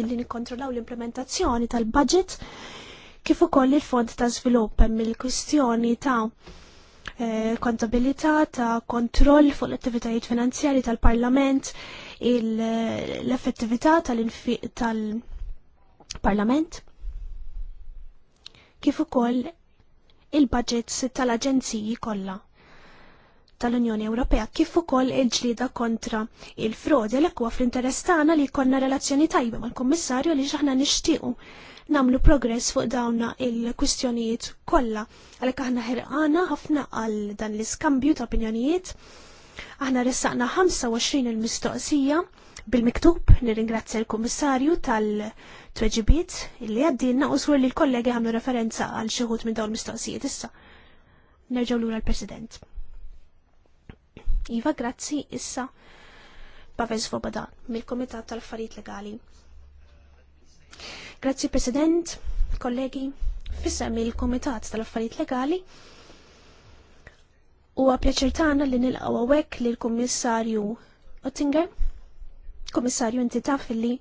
illi nikkontrollaw l-implementazzjoni tal-budget kif ukoll il-fond ta' svilupp hemm il-kwistjoni ta' eh, kontabilità ta' kontroll fuq l-attivitajiet finanzjari tal-Parlament, l-effettività tal-Parlament, kif ukoll il-budgets tal-aġenziji kollha tal-Unjoni Ewropea kif ukoll il-ġlida kontra il-frodi l ekwa fl-interess tagħna li jkollna relazzjoni tajba mal-Kummissarju li xaħna nixtiequ nagħmlu progress fuq dawna il-kwistjonijiet kollha għalhekk aħna ħirqana ħafna għal dan l-iskambju ta' opinjonijiet. Aħna ressaqna 25 il-mistoqsija bil-miktub nirringrazzja l-Kummissarju tal-tweġibiet li għaddinna u żgur li l-kollegi għamlu referenza għal xi minn dawn l mistoqsijiet issa. Nerġgħu lura l-President. Iva, grazzi issa Pavel Voboda mill-Komitat tal-Affarijiet Legali. Grazzi President, kollegi, fissem il-Komitat tal-Affarijiet Legali. U għapjaċir tagħna li nilqgħu li l kummissarju Ottinger, kummissarju inti taf li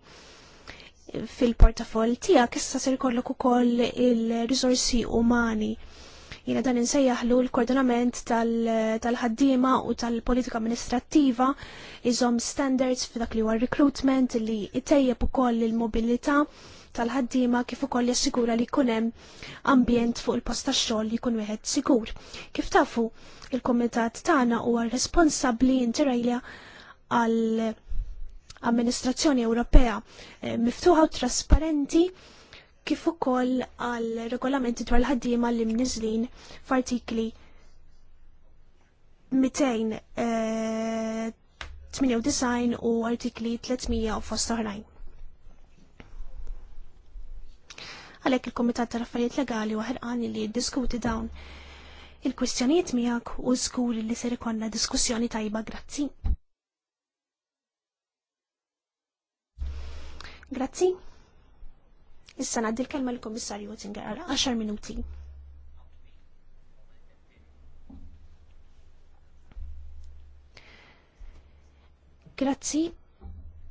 fil-portafol tiegħek issa kollok u ukoll il rizorsi umani Jiena dan insejjaħlu l-koordinament tal-ħaddiema u tal-politika amministrattiva iżom standards f'dak li huwa recruitment li itejjeb ukoll il-mobilità tal-ħaddiema kif ukoll jassigura li jkun hemm ambjent fuq il-post tax-xogħol li jkun wieħed sigur. Kif tafu, il-kumitat tagħna huwa responsabbli intirajlja għall amministrazzjoni Ewropea eh, miftuħa u trasparenti kif ukoll għal regolamenti dwar l-ħaddiema li mniżlin f'artikli 298 eh, u artikli 300 u fost oħrajn. Għalhekk il-Kumitat tal-Affarijiet Legali u li jiddiskuti dawn il-kwistjonijiet miegħek u żgur li ser ikollna diskussjoni tajba grazzi. Grazzi. Issa naddi l-kelma l-Komissarju Oettinger għal 10 minuti. Grazzi,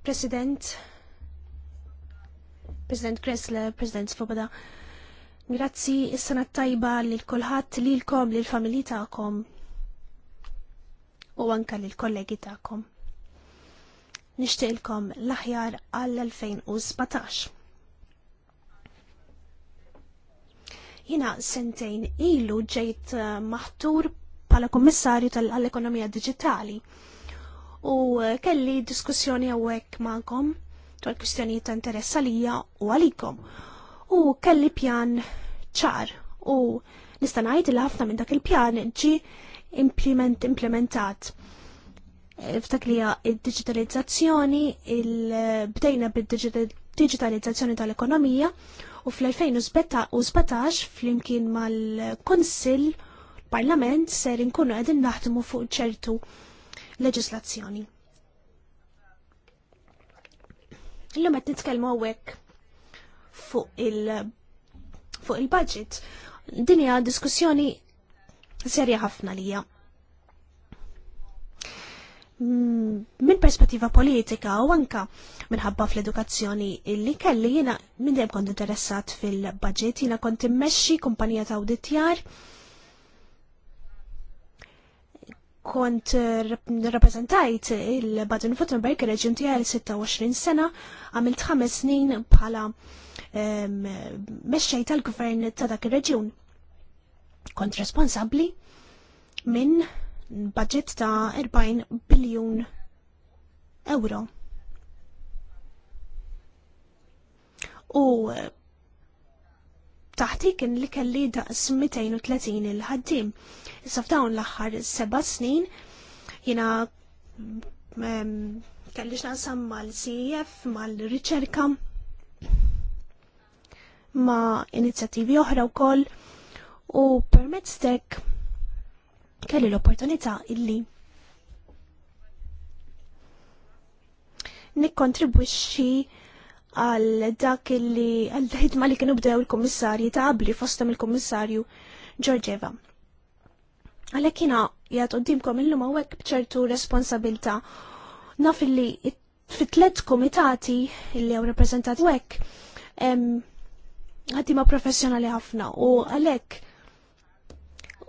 President, President Kressler, President Svoboda. Grazzi is-sena tajba lil kulħadd lilkom l familji tagħkom u anka l kollegi tagħkom. Nishtiqilkom l-aħjar għall-2017. Jina sentejn ilu ġejt eh, maħtur pala kommissarju tal-ekonomija digitali. U eh, kelli diskussjoni għawek ma'kom dwar kustjoni ta' interess għalija u għalikom. U kelli pjan ċar u nista' ngħid li ħafna minn dak il-pjan ġi implement, implementat eh, F'tak li hija d-diġitalizzazzjoni, il bdejna bid-diġitalizzazzjoni tal-ekonomija u fl-2017 flimkien mal-Konsil Parlament ser inkunu qegħdin naħdmu fuq ċertu leġislazzjoni. Illum qed nitkellmu hawnhekk fuq il fuq il-budget. Din hija diskussjoni serja ħafna lija. Mm, minn perspettiva politika u anka minħabba fl-edukazzjoni illi kelli jina minn dem kont interessat fil-budget, jina kont immexxi kumpanija ta' awditjar, kont rappresentajt il-Baden-Württemberg reġjun tiegħi 26 sena, għamilt ħames snin bħala mexxej tal-gvern ta' dak ir-reġjun. Kont responsabbli minn budget ta' 40 biljun euro. U eh, taħti kien li kelli daqs 230 il-ħaddim. Issa f'dawn l-aħħar seba' snin jina kellix naqsam mal-CEF, mal-riċerka, ma' inizjattivi oħra wkoll u permezz tek kelli l-opportunità illi nikkontribwixxi għal dak illi għal ħidma li kienu bdew il-kummissarji ta' qabli fostem il-kummissarju Giorgieva. Għalhekk jiena jgħat qoddimkom illum hawnhekk bċertu responsabilta naf illi fit-tlet komitati illi hawn rappreżentati hekk ħaddiema professjonali ħafna u għalhekk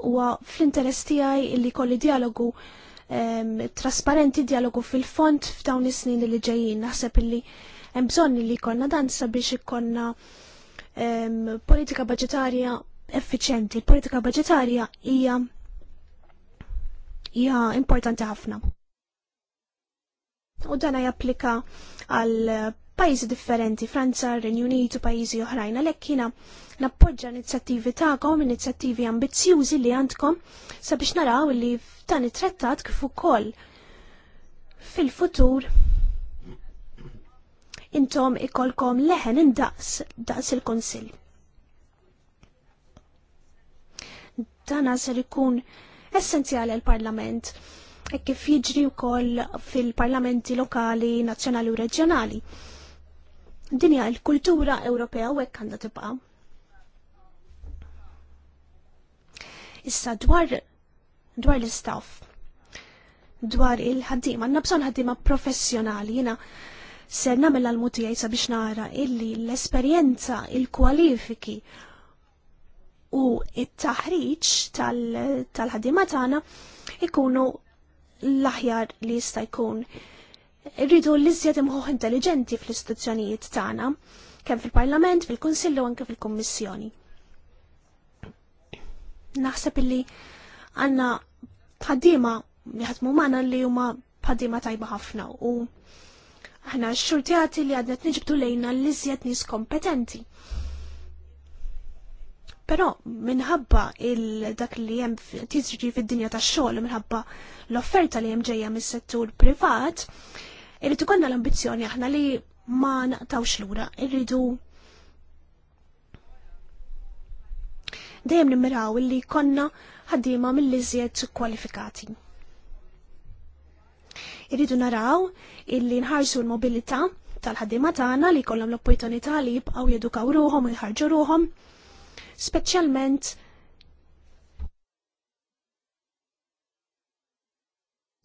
huwa fl-interess tiegħi li kolli dialogu um, trasparenti dialogu fil-font f'dawn is-snin li ġejjin. Naħseb illi hemm bżonn li jkollna dan sabiex ikollna um, politika budgetarja effiċenti. Il-politika budgetarja hija hija importanti ħafna. U dan japplika għal pajjiżi differenti, Franza, Renju Unitu, u pajjiżi oħrajn, għalhekk jiena nappoġġa inizjattivi tagħkom, inizjattivi ambizzjużi li għandkom sabiex naraw li f'dan it-trattat kif ukoll fil-futur intom ikolkom leħen indaqs daqs il-konsil. Dana ser ikun essenzjali għal-parlament e kif jiġri wkoll fil-parlamenti lokali, nazzjonali u reġjonali dinja l-kultura Ewropea u hekk għandha tibqa'. Issa dwar dwar l-istaff, dwar il-ħaddim, għandna bżonn ħaddiema professjonali jina ser nagħmel għal għajsa sabiex nara illi l-esperjenza, il-kwalifiki u il taħriġ tal tal tagħna ikunu l-aħjar li jista' jkun rridu l-iżjed imħuħ intelligenti fl-istituzzjonijiet tagħna, kemm fil-Parlament, fil-Kunsillu u anke fil-Kummissjoni. Naħseb illi għandna ħaddiema li ħadmu magħna li huma ħaddiema tajba ħafna u aħna x xurtjati li għadna t lejna l-iżjed nis kompetenti. Pero minħabba il-dak li jem tiġri fid-dinja ta' xogħol minħabba l-offerta li jem ġejja mis-settur privat, Irrid konna l-ambizzjoni aħna li ma naqtawx l-ura. irridu dejjem nimmiraw li konna ħaddiema mill-iżjed kwalifikati. Irridu naraw illi nħarsu l-mobilità tal-ħaddiema tagħna li jkollhom l-opportunità li jibqgħu jedukaw ruhom u jħarġu ruhom, speċjalment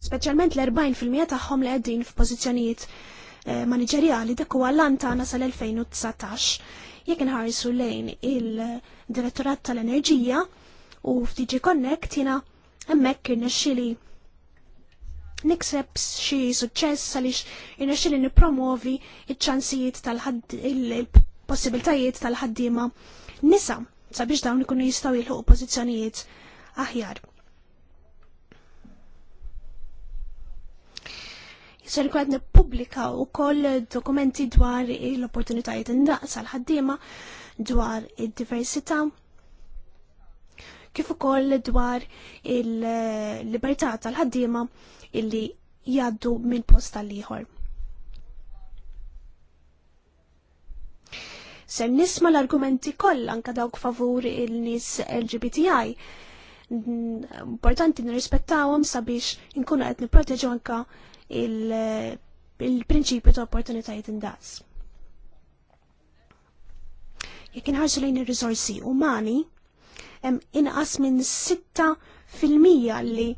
Speċjalment l-40% tagħhom li qegħdin f'pożizzjonijiet eh, maniġerjali dak huwa lantana tagħna sal-2019. Jekk inħarsu lejn il-Direttorat tal-Enerġija u f'DG Connect jiena hemmhekk irnexxieli nikseb xi suċċess għaliex irnexxieli nippromovi iċ-ċansijiet tal-ħadd il-possibiltajiet tal-ħaddiema nisa sabiex dawn ikunu jistgħu jilħuqu pożizzjonijiet aħjar. Ser publika u koll dokumenti dwar l-opportunitajiet n-daqsa l-ħaddiema dwar id-diversità kif ukoll dwar il-libertà tal-ħaddiema illi jaddu minn post liħor. ieħor Ser nisma l-argumenti koll anka dawk favur il-nies LGBTI. Importanti nirrispettawhom sabiex inkunu qed nipproteġu anka il-prinċipju ta' opportunitajiet indaqs. Jekk inħarsu lejn ir-risorsi umani, hemm inqas minn 6% li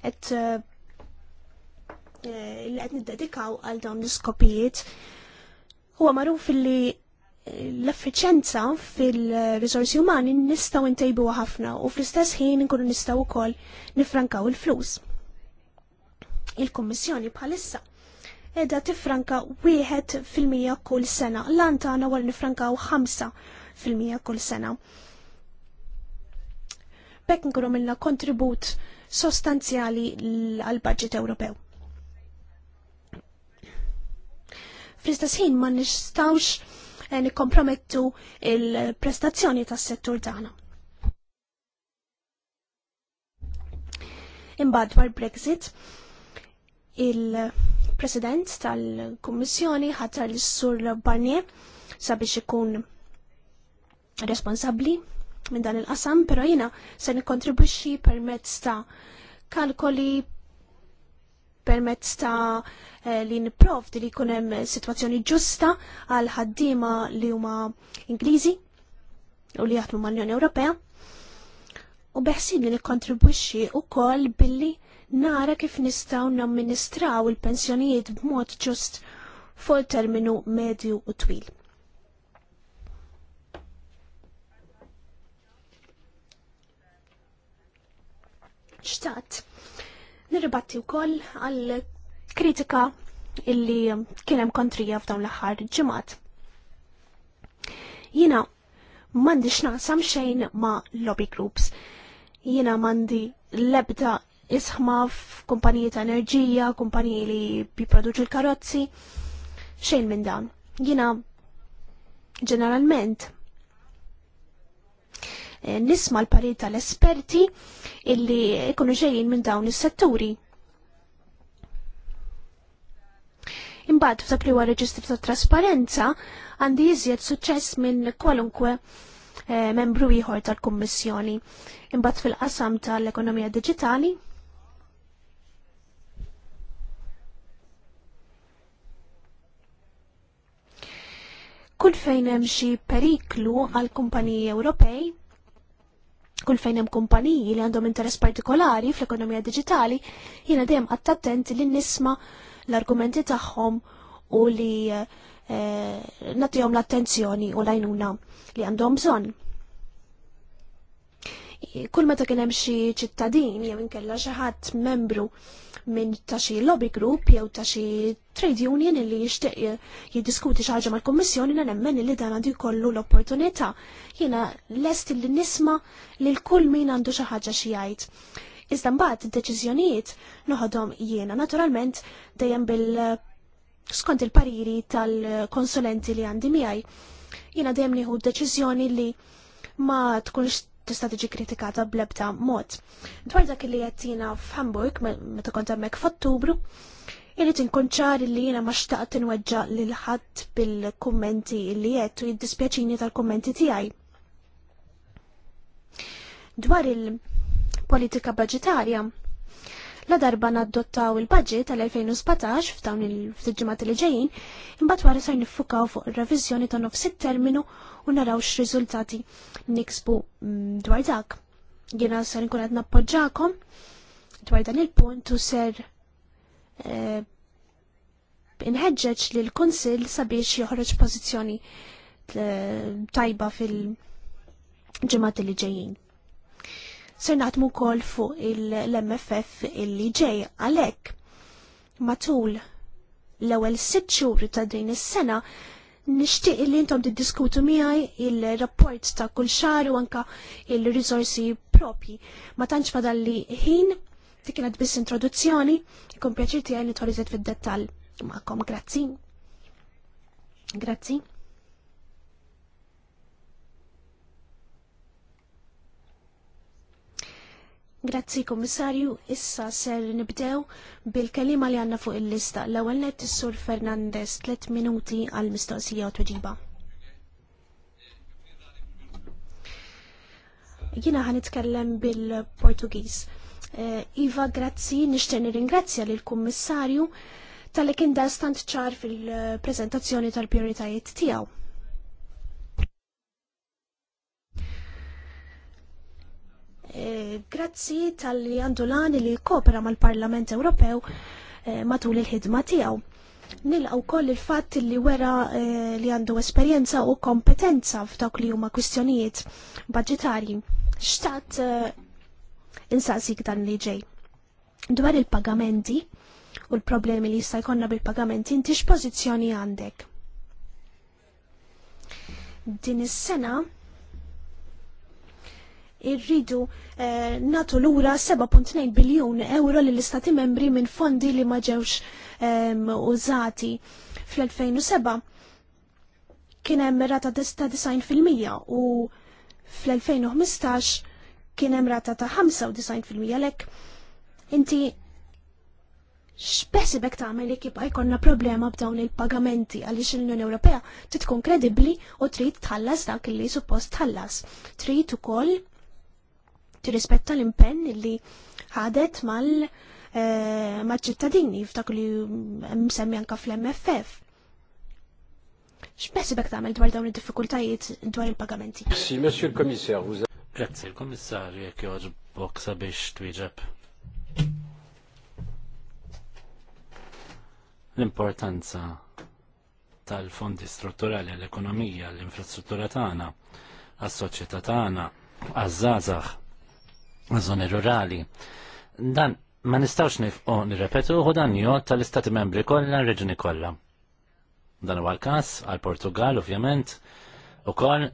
qed eh, eh, li qed niddedikaw għal dawn l-iskopijiet. Huwa magħruf li l-effiċenza fil-risorsi umani nistgħu ntejbuha ħafna u fl-istess ħin nkunu nistgħu wkoll nifrankaw il-flus. Il-Kummissjoni bħalissa edha tifranka wieħed fil-mija kull sena, l-antana għal nifrankaw ħamsa fil-mija kull sena. Bekk nkunu minna kontribut sostanzjali għal-budget Ewropew. Fl-istess ħin ma nistawx eh, nikkompromettu il-prestazzjoni tas-settur tagħna. Imbagħad dwar Brexit, il-President tal-Kommissjoni ħatar l-Sur Barnier sabiex ikun responsabli minn dan il-qasam, pero jina se nikontribwixxi permezz ta' kalkoli permezz ta' eh, li niprovdi li jkun hemm sitwazzjoni ġusta għal ħaddiema li huma Ingliżi u li jaħdmu mal-Unjoni Ewropea. U beħsin li nikkontribwixxi wkoll billi nara kif nistaw namministraw il-pensjonijiet b'mod ġust fuq terminu medju u twil. Xtat, nirribatti wkoll għal kritika illi kienem kontrija f'dawn l-aħħar ġimgħat. Jina m'għandix naqsam xejn ma' lobby groups. Jina m'għandi l-ebda isħma f'kumpaniji ta' enerġija, kumpaniji li jipproduċu l-karozzi, xejn minn dan. Jina ġeneralment eh, nisma l-parir tal-esperti illi ikunu ġejjin minn dawn is-setturi. Imbagħad f'dak li huwa reġistru ta' trasparenza għandi iżjed suċċess minn kwalunkwe eh, membru ieħor tal-Kummissjoni. Imbagħad fil-qasam tal-ekonomija diġitali kull fejn hemm xi periklu għal kumpaniji Ewropej, kull fejn hemm kumpaniji li għandhom interess partikolari fl-ekonomija diġitali, jiena dejjem qatt attent li nisma' l-argumenti tagħhom u li eh, nagħtihom l-attenzjoni u l-għajnuna li għandhom bżonn kull meta kien hemm xi ċittadin jew inkella xi ħadd membru minn ta' xi lobby group jew ta' xi trade union li jixtieq jiddiskuti xi ħaġa mal-Kummissjoni na nemmen li dan għandu jkollu l-opportunità. Jiena lest li nisma' lil kull min għandu xi ħaġa xi jgħid. Iżda mbagħad id-deċiżjonijiet noħodhom jiena naturalment dejjem bil skont il-pariri tal-konsulenti li għandi miegħi. Jiena dejjem nieħu deċiżjoni li ma tkunx tista' tiġi kritikata blebta mod. Dwar dak li qed f'Hamburg meta kont hemmhekk f'Ottubru, irrid inkun li jiena ma xtaqt inweġġa' lil ħadd bil-kummenti li qed u jiddispjaċini tal-kummenti tiegħi. Dwar il-politika budġetarja, la darba naddottaw il-budget tal-2017 f'dawn il-ġimgħat li ġejjin, imbagħad wara se niffukaw fuq ir-reviżjoni ta' nofs terminu u naraw x'riżultati niksbu mm, dwar dak. Jiena ser nkun qed nappoġġakom dwar dan il-punt u ser e, inħeġġeġ li l kunsill sabiex joħroġ pożizzjoni e, tajba fil-ġimgħat li ġejjin ser naħdmu wkoll fuq l-MFF illi ġej għalhekk. Matul l-ewwel sitt xhur ta' din is-sena nixtieq li intom tiddiskutu miegħi il-rapport ta' kull xahar u anka il risorsi propji. Ma tantx fadalli ħin ti kienet biss introduzzjoni, ikun pjaċir tiegħi li torizet fid-dettall magħkom. Grazzi. Grazzi. Grazzi Komissarju, issa ser nibdew bil-kelima li għanna fuq il-lista. L-ewwel net is-Sur Fernandez 3 minuti għal mistoqsija u tweġiba. Jiena ħan nitkellem bil-Portugiż. Eh, iva, grazzi, nixtieq nirringrazzja lil kummissarju tal-li kien stant ċar fil-preżentazzjoni tal-prijoritajiet tiegħu Eh, grazzi tal-li għandulani li kopera mal-Parlament Ewropew eh, matul il-ħidma tiegħu. Nilqaw koll il-fatt li wera eh, li għandu esperjenza u kompetenza f'dawk li huma kwistjonijiet budgetari. Xtat insaqsik dan li ġej. Dwar il-pagamenti u l-problemi li jista' jkollna bil-pagamenti, inti x'pożizzjoni għandek? Din is-sena irridu eh, natu lura 7.2 biljun euro lill-istati membri minn fondi li ma ġewx ehm, użati fl-2007 kien hemm rata ta' 90% u fl-2015 kien hemm rata ta' 95% lek inti bek tagħmel għamil jibqa' jkollna problema b'dawn il-pagamenti għaliex l-Unjoni Ewropea trid kredibli kredibbli u trid tħallas dak li suppost tħallas. Trid ukoll tirrispetta l-impenn li ħadet mal eh, maċ-ċittadini f'dak li msemmi anka fl-MFF. X'beħsibek tagħmel dwar dawn id-diffikultajiet dwar il-pagamenti? Si, Monsieur il-Commissaire, vous il-Kommissarju jekk joġbok sabiex twieġeb. L-importanza tal-fondi strutturali għall-ekonomija, l-infrastruttura tagħna, għas-soċjetà tagħna, għaż-żgħażagħ zoni rurali. Dan ma nistawx nifqo nirrepetu u dan jgħod tal-istati membri kollha reġuni kollha. Dan huwa l-każ għal Portugal ovvjament ukoll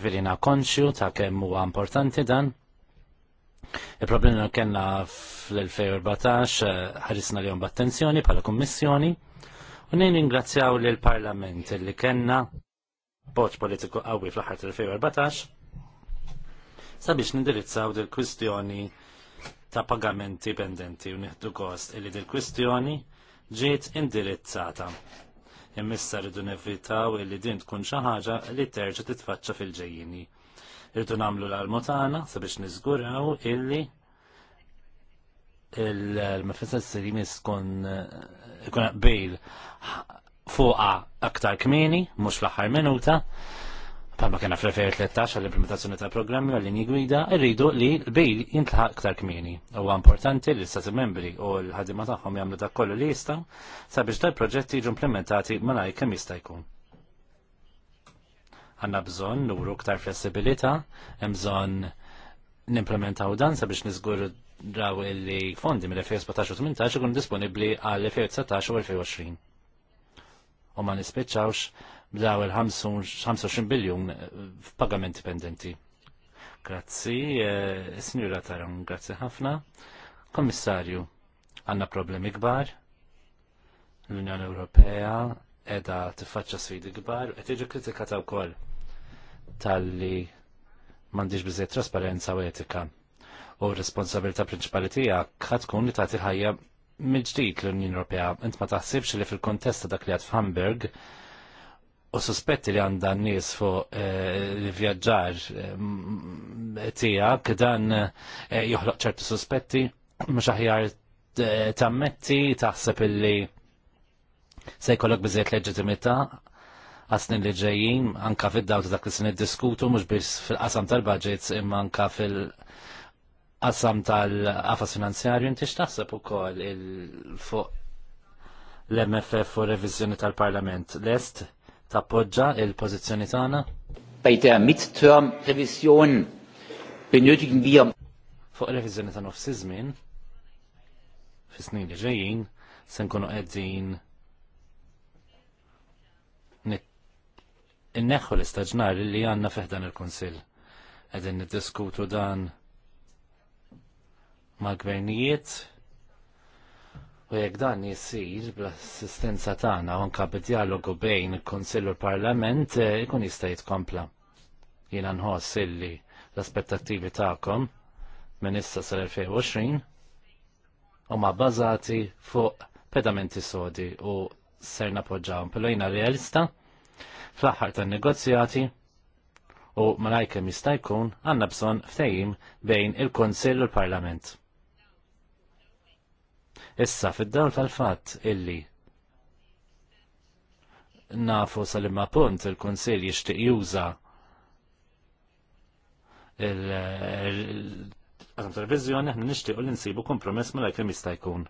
ġverina konxju ta' kemm huwa importanti dan. Il-problemi li kellna fl-2014 eh, ħarisna li b'attenzjoni bħala kummissjoni u nejn ingrazzjaw lill parlament li kellna boċ politiku qawwi fl-aħħar tal-2014 sabiex nindirizzaw dil kwistjoni ta' pagamenti pendenti u nieħdu kost illi dil kwistjoni ġiet indirizzata. Immissa rridu nevitaw illi din tkun xi ħaġa li terġa' titfaċċa fil-ġejjini. Rridu nagħmlu l-almotana sabiex niżguraw illi il-mafisa s kun ikun bejl fuqa aktar kmini, mux fl aħħar minuta, Palma kena fl-2013 għall-implementazzjoni ta' programmi għall linji gwida rridu li l-bejl jintlaħaq ktar kmini. Huwa importanti li l-Stati membri u l-ħadima tagħhom jagħmlu dak kollu li jistgħu sabiex tal-proġetti jiġu implementati malaj kemm jista' jkun. Għandna bżonn nuru ktar flessibilità, hemm bżonn nimplementaw dan sabiex nizgur raw li fondi mill-2017 u 18 ikun disponibbli għal 2019 u 2020. U ma nispiċċawx b'daw il-25 biljun eh, f'pagamenti pendenti. Grazzi, e, Signora Taran, grazzi ħafna. Kommissarju, għanna problemi kbar. L-Unjoni Ewropea edha tiffaċċa sfidi kbar, qed jiġi kritikata wkoll tal-li m'għandix biżejjed trasparenza u etika. U r-responsabilità prinċipali tiegħek ħad tkun li tagħti ħajja mill-ġdid l-Unjoni Ewropea. Int ma taħsibx li fil-kontest dak li għad f'Hamburg u sospetti li għanda n-nis fuq eh, l-vjaġġar eh, tija, dan eh, joħloq ċertu sospetti mux aħjar tammetti taħseb illi se jkollok biżejt leġitimità għasnin li ġejjin anka fid-daw ta' dak li diskutu mhux biss fil-qasam tal-budgets imma anka fil- qasam tal-qafas finanzjarju taħseb u ukoll il fuq l-MFF u revizjoni tal-Parlament lest tappoġġa il-pożizzjoni tagħna? Bej der Midterm Revision benötigen wir fuq reviżjoni ta' nofsi żmien fis-snin li ġejjin se nkunu qegħdin inneħħu l-istaġnar li għanna fiħdan il kunsill qegħdin niddiskutu dan ma' gvernijiet U jekk dan jisir bl-assistenza tagħna anke bid-dialogu bejn il-Kunsill u l-Parlament eh, ikun jista' jitkompla. Jiena nħoss illi l-aspettattivi tagħkom minn issa sal-2020 huma bbażati fuq pedamenti sodi u ser napoġġawhom pilojna realista fl-aħħar tan-negozjati u malajkem jista' jkun għandna bżonn ftehim bejn il-Kunsill u l-Parlament. Issa, fid-dawn tal-fatt illi nafu sal-imma punt il-Konsil jixtieq juża il-għazam televizjoni ħna nishtiqu li nsibu kompromess ma l jista' jkun.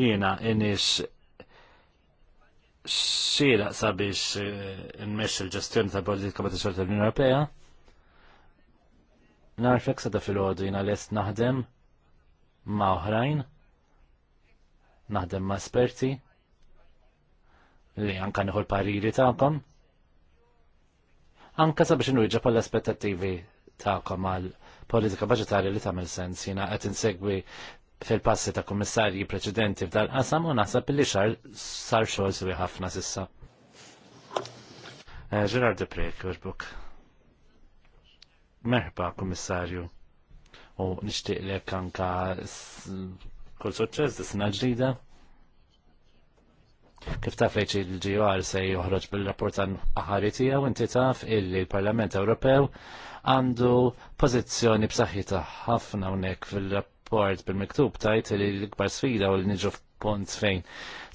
Jiena inix xira sabiex nmex il-ġestjoni ta' kabat il xorta l-Unjoni Ewropea. Narfek sada fil-ħodu jina lest naħdem ma' oħrajn, naħdem ma' esperti, li anka nieħu l-pariri tagħkom. Anka sabiex inwieġa l aspettattivi tagħkom għal politika budgetarja li tagħmel sens jina qed insegwi fil-passi ta' kummissarji preċedenti f'dal qasam u naħseb li xar sar xogħol suwi ħafna sissa. Eh, Gerard Deprek, Werbuk. Merħba, kummissarju u nixtieq lek anka kull suċċess dis-sena ġdida. Kif taf leċ il-GR se joħroġ bil-rapport għan aħari tijaw, inti taf illi l-Parlament Ewropew għandu pozizjoni b'saħħita ħafna unnek fil-rapport bil-miktub tajt li l-gbar sfida u l-niġu f'punt fejn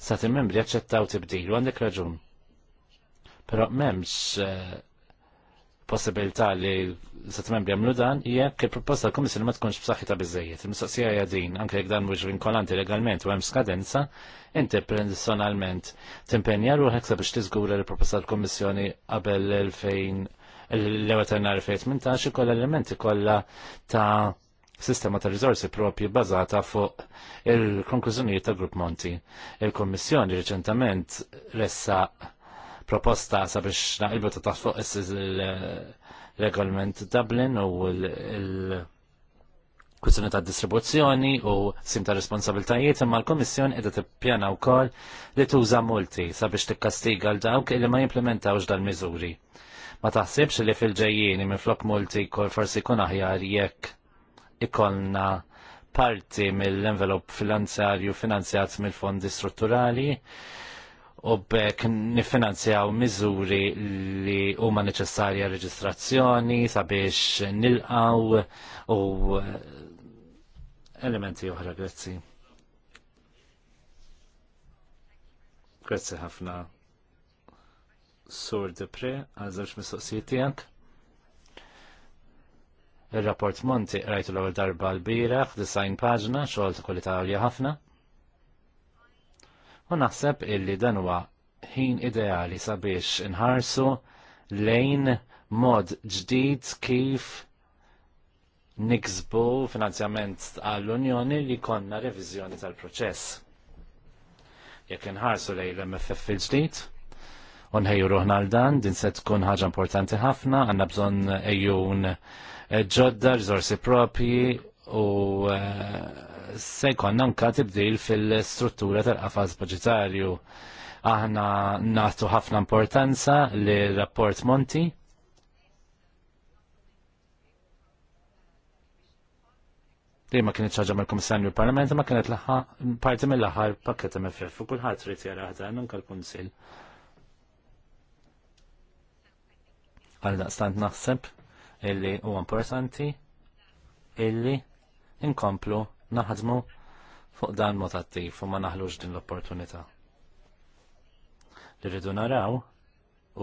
sa' membri jaċċettaw tibdil, għandek raġun. Pero memx eh, possibilità li sat membri għamlu dan hija il proposta l-Kummissjoni ma tkunx b'saħħitha biżejjed. Il-mistoqsija hija din, anke jekk dan mhux vinkolanti legalment u hemm skadenza, inti personalment timpenja ruħek sabiex tiżgura li proposta l-Kummissjoni qabel l-2000 l-ewwel ta' nhar 2018 elementi kollha ta' sistema ta' rizorsi propji bbażata fuq il-konklużjonijiet ta' Grupp Monti. Il-Kummissjoni riċentament ressaq proposta sabiex naqilbu ta' taħt fuq il-regolament Dublin u il-kwistjoni ta' distribuzzjoni u sim ta' responsabiltajiet imma l-Komissjon qiegħda tippjana wkoll li tuża multi sabiex tikkastiga l dawk li ma jimplementawx dal-miżuri. Ma taħsibx li fil-ġejjieni flok multi kol forsi kun aħjar jekk ikollna parti mill-envelop finanzjarju finanzjat mill-fondi strutturali u bekk nifinanzjaw miżuri li huma neċessarja reġistrazzjoni sabiex nilqaw u eh, elementi oħra, grazzi. Grazzi ħafna. Sur Depre, għazzax mistoqsijiet tiegħek. Il-rapport Monti rajtu l-ewwel darba l-bieraħ, design paġna, xogħol ta' kwalità għalja ħafna. U naħseb illi dan huwa ħin ideali sabiex inħarsu lejn mod ġdid kif niksbu finanzjament għall-Unjoni li konna reviżjoni tal-proċess. Jekk inħarsu lejn l-MFF il-ġdid, unħejju ruħna l-dan, din se tkun ħaġa importanti ħafna, għanna bżon ejjun ġodda, rizorsi propji u eh, se jkollna nka tibdil fil-struttura tal-qafas budgetarju. Aħna nagħtu ħafna importanza li rapport Monti li ma kienet ċaġa mal komissarju parlament ma kienet laħħa parti mill-aħħar pakket MFF u kulħadd trid jara ħadd hemm l-Kunsill. Għal daqstant naħseb illi huwa importanti illi inkomplu naħdmu fuq dan mod attiv u ma naħlux din l-opportunità. Li rridu naraw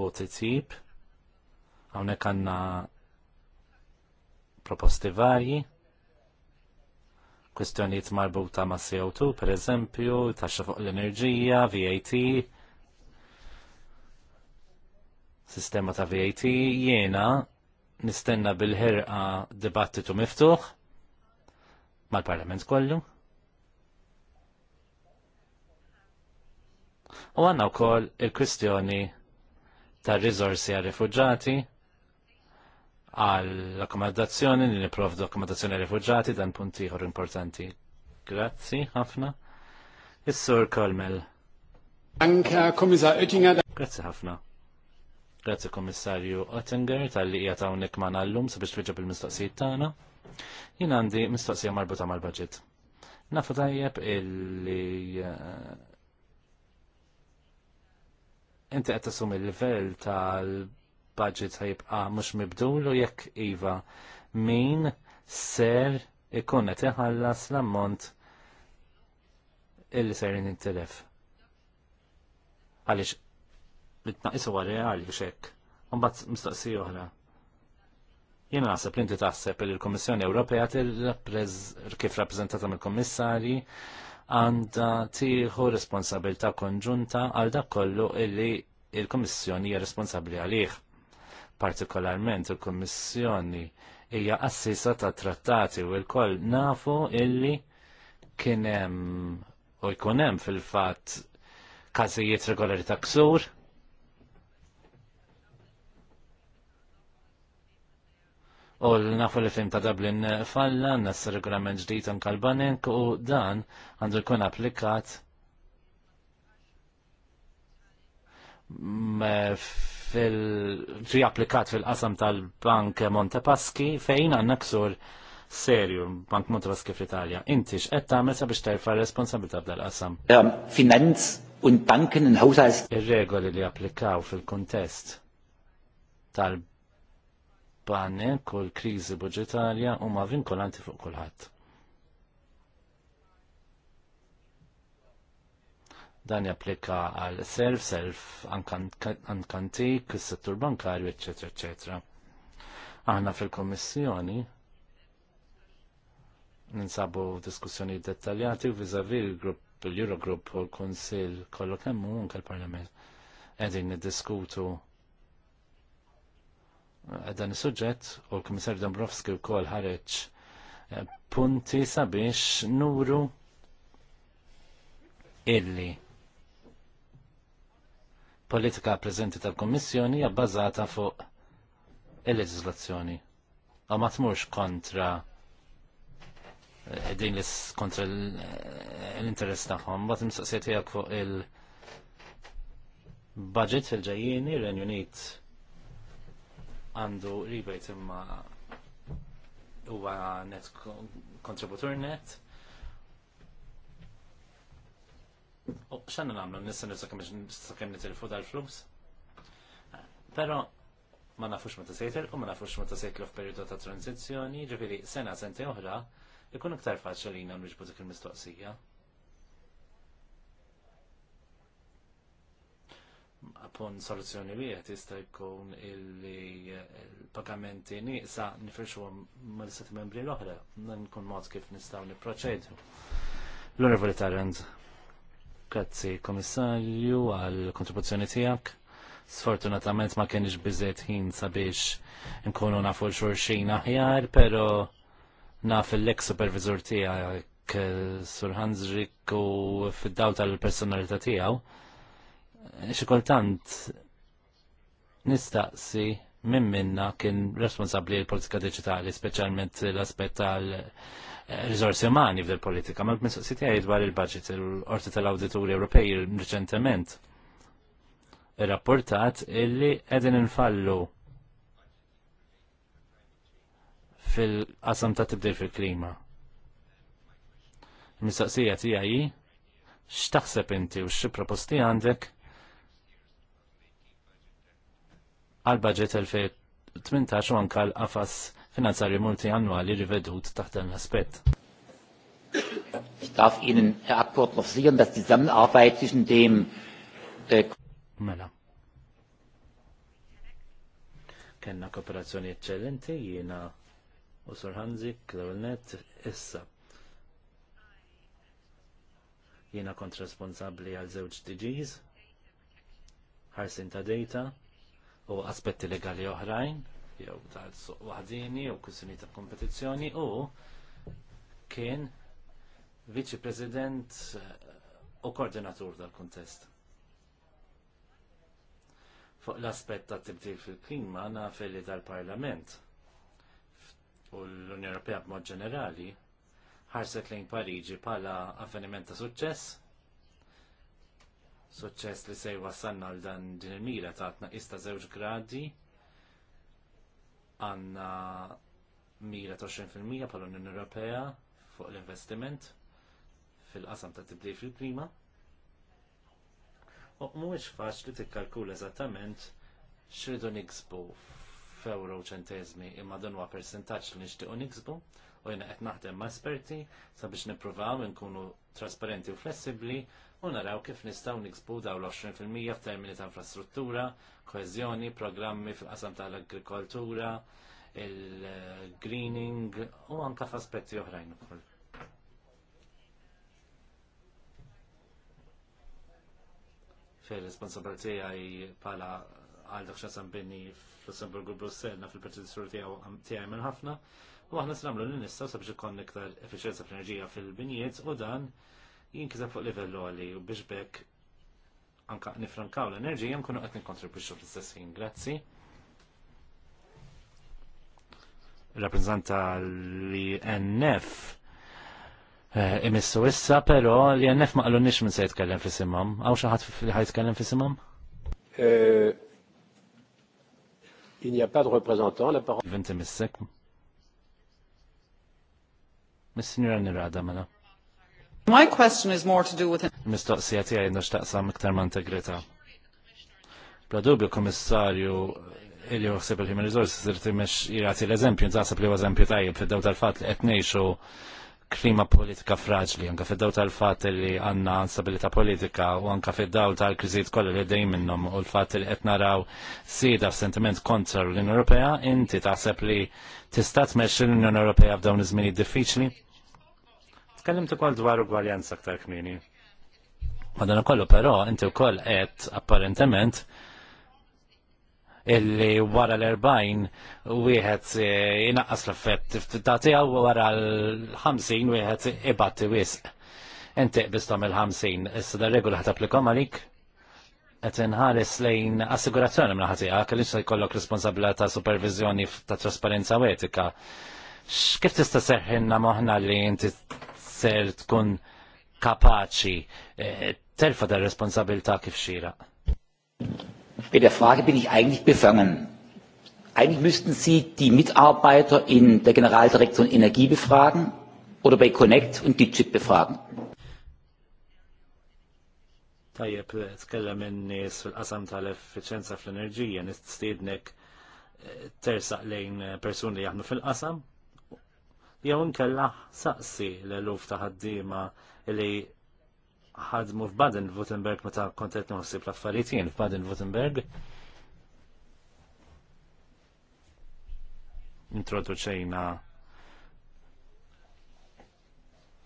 u titjib hawnhekk għandna proposti varji kwistjonijiet marbuta ma' CO2 per eżempju, taxxa fuq l-enerġija, VAT, sistema ta' VAT, jiena nistenna bil-ħirqa dibattitu miftuħ mal-parlament kollu. U għanna u koll il-kwistjoni ta' rizorsi għal rifugġati għal akkomodazzjoni li niprovdu akkomodazzjoni għal rifugġati dan punti ħor importanti. Grazzi, ħafna. Is-sur Kolmel. Anka komissar Oettinger. Grazzi ħafna. Grazzi komissarju Oettinger tal-li jgħatawnek hawnhekk ma' llum sabiex twiġġeb il-mistoqsijiet tagħna. Jien għandi mistoqsija marbuta mal-budget. Nafu tajjeb illi eh, inti qed tassum il-livell tal-budget jibqa' mhux mibdul u jekk iva min ser ikun qed iħallas l-ammont illi ser intilef. Għaliex, għal reali biex hekk. Mbagħad mistoqsija oħra. Jena naħseb li inti taħseb li l-Kommissjoni Ewropea kif rappreżentata mill komissari għandha tieħu responsabilità konġunta għal dak kollu illi il komissjoni hija responsabbli għalih. Partikolarment il komissjoni hija assisa ta' trattati u l-koll nafu illi kien hemm u jkun hemm fil-fatt każijiet regolari ta' ksur u l-nafu li fim ta' Dublin falla, nas regolament ġdijt anka l u dan għandu jkun applikat fil-ġi applikat fil-qasam tal-Bank Montepaschi fejn għanna ksur serju Bank Montepaschi fl-Italja. Inti x'qed tagħmel sabiex terfa' responsabilità f'dal-qasam? Finanz u banken inħawsa. Ir-regoli li applikaw fil-kuntest tal bank banek u l-kriżi budġetarja huma vinkolanti fuq kulħadd. Dan japplika għal self, self, ankantik, settur bankarju, etc. etc. Aħna fil komissjoni ninsabu diskussjoni dettaljati vizavi l-Eurogroup u l-Konsil kollu kemmu unke l-Parlament. qegħdin niddiskutu dan is-suġġett u l-Kummissar Dombrovski wkoll ħareġ eh, punti sabiex nuru illi politika preżenti tal-Kommissjoni hija bbażata fuq il-leġiżlazzjoni. U ma tmurx kontra eh, din kontra l-interess tagħhom, ma timsaqsiet tiegħek fuq il-budget fil-ġejjieni, Renju Unit għandu rebate imma huwa net kontributur net. U xanna namlu nissa nisa kemm nitilfu dal-flus. Pero ma nafux meta sejtel u ma nafux meta sejtlu f'periodu ta' tranzizjoni, ġifiri sena senti oħra, ikun iktar faċli li nagħmlu dik il-mistoqsija. Appon soluzzjoni wieħed jista' jkun il-pagamenti nieqsa nifirxuhom mal sat membri l-oħra, nkun mod kif nistgħu nipproċedu. L-Onorevoli Tarrant, grazzi Komissarju għal kontribuzzjoni tiegħek. Sfortunatament ma kienx biżejt ħin sabiex nkunu nafu l-xurxin aħjar, pero naf il-lek supervisor tiegħek Sur Hanzrik u fid-daw tal-personalità tiegħu xikultant nistaqsi minn minna kien responsabli l-politika digitali, specialment l-aspet tal risorsi umani fil politika ma l tijaj dwar il-budget il-orti tal-auditori Ewropej reċentement rapportat illi edin infallu fil-qasam ta' tibdil fil-klima. L-mistoqsija tiegħi x'taħseb inti u x'i għandek għal-budget 2018 u anka l-qafas finanzarju multi annwali rivedut taħt dan l-aspett. Ich darf Ihnen, Herr Abgeordneter, versichern, dass die Zusammenarbeit zwischen dem äh, Mela. Kenna kooperazzjoni eccellenti jiena u Sur Hanzik, l-net, issa. Jiena kont responsabbli għal zewġ DGs, ħarsin ta' data, u aspetti legali oħrajn, jew tal-suq waħdini u kwistjoni ta' kompetizzjoni u kien viċi president eh, u koordinatur tal-kontest. Fuq l-aspett ta' tibdil fil-klima naf li tal-Parlament u l-Unjoni Ewropea b'mod ġenerali ħarset lejn Pariġi bħala avveniment ta' suċċess suċċess li se wasanna għal dan din il-mira ta' għatna ista' żewġ gradi għandna mira ta' 20% pal unjoni Ewropea fuq l-investiment fil-qasam ta' tibdej fil-klima. U mhuwiex faċli tikkalkula eżattament x'ridu niksbu f'euro ċentezmi imma dan huwa persentaġġ li nixtiequ niksbu u jiena qed naħdem ma' esperti sabiex nippruvaw nkunu trasparenti u flessibbli u naraw kif nistgħu niksbu daw l-20% f'termini ta' infrastruttura, koeżjoni, programmi fil-qasam tal-agrikoltura, il-greening u anka f'aspetti oħrajn ukoll. fil responsabilti għaj pala għal dak xasam binni fl u Brusselna fil-preċedissur tiegħi minn ħafna. U aħna s-namlu l nistaw sabiex ikon iktar efficienza fl-enerġija fil-binjiet u dan jinkiseb fuq livell għali u biex bekk anka nifrankaw l-enerġija nkunu għetni kontribuċu fl-istess ħin. Grazzi. Rappresenta li NF eh, imissu issa, però li NF ma qalunniex minn se jitkellem f'isimhom. Hawn xi ħadd li ħajtkellem f'isimhom? Eh, il n'y a pas de représentant, la parole. Vinti missek. mis nirada mela. My question is more to do with... Mistoqsija tiegħi għandax taqsam iktar ma' integrità. Bla dubju komissarju il joħseb il-human resources irid imexx jagħti l-eżempju, nżasab li eżempju tajjeb fid tal-fatt li qed ngħixu klima politika fraġli, anka fid tal-fatt li għandna stabilità politika u anka fid tal-kriżijiet kollha li dejjem minnhom u l-fatt li qed naraw sida f'sentiment kontra l-Unjoni Ewropea, inti taħseb li tista' tmexxi l-Unjoni Ewropea f'dawn iż-żmieni diffiċli? Tkellimt ukoll dwar ugwaljanza aktar kmini. Madonna kollu però inti wkoll qed apparentement illi wara l-40 wieħed eh, inaqqas l-effett ta' tiegħu wara l-50 wieħed ibatti wisq. Inti bistom il-50 issa da regola ħat applikom għalik? qed inħares lejn assigurazzjoni mnaħati għak, li se jkollok responsabilità ta' supervizjoni ta' trasparenza u etika. Kif tista' seħħinna moħna li inti ser tkun kapaċi eh, terfa da responsabilità kif xira. Bei der Frage bin ich eigentlich befangen. Eigentlich müssten Sie die Mitarbeiter in der Generaldirektion Energie befragen oder bei Connect und Digit befragen. Tajjeb, tkellem in-nies fil-qasam tal-effiċenza fl-enerġija, nistiednek eh, tersaq lejn persuni li jaħnu fil-qasam jew inkella saqsi l-eluf ta' ħaddiema li ħadmu f'Baden-Württemberg meta qed noħsib l-affarijiet jien f'Baden-Württemberg. Introduċejna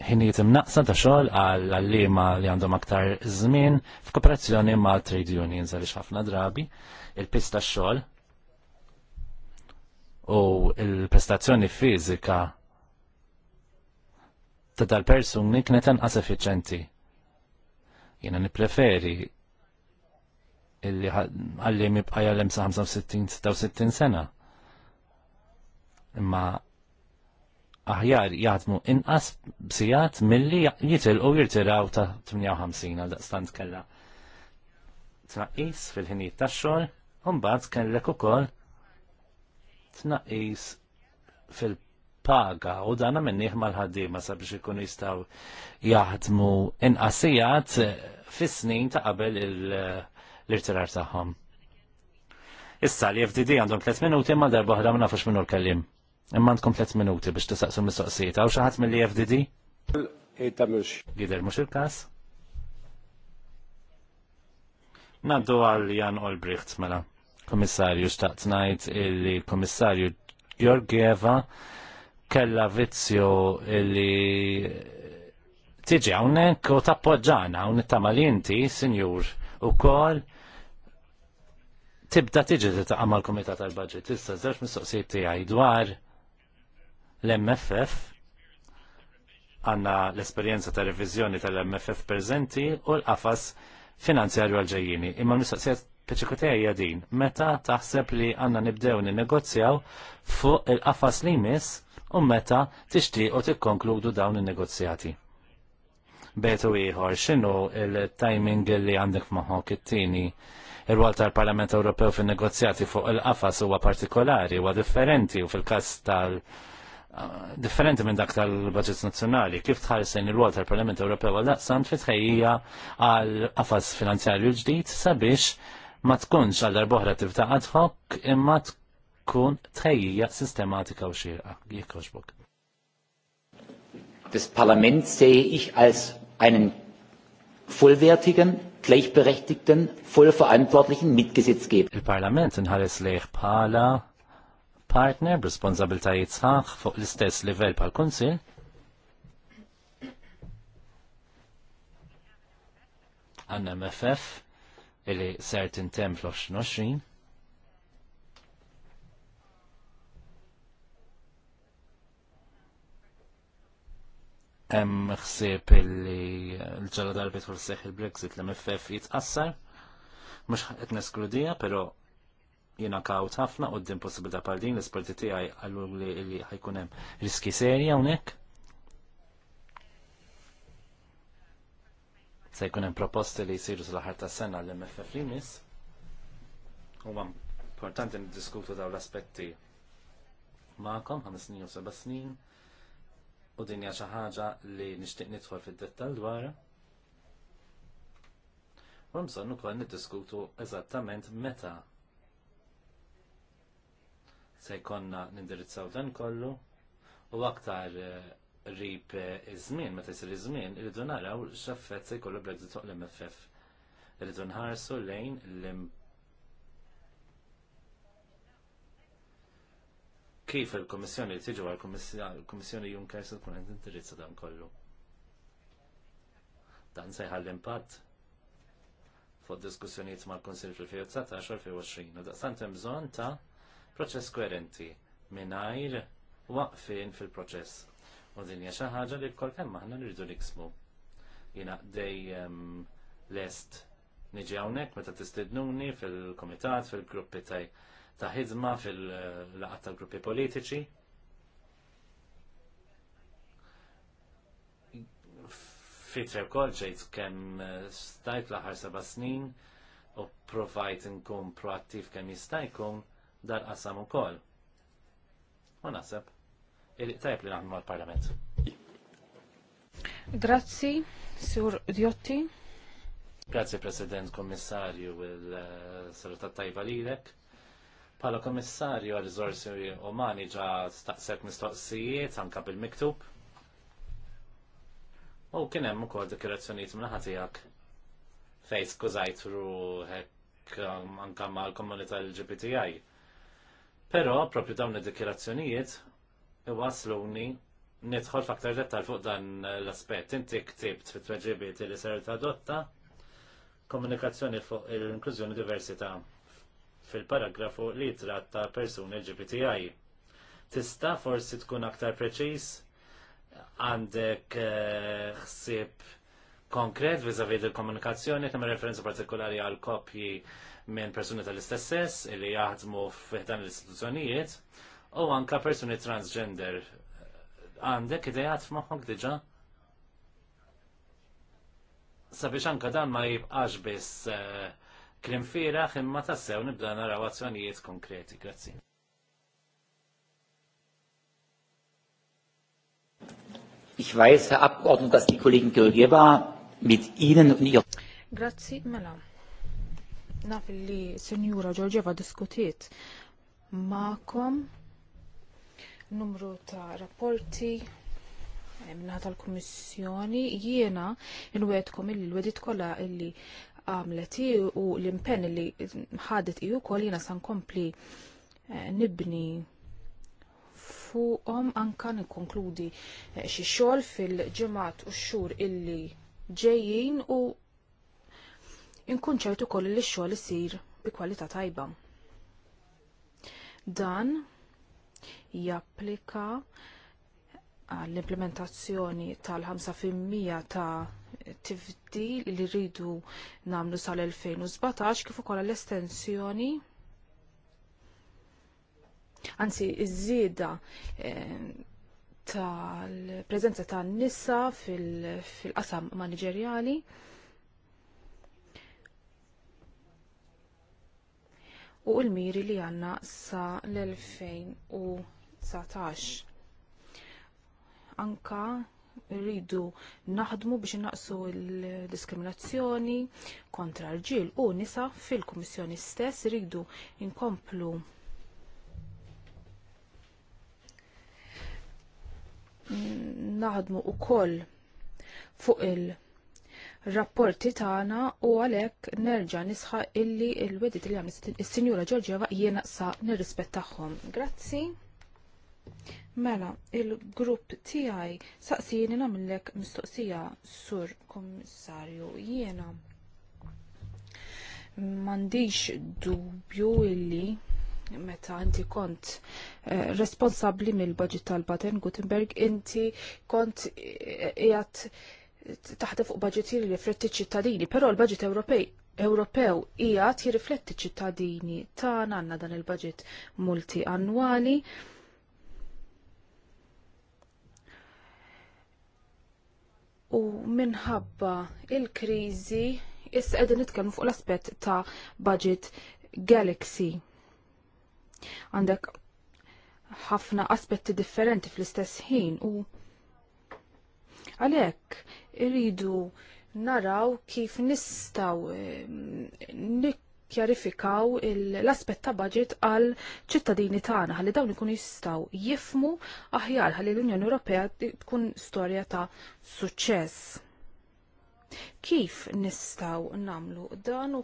ħiniet imnaqsa ta' xogħol għal għallima li għandhom aktar żmien f'kooperazzjoni ma' trade unions għaliex ħafna drabi il-pista xogħol u l prestazzjoni fiżika ta' dal-persuni kienet anqas effiċenti. Jiena nippreferi illi għalli mibqa jallem sa' 65-66 sena. Imma aħjar jgħadmu inqas b'sijat milli jitil u jirtiraw ta' 58 għal daqstant kella. Tnaqis fil-ħinijiet ta' xol, un-bad kellek ukoll tnaqis fil paga u dana minniħ mal-ħaddima sabiex ikun jistaw jaħdmu inqasijat fis-snin ta' qabel l-irtirar tagħhom. Issa li FDD għandhom 3 minuti ma darba oħra ma nafux minnu l-kellim. Imma għandkom 3 minuti biex tisaqsu mistoqsijiet. Għaw xaħat mill FDD? Eta mux. Gider mux il-kas? Naddu għal Jan Olbricht mela. Komissarju xtaqt il-komissarju Georgieva kella vizzju li tiġi hawnhekk u tappoġġana hawn it senjur, inti, sinjur, ukoll tibda tiġi titaqa' mal-Kumitat tal-Baġġet. Issa żewġ mistoqsijiet tiegħi dwar l-MFF għandna l-esperjenza ta' reviżjoni tal-MFF prezenti u l-qafas finanzjarju għal-ġejjini. Imma l-mistoqsijiet Peċikuteja jadin, din, meta taħseb li għanna nibdew negozjaw fuq il-qafas li jmiss u meta tixtiequ tikkonkludu dawn in-negozjati. Betu ieħor x'inhu il-timing li għandek f'moħħok it-tieni ir-rwol tal-Parlament Ewropew fin-negozjati fuq il-qafas huwa partikolari huwa differenti u fil-każ tal- uh, differenti minn dak tal-budget nazzjonali, kif tħarsen il-rwol tal-Parlament Ewropew għal daqsan fitħejja għal qafas finanzjarju ġdid sabiex ma tkunx għal darbohra tibta ad hoc imma kun tħejjija sistematika u xieqa. Jek oġbok. Das Parlament sehe ich als einen vollwertigen, gleichberechtigten, vollverantwortlichen Mitgesetzgeber. Il-Parlament inħares leħ pala partner b'responsabiltajiet sħaħ fuq l-istess livell pal kunsil għanna MFF illi ser tintem fl-2020 hemm ħsieb illi l-ġala darbit fil il-Brexit l-MFF jitqassar. Mhux qed neskrudija, però jiena kawt ħafna qudiem possibilità bħal din l-esperti tiegħi qalu li ħajkun hemm riski serja hawnhekk. Se jkun hemm proposti li jsiru sl-aħħar tas-sena l-MFF li miss. Huwa importanti niddiskutu dawn l-aspetti ma'kom ħames snin u seba' snin u din hija xi ħaġa li nixtieq nidħol fid-dettall dwarha. U bżonn ukoll niddiskutu eżattament meta se jkollna nindirizzaw dan kollu u aktar eh, rib eh, iż-żmien, meta jsir iż-żmien, irridu naraw x'effett se jkollu Brexit fuq l-MFF. Irridu nħarsu lejn l imp kif il-Komissjoni tiġu għal-Komissjoni Juncker se tkun qed indirizza dan kollu. Dan se jħall impatt fuq diskussjonijiet mal-Konsil fil-2019 u 2020 u daqstant hemm bżonn ta' proċess koerenti mingħajr waqfien fil-proċess. U din hija xi ħaġa li l-kol kemm aħna nridu niksmu. Jiena dejjem lest niġi hawnhekk meta tistidnuni fil-kumitat, fil-gruppi taj ta' ħidma fil-laqat tal-gruppi politiċi. Fitre kol ġejt kemm eh, stajt laħar seba' snin u provajt nkun proattiv kemm jista' jkun qasam u ukoll. U naħseb il-tajb li naħdmu għal-Parlament. Grazzi, Sur Diotti. Grazzi, President, Kommissarju, il-Salutat eh, Tajva Lilek Pala komissarju għal rizorsi umani ġa staqset mistoqsijiet anka bil-miktub. U kien hemm ukoll dikirazzjonijiet minn ħatijak fejn skużajt ruħek um, anka mal-komunità LGBTI. Però propju dawn id u għasluni nidħol faktar dettal fuq dan l-aspett. Inti ktibt fit tweġibiet li ser dotta, komunikazzjoni fuq l-inklużjoni diversità fil-paragrafu li tratta persuni LGBTI. Tista forsi tkun aktar preċis għandek xsib eh, konkret vizavi il-komunikazzjoni, kemm referenza partikolari għal kopji minn persuni tal-istess sess li jaħdmu f'dan l-istituzzjonijiet u anka persuni transgender. Għandek idejat f'moħħok diġa? Sabiex anka dan ma jibqax biss uh, Klim firaħ imma sew nibda naraw azzjonijiet konkreti. Grazzi. Ich weiß, Herr Abgeordneter, dass die Kollegin Georgieva mit Ihnen und Ihr... Grazzi, mela. Naf li Senjura Georgieva diskutiet ma'kom numru ta' rapporti eh, minna tal-Kommissjoni jiena il-wedkom il wedit kolla illi għamlet u l-impenn li ħadet iju kol jina san kompli eh, nibni fuqom anka nikkonkludi eh, xi xogħol fil-ġimgħat u x-xhur illi ġejjin u inkun ċertu koll li x-xogħol isir bi kwalità tajba. Dan japplika għall-implementazzjoni tal-5% ta' tifdi li rridu namlu sal-2017 kif ukoll l-estensjoni anzi iż-żieda ehm, tal-preżenza tan-nisa fil-qasam maniġerjali. u l-miri li għanna sa l-2019. Anka rridu naħdmu biex naqsu l-diskriminazzjoni kontra rġil u nisa fil-Kummissjoni stess rridu inkomplu naħdmu u koll fuq il- rapporti tagħna u għalhekk nerġa' nisħa illi l-wedit li għamlet is-Sinjura Ġorġeva jiena sa nirrispettahom. Grazzi. Mela, il-grupp TI saqsini nagħmellek mistoqsija sur kommissarju jiena. M'għandix dubju illi meta inti kont eh, responsabbli mill-budget tal-Baden Gutenberg, inti kont eh, qiegħed taħta fuq budget li rifletti ċittadini, però l-budget Ewropej Ewropew qiegħed jirrifletti ċittadini tagħna għandna dan il-budget multi annwali u minħabba il-kriżi issa għedin nitkellmu fuq l-aspett ta' budget Galaxy. Għandek ħafna aspetti differenti fl-istess ħin u għalhekk iridu naraw kif nistaw eh, nik Kjarifikaw l-aspett ta' budget għal ċittadini tagħna ħalli dawn ikun jistgħu jifmu aħjar ħalli l-Unjoni Ewropea tkun storja ta' suċċess. Kif nistgħu nagħmlu dan u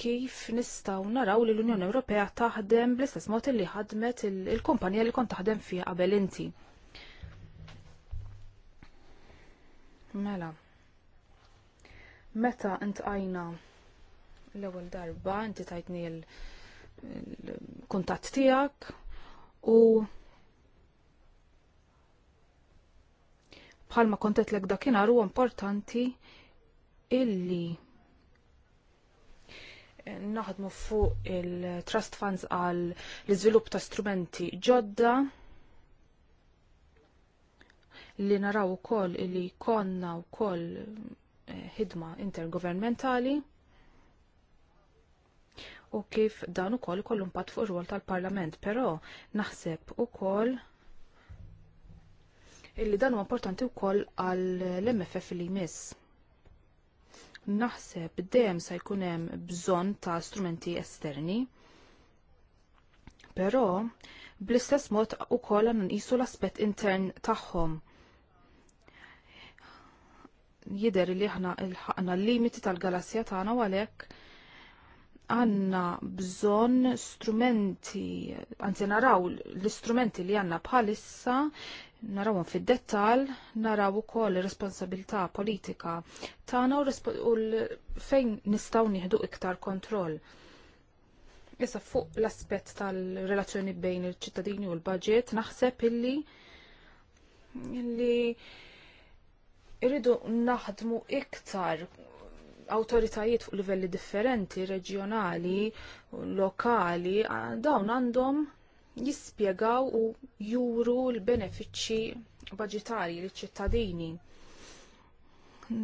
kif nistgħu naraw li l-Unjoni Ewropea taħdem bl-istess mod li ħadmet il-kumpanija li kont taħdem fiha qabel inti. Mela. Meta intqajna l-ewwel darba inti tajtni l-kuntatt tiegħek u bħalma kontet lek dakinhar huwa importanti illi naħdmu fuq il-trust funds għal l-iżvilupp ta' strumenti ġodda li naraw ukoll li konna wkoll eh, ħidma intergovernmentali u kif dan ukoll kollu impatt fuq ir-rwol tal-Parlament, però naħseb ukoll illi dan huwa importanti wkoll għall-MFF li jmiss naħseb dejjem se jkun hemm bżonn ta' strumenti esterni. Però bl-istess mod ukoll għandna nqisu l-aspett intern tagħhom. Jidher li aħna l-limiti tal-galassja tagħna u għalhekk għanna bżon strumenti, għanzi naraw l-istrumenti li għanna bħalissa, narawon fid dettal naraw ukoll responsabilità politika tagħna u fejn nistgħu nieħdu iktar kontroll. Issa fuq l-aspett tal-relazzjoni bejn il-ċittadini u l-budget naħseb illi illi irridu naħdmu iktar awtoritajiet fuq livelli differenti, reġjonali, lokali, dawn għandhom jispiegaw u juru l-benefiċċji budġetarji liċ ċittadini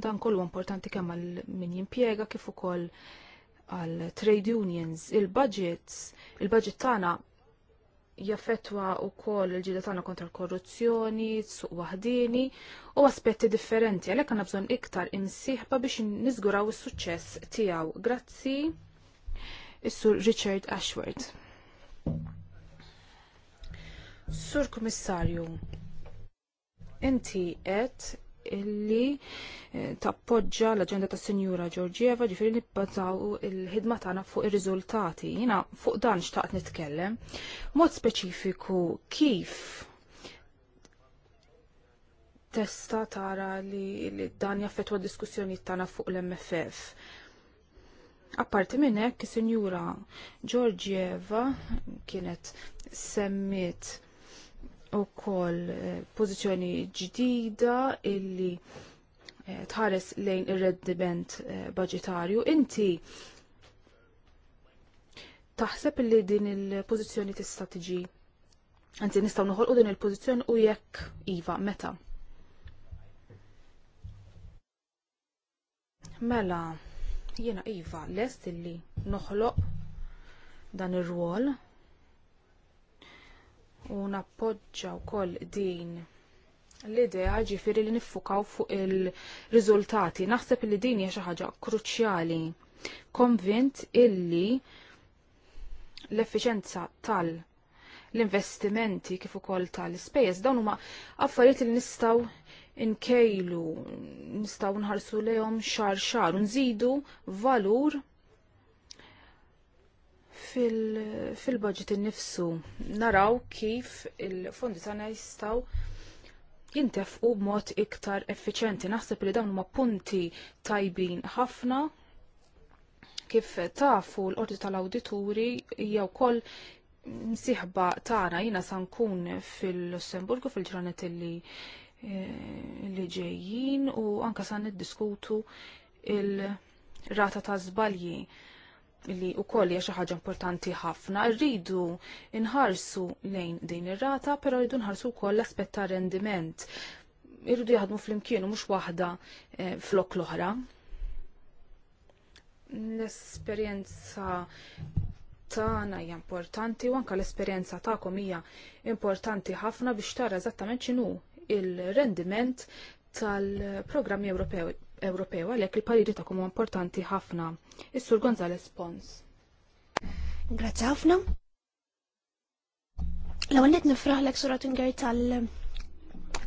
Dan kollu importanti kemm għal min jimpjega kif ukoll għal trade unions. Il-budgets, il-budget tagħna jaffetwa u koll il-ġida tagħna kontra l-korruzzjoni, suq wahdini u aspetti differenti għalhekk għandna bżonn iktar imsieħba biex nizguraw is-suċċess tiegħu. Grazzi is-Sur Richard Ashworth. Sur Komissarju, inti qed illi eh, tappoġġa l-aġenda ta' Sinjura Georgieva ġifieri nippazaw il-ħidma tagħna fuq ir-riżultati. Jiena fuq dan xtaqt nitkellem. Mod speċifiku kif testa tara li, li dan jaffetwa diskussjoni tana fuq l-MFF. Apparti minn hekk, Sinjura Georgieva kienet semmit u koll eh, pozizjoni ġdida illi eh, tħares lejn ir reddiment eh, budgetarju. Inti taħseb li din il-pozizjoni tista' tiġi Għanzi nistaw noħolqu din il-pozizjoni u jekk Iva, meta? Mela, jiena Iva, lest illi noħloq dan ir-rwol u nappoġġja wkoll din l-idea ġifiri li niffukaw fuq il-riżultati. Naħseb li din hija xi ħaġa kruċjali. Konvint illi l-effiċenza tal l-investimenti kif ukoll tal-ispejjeż dawn huma affarijiet li nistgħu nkejlu, nistgħu nħarsu lehom xar xar u nżidu valur fil-budget fil innifsu naraw kif il-fondi tagħna jistgħu jintefqu b'mod iktar effiċenti. Naħseb li dawn huma punti tajbin ħafna kif tafu l-qorti tal-awdituri jew wkoll msiħba tagħna jiena sa nkun fil-Lussemburgu fil-ġranet li eh, li ġejjin u anka sa niddiskutu il-rata ta' żbalji li u koll xi ħaġa importanti ħafna, rridu nħarsu lejn din ir-rata, però rridu nħarsu wkoll l aspetta rendiment. Irridu jaħdmu fl imkienu u mhux waħda eh, flok l-oħra. L-esperjenza tagħna hija importanti u anke l-esperjenza tagħkom hija importanti ħafna biex tara eżattament x'inhu il-rendiment tal-programmi Ewropew Ewropew għalhekk il-pariri tagħkom huwa importanti ħafna. Is-Sur Gonzales Pons. Grazzi ħafna. L-ewwel qed nifraħlek Sur Ottinger tal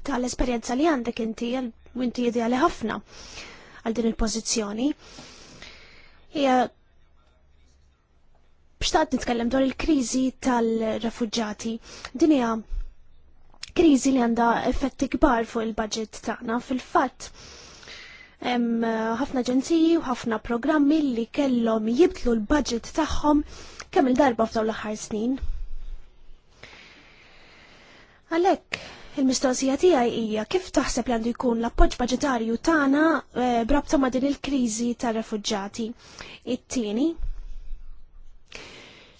tal-esperjenza li għandek inti u inti ideali ħafna għal din il-pożizzjoni. Hija b'xtaqt nitkellem dwar il-kriżi tal-refuġġati. Din hija kriżi li għandha effetti kbar fuq il-budget tagħna fil-fatt Hemm uh, ħafna ġenziji u ħafna programmi li kellhom jibtlu l-budget tagħhom kemm il-darba f'dawn l-aħħar snin. Għalhekk, il-mistoqsija tiegħi hija kif taħseb li għandu jkun l-appoġġ budġetarju tagħna eh, brabta ma' din il-kriżi tar-refuġġati. It-tieni,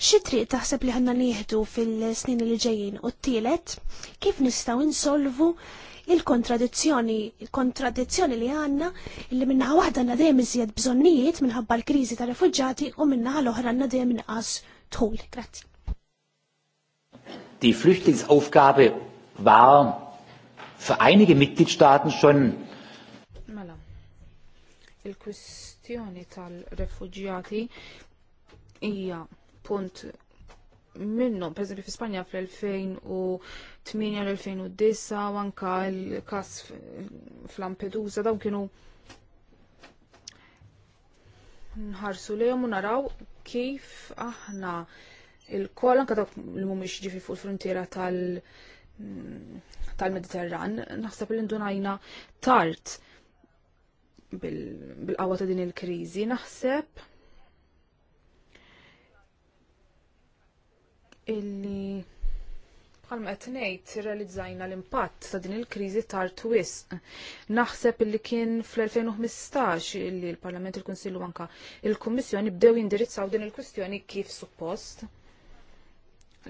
xi triq taħseb li ħanna nieħdu fil-snin li ġejjin u t-tielet kif nistgħu insolvu il-kontradizzjoni, il-kontradizzjoni li għanna illi minna waħda għanna dejjem iżjed bżonnijiet minħabba l krizi ta' refugġati u minna għal oħra għanna dejjem inqas tħul. Grazzi. Die Flüchtlingsaufgabe war für einige Mitgliedstaaten schon Mela, il-kwistjoni tal refugġati ija punt minnu, per esempio, fi Spagna fl-2000 u 8 l-2009 u anka l-kas fl-Lampedusa daw kienu nħarsu li u naraw kif aħna il-kol anka dak li mhumiex ġifi fuq il-frontiera tal- tal-Mediterran, naħseb li ndunajna tard bil-qawa ta' din il-kriżi, naħseb illi Palma qed ngħid realizzajna l-impatt ta' din il-kriżi tar twis. Naħseb li kien fl-2015 li l-Parlament il konsillu anka il-Kummissjoni bdew jindirizzaw din il-kwistjoni kif suppost.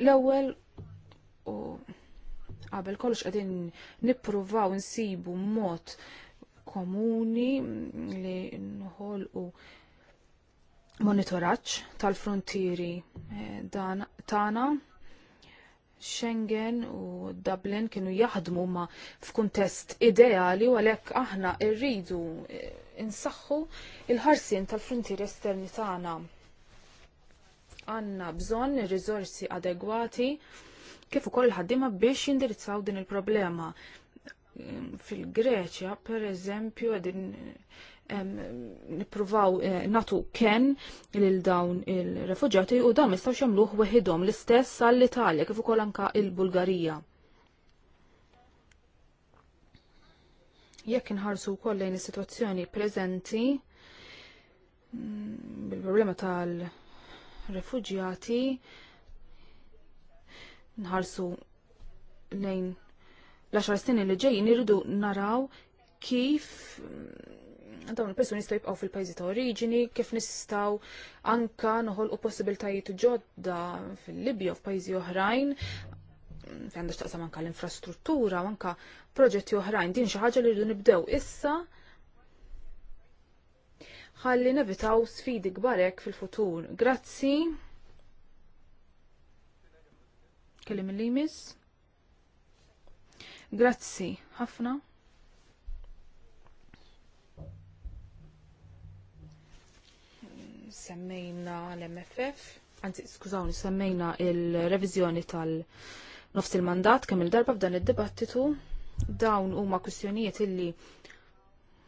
L-ewwel u qabel kollox qegħdin nippruvaw insibu mod komuni li nħolqu monitoraċ tal-frontieri eh, dan Schengen u Dublin kienu jaħdmu ma f'kuntest ideali u għalhekk aħna rridu e, insaħħu il-ħarsien tal-frontier esterni tagħna. Għanna bżonn riżorsi adegwati kif ukoll ħaddiema biex jindirizzaw din il-problema. Fil-Greċja, per eżempju, din nipruvaw eh, natu ken lil dawn il refugġati u dan mistaw xamluħ weħidom l-istess għall-Italja kif ukoll anka il-Bulgarija. Jekk inħarsu wkoll lejn is-sitwazzjoni preżenti mm, bil-problema tal-refugjati nħarsu lejn l-10 snin li ġejjin irridu naraw kif dawn il-persuni jistgħu jibqgħu fil-pajjiżi ta' oriġini, kif nistgħu anka noħolqu possibiltajiet ġodda fil-Libja u f'pajjiżi oħrajn għandax ta' samanka l-infrastruttura, anka proġetti oħrajn, din xi ħaġa li rridu nibdew issa ħalli nevitaw sfidi kbarek fil-futur. Grazzi. Kelim il-limis. Grazzi, ħafna. semmejna l-MFF, anzi skużawni semmejna il-reviżjoni tal-nofs il-mandat kemm il-darba f'dan id-dibattitu dawn huma kwistjonijiet illi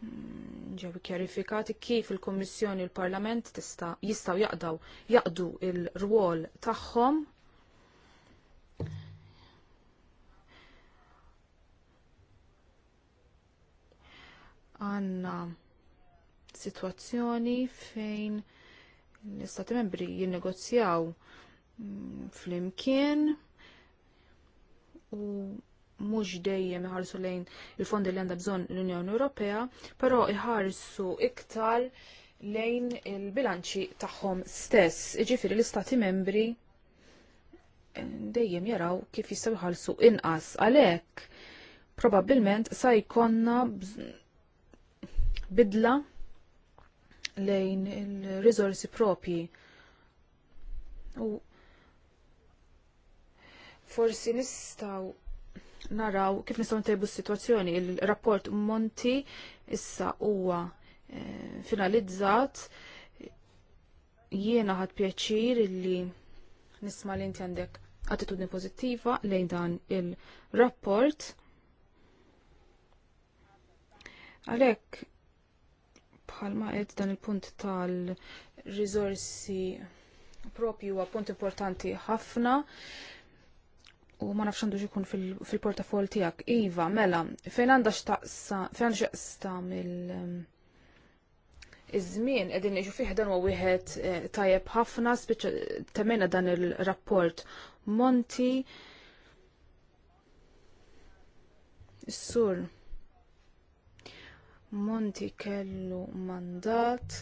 mm, ġew kjarifikati kif il-Kummissjoni u l-Parlament tista' jistgħu jaqdaw jaqdu il-rwol tagħhom għanna situazzjoni fejn l-istati membri jinnegozjaw mm, fl-imkien u mhux dejjem iħarsu lejn il-fondi li għandha bżonn l-Unjoni Ewropea, però iħarsu iktar lejn il-bilanċi tagħhom stess. Iġifieri l-istati membri eh, dejjem jaraw kif jistgħu jħallsu inqas għalhekk probabbilment sa jkollna bidla lejn il-rizorsi propi. U forsi nistaw naraw kif nistaw ntejbu s-situazzjoni. Il-rapport Monti issa huwa e, finalizzat jiena ħad pjaċir illi nisma li inti għandek attitudni pozittiva lejn dan il-rapport. Għalek, bħalma qed dan il-punt tal rizorsi propju huwa punt importanti ħafna u ma nafx għandux ikun fil-portafol tiegħek. Iva, mela, fejn għandha xtaqsa, fejn għandha xtaqsa mill um, iż-żmien qegħdin niġu fih dan huwa wieħed eh, tajjeb ħafna spiċċa temmejna dan il-rapport Monti Sur. Monti kellu mandat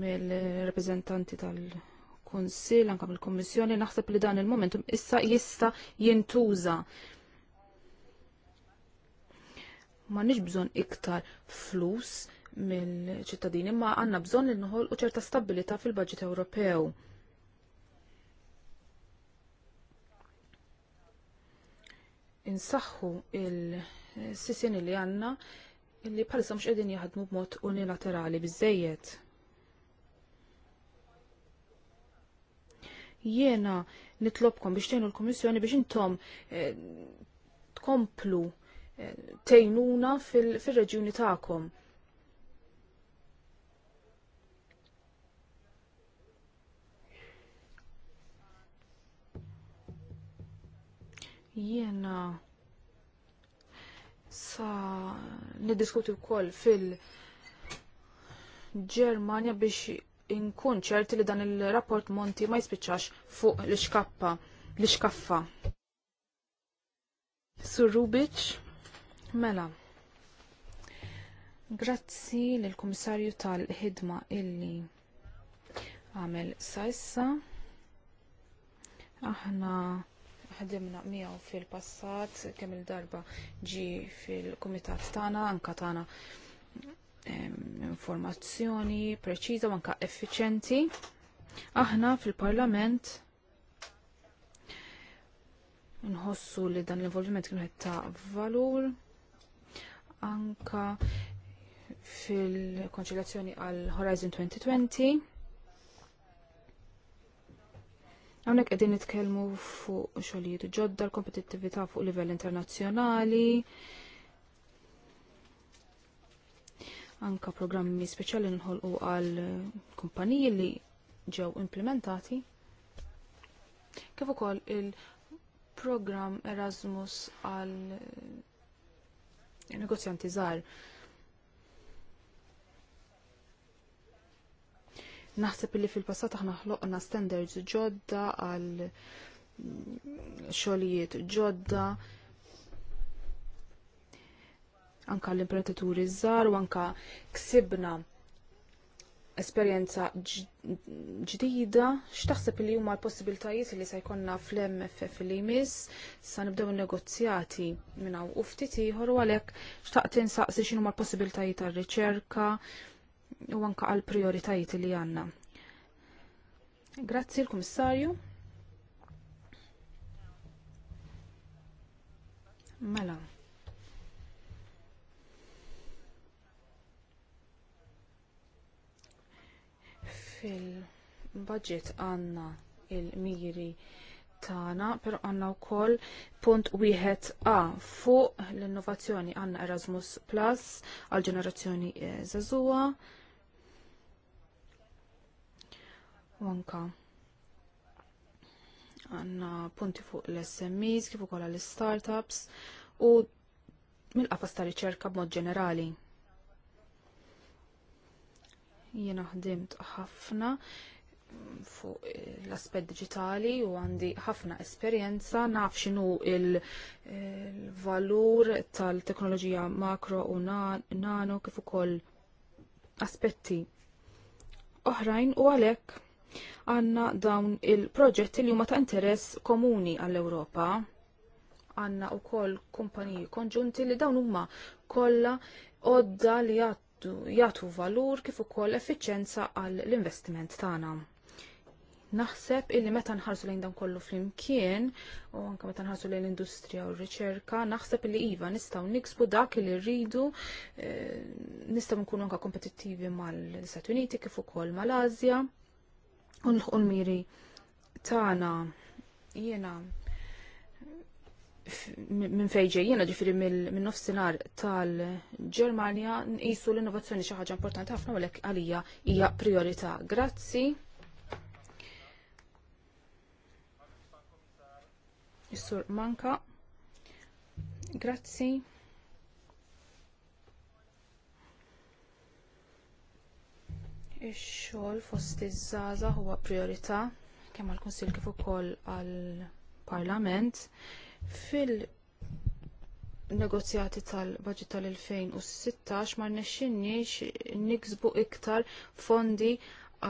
mill-reprezentanti tal-Kunsill anke mill-Kummissjoni naħseb li dan il-momentum issa jista' jintuża. Ma nix bżonn iktar flus mill-ċittadini, ma għandna bżonn l noħolqu ċerta stabilita fil budget Ewropew. Insaħħu il-sissjoni li għandna illi bħalissa mhux qegħdin jaħdmu b'mod unilaterali biżejjed. Jiena nitlobkom biex tgħinu l-Kummissjoni biex intom eh, tkomplu eh, tgħinuna fil-reġjuni tagħkom. Jiena sa niddiskuti wkoll fil-Ġermanja biex inkun ċerti li dan il-rapport Monti ma jispiċċax fuq l-iskappa l-iskaffa. Surubic, mela. Grazzi lill-Kummissarju tal-ħidma illi għamel sa issa. Aħna ħadimna miegħu fil-passat kemm il-darba ġi fil-kumitat tagħna anka tagħna informazzjoni preċiża u anka effiċenti. Aħna fil-Parlament nħossu li dan l-involviment kienu qed ta' valur anka fil-konċilazzjoni għal Horizon 2020 Hawnhekk qegħdin nitkellmu fuq xogħlijiet ġodda l kompetittivita fuq livell internazzjonali. Anka programmi speċjali nħolqu għal kumpaniji li ġew implementati. Kif ukoll il-programm Erasmus għal negozjanti żgħar Naħseb li fil-passat aħna ħloqna standards ġodda għal xogħlijiet ġodda anka l-imprenditori żgħar u anka ksibna esperjenza ġdida, x'taħseb li huma l-possibiltajiet li se jkollna fl-MFF li jmiss sa nibdew negozjati minn hawn u ftit ieħor u għalhekk xtaqt tinsaqsi x'inhuma l-possibiltajiet tar-riċerka, u anka għal prioritajiet li għanna. Grazzi l-Kummissarju. Mela. Fil-budget għanna il-miri tana, pero għanna u koll punt wieħed A fuq l-innovazzjoni għanna Erasmus Plus għal ġenerazzjoni eh, Zazua. u għanna punti fuq l-SMEs kif ukoll l-startups u mill-qafas ta' riċerka b'mod ġenerali. Jiena ħdimt ħafna fuq l-aspet digitali u għandi ħafna esperjenza naf xinu il-valur il valur tal teknoloġija makro u nano kif ukoll aspetti oħrajn u għalhekk Għanna dawn il-proġetti li huma ta' interess komuni għall-Ewropa. Għanna u koll kumpaniji konġunti li dawn huma kollha odda li jagħtu valur kif ukoll effiċenza għall-investiment tagħna. Naħseb illi meta nħarsu lejn dan kollu flimkien, u anke meta nħarsu lejn l-industrija u r-riċerka, naħseb illi iva nistgħu niksbu dak li rridu, e, nistgħu nkunu anke kompetittivi mal-Istati Uniti kif ukoll mal-Asja u l-miri tagħna jiena minn fejġe jiena ġifiri minn nofsinhar tal-Ġermanja nqisu l-innovazzjoni xi ħaġa importanti ħafna għalhekk għalija hija priorità. Grazzi. Is-sur manka. Grazzi. Ix-xogħol fost iż żgħażagħ huwa priorità kemm għall-Kunsill kif ukoll għall-Parlament fil- negozjati tal baġit tal-2016 ma rnexxinniex niksbu iktar fondi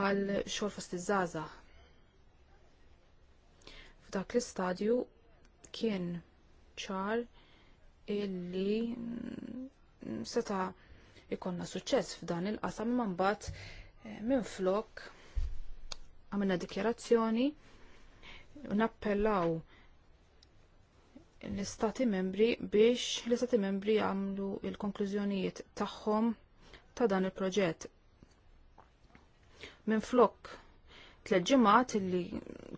għal xogħol fost iż żgħażagħ F'dak l-istadju kien ċar illi seta' ikonna suċċess f'dan il-qasam imma mbagħad Eh, minn flok għamilna dikjarazzjoni u nappellaw l-istati membri biex l-istati membri għamlu il-konklużjonijiet tagħhom ta' dan il-proġett. Minn flok tleġimat ġimgħat li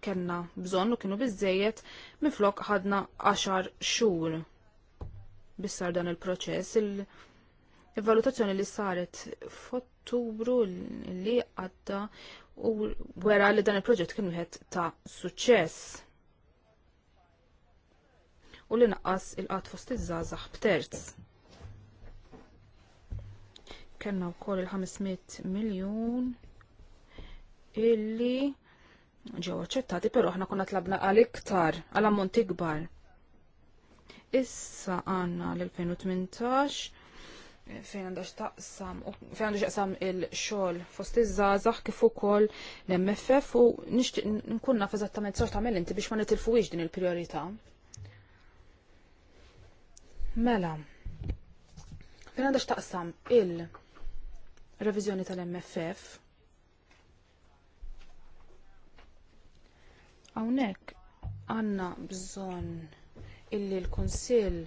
kellna bżonn u kienu biżejjed minn flok ħadna 10 xhur bissar dan il-proċess il-, -proċess, il Il-valutazzjoni li saret f'Ottubru li għadda u wera li dan il-proġett kien wieħed ta' suċċess u li naqqas il qatt fost iż-żgħażagħ b'terz. Kenna wkoll il-500 miljun illi ġew aċċettati però aħna konna tlabna għal iktar għal ammonti kbar. Issa għandna l-2018 fejn għandax taqsam, fejn għandux taqsam il-xol fost iż-żazax kif ukoll l-MFF u nixtieq nkun naf eżattament sort tagħmel inti biex ma nitilfuwix din il-priorità. Mela, fejn għandax taqsam il-reviżjoni tal-MFF Hawnhekk għandna bżonn illi l-Kunsill il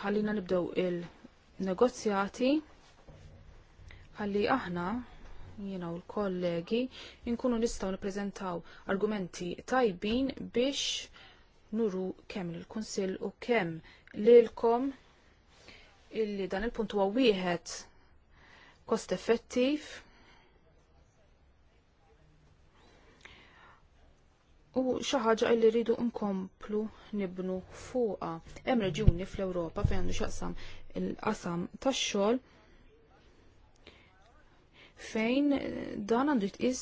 ħallina nibdew il-negozjati ħalli aħna jiena u l-kollegi inkunu nistgħu nippreżentaw argumenti tajbin biex nuru kemm il kunsill u kemm lilkom illi dan il-punt huwa wieħed kost effettiv u xi ħaġa li rridu nkomplu nibnu fuqha. Hemm reġjuni fl-Ewropa fejn għandu x'aqsam il-qasam tax-xogħol fejn dan għandu tqis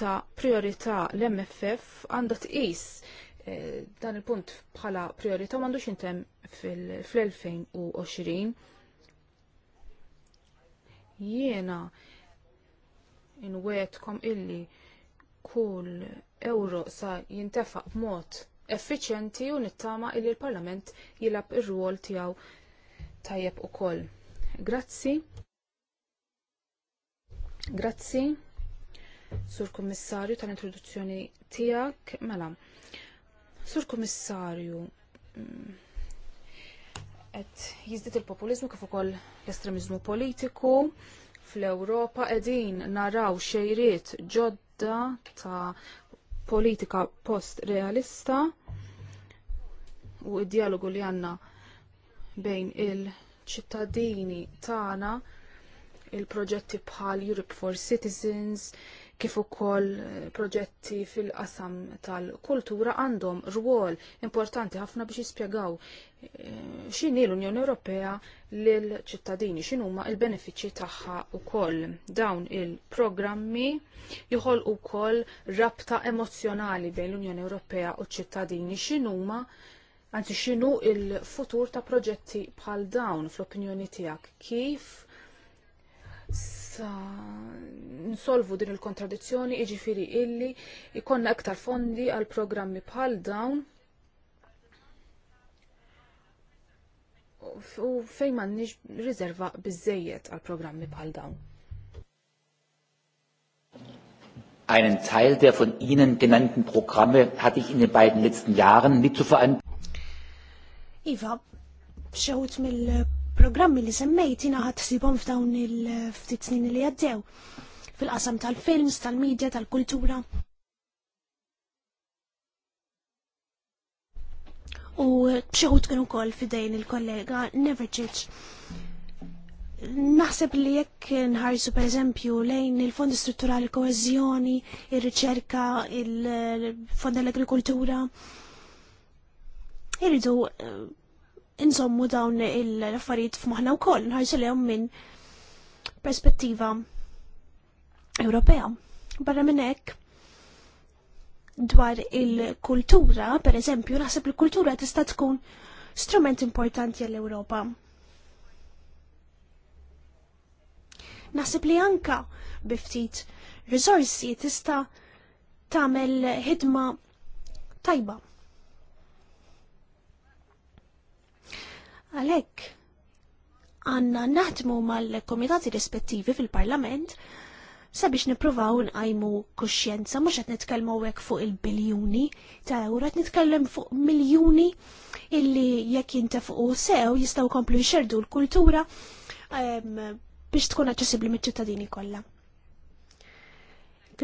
ta' priorità l-MFF għandha tqis eh, dan il-punt bħala priorità m'għandux intemm fl-2020. Jiena inwetkom illi kull euro sa jintefaq b'mod effiċjenti u nittama li l-Parlament jilab ir-rwol tiegħu tajjeb ukoll. Grazzi. Grazzi. Sur Komissarju, tal-introduzzjoni tiegħek. Mela. Sur Kummissarju, mm, qed jiżdied il-populiżmu kif ukoll l-estremiżmu politiku fl-Ewropa qegħdin naraw xejriet ġodda ta' politika post realista u id-dialogu li għanna bejn il-ċittadini tagħna il-proġetti bħal Europe for Citizens, kif ukoll proġetti fil-qasam tal-kultura għandhom rwol importanti ħafna biex jispjegaw eh, x'inhi l-Unjoni Ewropea lil ċittadini x'inhu huma l-benefiċċji tagħha wkoll. Dawn il-programmi joħol ukoll rabta emozjonali bejn l-Unjoni Ewropea u ċ-ċittadini x'inhuma Anzi, xinu il-futur ta' proġetti bħal dawn fl-opinjoni tiegħek Kif sa nsolvu din il-kontradizzjoni iġifiri illi ikonna aktar fondi għal programmi bħal dawn u fejn ma nix rizerva bizzejiet għal programmi bħal dawn. Einen Teil der von Ihnen genannten Programme hatte ich in den beiden letzten Jahren mit zu verantworten. Iva, xewt mill il-programmi li semmejti naħat sibom f'dawn il-ftit snin li għaddew fil-qasam tal-films, tal-medja, tal-kultura. U bxieħut kienu kol fidejn il-kollega Neverchich. Naħseb li jekk nħarsu per eżempju lejn il-fondi strutturali koezjoni, il-riċerka, il-fondi l-agrikultura, irridu eh, Insommu dawn il-affarijiet f'moħna wkoll nħarġilhom minn perspettiva Ewropea. Barra minn hekk dwar il-kultura, per eżempju, naħseb il-kultura tista' tkun strument importanti għall ewropa Naħseb li anka biftit risorsi tista' tagħmel ħidma tajba. Għalek, għanna naħdmu mal-komitati rispettivi fil-parlament sabiex nipruvaw nqajmu kuxjenza, mux għet nitkellmu għek fuq il-biljuni ta' euro, għet nitkellem fuq miljoni illi jekk jinta fuq sew jistaw komplu jxerdu l-kultura ehm, biex tkun aċċessibli mit-ċittadini kollha.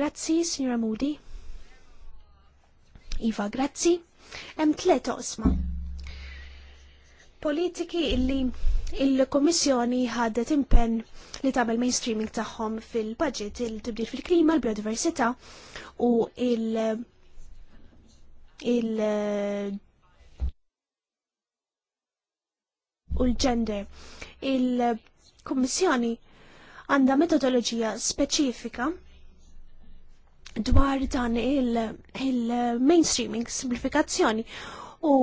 Grazzi, signora Moody. Iva, grazzi. Hemm tliet osma' politiki illi il-Komissjoni ħadet impenn li tagħmel mainstreaming tagħhom fil-budget il-tibdil fil-klima, l-biodiversità u il- il- u l-gender. Il-Kummissjoni għandha metodoloġija speċifika dwar dan il-mainstreaming, il simplifikazzjoni u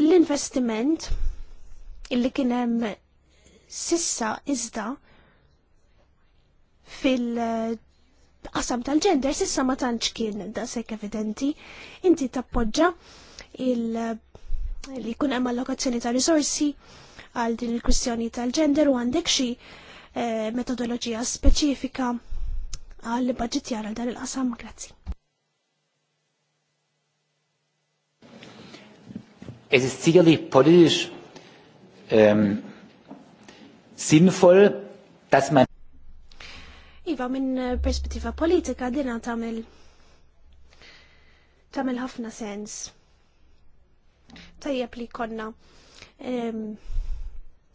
L-investiment illi kienem sissa iżda fil-qasam tal-ġender sissa ma tantx kien da evidenti. Inti tappoġġa il- li jkun hemm allokazzjoni ta' risorsi għal din il-kwistjoni tal-ġender u għandek xi eh, metodoloġija speċifika għal budgetjar għal dan il-qasam. Grazzi. Es ist sicherlich politisch ähm, sinnvoll, dass man Iva, minn äh, perspettiva politika dina tamil tamil ħafna sens. Tajjeb li konna um,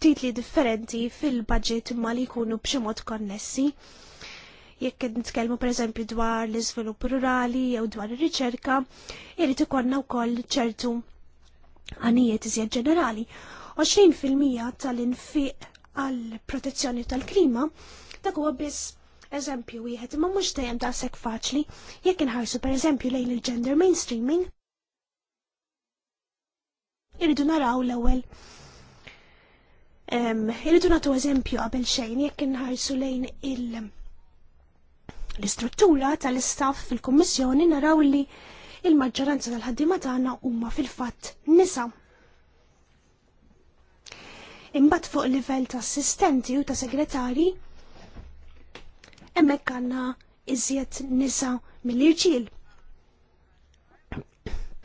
titli differenti fil-budget imma li jkunu b'ximot konnessi. Jekk nitkellmu pereżempju dwar l-iżvilupp rurali jew dwar ir-riċerka, jrid ikollna wkoll ċertu għanijiet iżjed ġenerali. 20% tal-infiq għal protezzjoni tal-klima dak huwa biss eżempju wieħed imma mhux dejjem daqshekk faċli jekk inħarsu pereżempju lejn il-gender mainstreaming. Iridu naraw l-ewwel iridu nagħtu eżempju qabel xejn jekk inħarsu lejn il- istruttura tal-istaff fil-Kummissjoni naraw li il-maġġoranza tal-ħaddiema tagħna huma fil-fatt nisa. Imbagħad fuq livell ta' assistenti u ta' segretari hemmhekk għandna iżjed nisa mill-irġiel.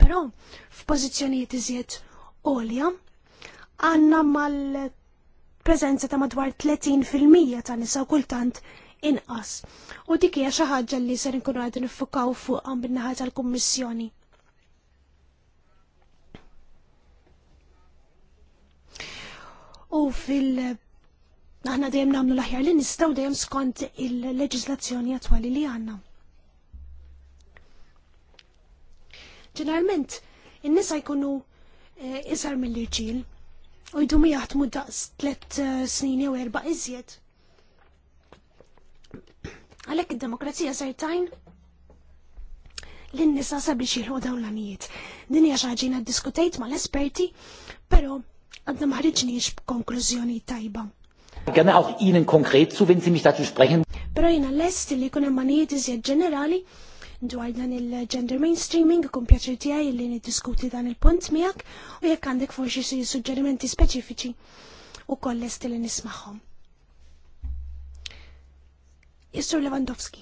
Però f'pożizzjonijiet iżjed għolja għandna mal-preżenza ta' madwar 30% ta' nisa kultant inqas. U dik hija xi ħaġa li ser inkunu qed nifukaw fuqha bin-naħa tal-Kummissjoni. U fil- Aħna dejjem nagħmlu l-aħjar li nistgħu dejjem skont il-leġiżlazzjoni attwali li għandna. Ġeneralment, in-nisa jkunu eh, isar mill-irġiel u jdumu jaħdmu daqs tlet eh, snin jew erba' iżjed. Għalhekk id-demokrazija sajtajn l-nisa sabiex jilħu dawn l-anijiet. Din hija xaġina diskutejt mal-esperti, però għadna ma ħriġniex b'konklużjoni tajba. Gerne auch Ihnen konkret zu, wenn Sie mich dazu sprechen. Pero jina l-est li kun emmanijiet iżjed ġenerali dwar dan il-gender mainstreaming, kun pjaċir tiegħi li niddiskuti dan il-punt miegħek u jekk għandek forsi suġġerimenti speċifiċi u koll l-est li nismaħom is Lewandowski.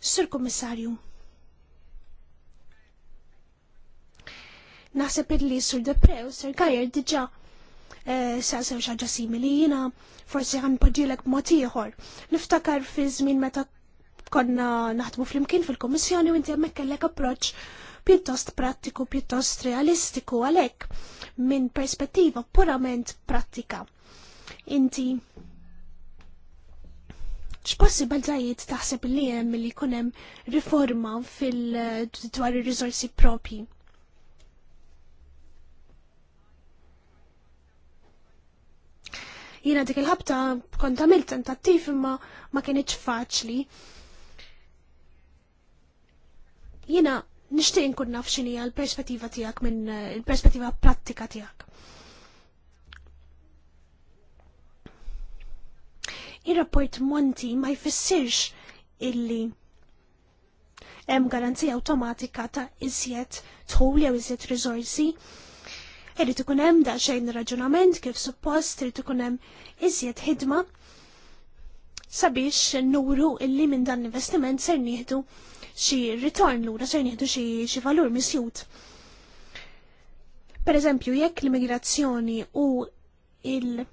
Sur Kommissarju. Naħseb li Sur Deprew, Sur Gajer diġa eh, sew xaġa simili jina, forsi għan podġilek motiħor. Niftakar fi żmien meta konna naħdmu fl-imkien fil-Komissjoni u inti għamek kellek approċċ pjuttost prattiku, pjuttost realistiku għalhekk minn perspettiva purament prattika. Inti x'possibiltajiet taħseb li hemm li jkun hemm riforma fil dwar ir-riżorsi propji? Jiena dik il-ħabta kont għamilt tentattiv imma ma kienx faċli. Jiena nixtieq inkun naf x'inhi l-perspettiva tiegħek minn il-perspettiva prattika tiegħek. Ir-rapport Monti ma jfissirx illi hemm garanzija awtomatika ta' iżjed tħul jew iżjed riżorsi. Irid ikun hemm daqsxejn raġunament kif suppost, irid ikun hemm iżjed ħidma sabiex nuru illi minn dan l-investiment ser nieħdu xi ritorn lura ser nieħdu xi valur misjut. Per eżempju, jekk l-immigrazzjoni u il-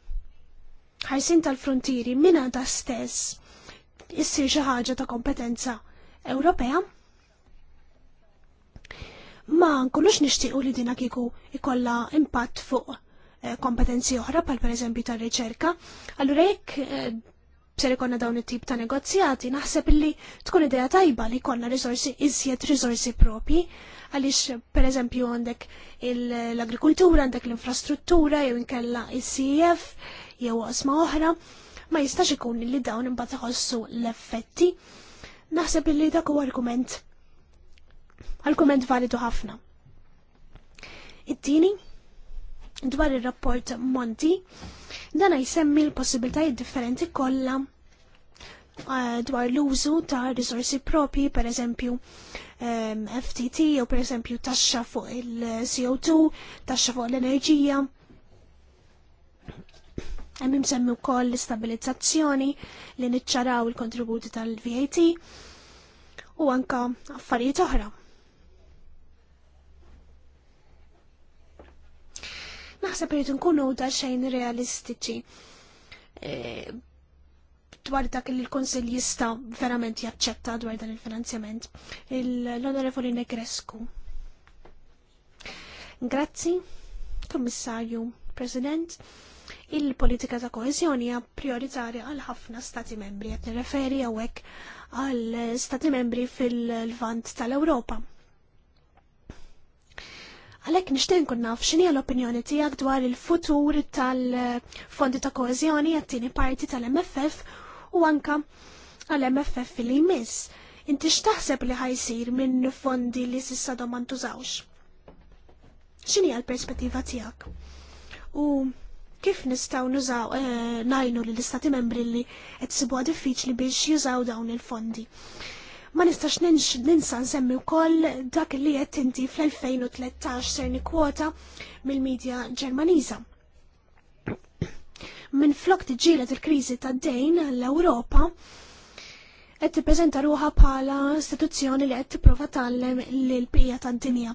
ħarsin tal-frontieri minna da stess issir xi ħaġa ta' kompetenza Ewropea. Ma nkunux nixtiequ li dina kieku ikolla impatt fuq eh, kompetenzi oħra pal pereżempju tar riċerka. Allura jekk eh, ser ikonna dawn it-tip ta' negozjati, naħseb illi tkun idea tajba li jkollna risorsi iżjed risorsi propi, għaliex pereżempju għandek l-agrikultura, għandek l-infrastruttura, jew inkella is cf e jew osma oħra, ma jistax ikun li dawn imbagħad iħossu l-effetti. Naħseb li dak huwa argument argument validu ħafna. It-tieni dwar ir-rapport Monti, dan jsemmi l-possibilitajiet differenti kollha eh, dwar l-użu ta' risorsi propi, per eżempju ehm, FTT, jew per eżempju taxxa fuq il-CO2, taxxa fuq l-enerġija, Hemm imsemmi wkoll l-istabilizzazzjoni li niċċaraw il-kontributi tal-VAT u anka affarijiet oħra. Naħseb irid nkunu da xejn realistiċi e, dwar dak li l-Konsil jista verament jaċċetta dwar dan il-finanzjament. L-Onorevoli Negrescu. Grazzi, Kommissarju, President il-politika ta' koezjoni hija prioritarja għal ħafna stati membri qed nirreferi hawnhekk għal stati membri fil-vant tal-Ewropa. Għalhekk nixtieq nkun naf x'inhi l-opinjoni tiegħek dwar il-futur tal-fondi ta' koeżjoni għat-tieni parti tal-MFF u anka għal-MFF fil jmiss. Inti x'taħseb li ħajsir minn fondi li s'issa ma ntużawx? X'inhi l-perspettiva tiegħek? U kif nistaw nużaw eh, najnu li l-istati membri li qed sibuha diffiċli biex jużaw dawn il-fondi. Ma nistax ninsa nsemmi wkoll dak li qed inti fl-2013 serni kwota mill-medja Ġermaniża minn flok tiġġielet il-kriżi tad-dejn l-Ewropa qed tippreżenta ruħha bħala istituzzjoni li qed tipprova tgħallem lil bqija tad-dinja.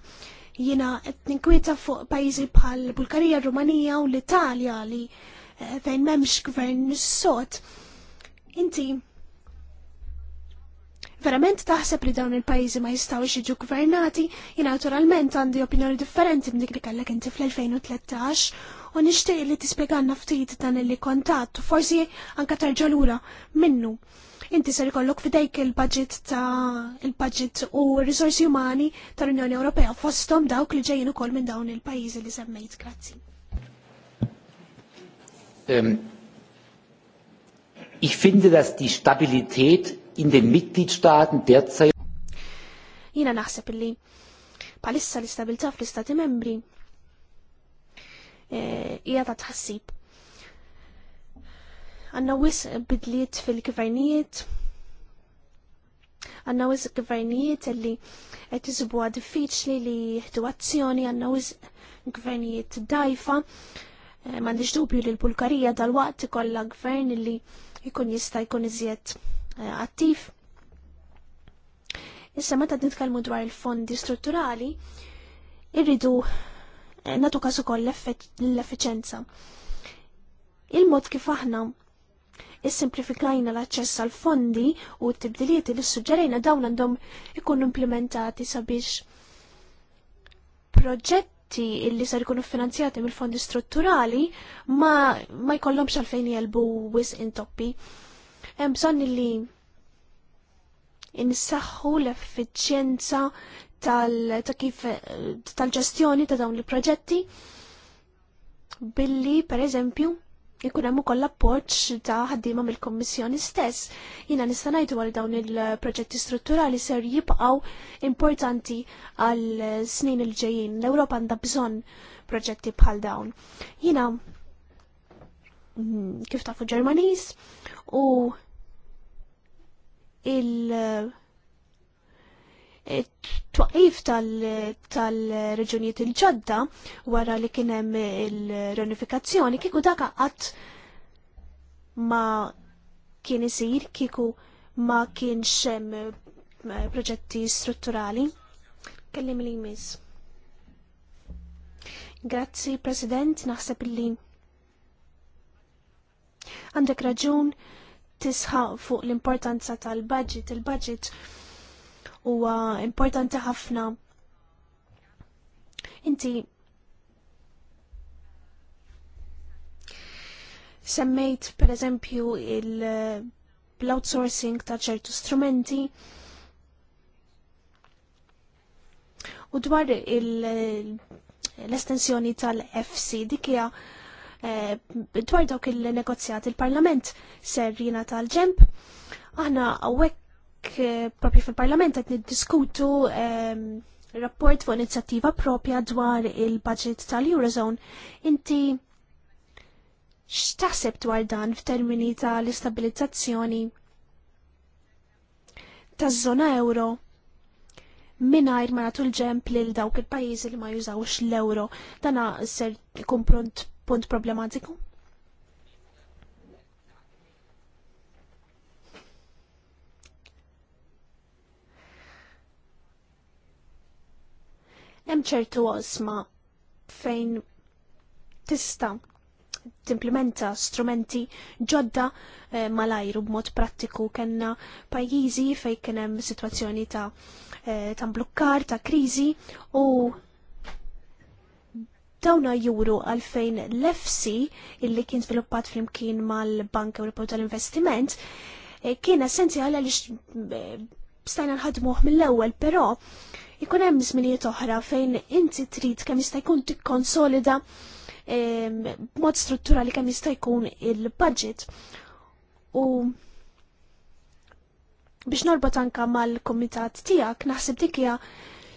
Jina qed ninkwieta fuq pajjiżi bħal Bulgarija, Rumanija u l-Italja li eh, fejn m'hemmx gvern sot. Inti verament taħseb li dawn il-pajjiżi ma jistgħux jiġu gvernati, jina naturalment għandi opinjoni differenti minn dik li kellek inti fl-2013 u nixtieq li tispjegalna ftit dan li kontatt u forsi anke tarġalura minnu inti ser ikollok fidejk il-budget ta' il-budget u r-risorsi umani tal-Unjoni Ewropea fostom dawk li ġejjin ukoll minn dawn il-pajjiżi li semmejt. Grazzi. Ähm, ich finde, dass die Stabilität in den Mitgliedstaaten derzeit Jina naħseb li palissa l-istabilta fl-istati membri eh, hija ta' tħassib Għanna wis bidliet fil-gvernijiet, għanna wis gvernijiet li qed jizbu diffiċli li jieħdu azzjoni, għanna wis gvernijiet dajfa. Eh, m'għandix dubju li l-Bulgarija dal-waqt ikollha gvern li jkun jista' jkun iżjed eh, attiv. Issa meta nitkellmu dwar il-fondi strutturali, irridu eh, natu kasu koll l-effiċenza. Il-mod kif aħna is-simplifikajna l-aċċess għal fondi u t-tibdiliet li suġġerejna dawn għandhom ikunu implementati sabiex proġetti illi sar ikunu finanzjati mill-fondi strutturali ma, ma jkollhomx għalfejn jelbu wis intoppi. Hemm bżonn li insaħħu l-effiċjenza tal-ġestjoni ta' dawn il-proġetti billi, per eżempju, ikun hemm ukoll appoġġ ta' ħaddiema mill-Kommissjoni stess. Jiena nista' ngħidu għal dawn il-proġetti strutturali ser jibqgħu importanti għal snin il ġejjin L-Ewropa għandha bżonn proġetti bħal dawn. Jiena mm, kif tafu Ġermaniż u il- twaqif tal-reġunijiet il-ġodda wara li kienem il reunifikazzjoni kiku daka għat ma kien isir kiku ma kienx eh, proġetti strutturali. Kellim li jmiss. Grazzi, President, naħseb li għandek raġun tisħaq fuq l-importanza tal-budget. Il-budget il budget huwa importanti ħafna. Inti semmejt per eżempju l eh, outsourcing ta' ċertu strumenti u dwar eh, l-estensjoni tal-FC dikja eh, dwar dawk il-negozjat il-parlament ser jina tal-ġemp aħna għawek propju fil-Parlament qed niddiskutu rapport fuq inizjattiva propja dwar il-budget tal-Eurozone. Inti x'taħseb dwar dan f'termini tal-istabilizzazzjoni taż-żona euro mingħajr ma nagħtu l-ġemp lil dawk il-pajjiżi li ma jużawx l-euro. dan ser ikun punt problematiku. hemm ċertu osma fejn tista timplementa strumenti ġodda eh, malajru b'mod prattiku kena pajjiżi fejn kien hemm sitwazzjoni ta' eh, ta' blukkar, ta' kriżi u dawna juru għalfejn l-EFSI illi kien sviluppat flimkien mal-Bank Ewropew tal-Investiment eh, kien essenzjali għaliex eh, stajna nħadmuħ mill-ewwel, però jkun hemm żminijiet oħra fejn inti trid kemm jista' jkun tikkonsolida ehm, b'mod strutturali kemm jista' jkun il-budget. U biex norbot anka mal-komitat tiegħek naħseb dik hija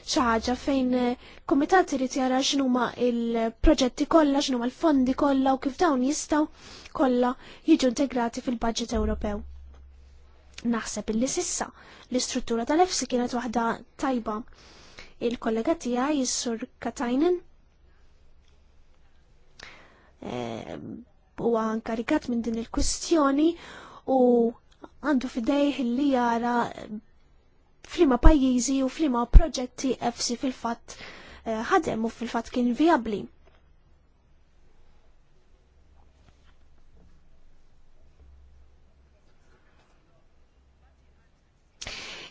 xi ħaġa fejn eh, komitat irid jara x'numa il-proġetti kollha, x'numa l-fondi kollha u kif dawn jistgħu kollha jiġu integrati fil-budget Ewropew. Naħseb illi sissa l-istruttura tal-EFSI kienet waħda tajba. Il-kollega tiegħi is-sur Katajnen eh, huwa e, nkarikat minn din il-kwistjoni u għandu fidejħ li jara flima pajjiżi u flima proġetti EFSI fil-fatt eh, ħadem u fil-fatt kien viabli.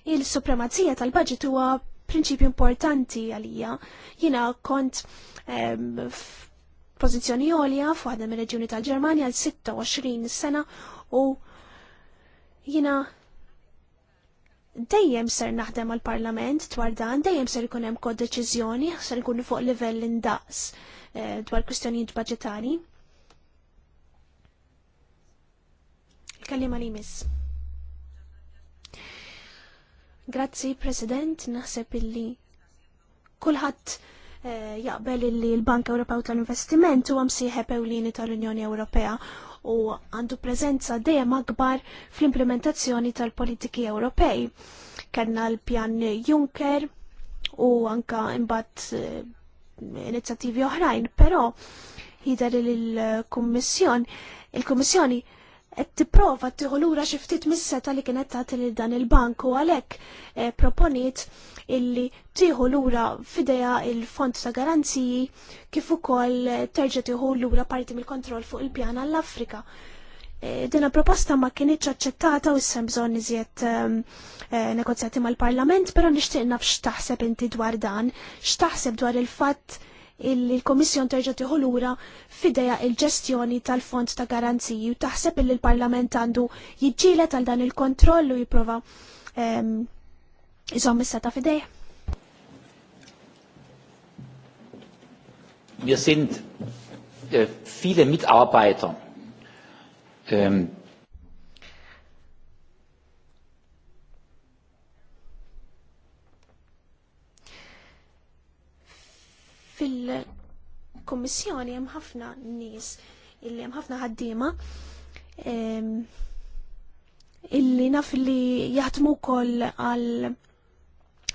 il-supremazija tal-budget huwa prinċipju importanti għalija. Jina kont pozizjoni għolja fuħadna mir reġjuni tal-Ġermanja għal 26 sena u jina dejjem ser naħdem għal parlament dwar dan, dejjem ser ikun hemm kod deċiżjoni, ser ikun fuq livell indaqs eh, dwar kwistjonijiet budġetari. Il-kellima li miss. Grazzi, President, naħseb illi kulħadd eh, jaqbel illi l-Bank Ewropew tal-Investiment huwa msieħeb ewlieni tal-Unjoni Ewropea u għandu preżenza dejjem akbar fl-implementazzjoni tal-politiki Ewropej. Kellna l-pjan Juncker u anka imbagħad eh, inizjattivi oħrajn, però jider il-Kummissjon, il-Kummissjoni il-Kummissjon il-Kummissjoni il kummissjoni qed tipprova tieħu lura xi ftit mis-seta li kienet tagħti lil dan il-bank u għalhekk eh, proponit illi tieħu lura f'idejha il-fond ta' garanziji kif ukoll eh, terġa' tieħu lura parti mill-kontroll fuq il-pjan għall-Afrika. Eh, Dina proposta ma kienieċ aċċettata u issem bżonn iżjed ehm, negozjati mal-Parlament, però nixtieq naf x'taħseb inti dwar dan, x'taħseb dwar il-fatt il komissjon terġa' tieħu lura fideja il-ġestjoni tal-Fond ta' Garanziji u taħseb li l-Parlament għandu jiġġiela tal dan il-kontroll u jipprova ehm, iżomm is-seta' fidejh. Wir sind äh, viele Mitarbeiter, ähm, fil-Kommissjoni hemm ħafna nies illi hemm ħafna ħaddiema illi naf li jaħdmu wkoll għal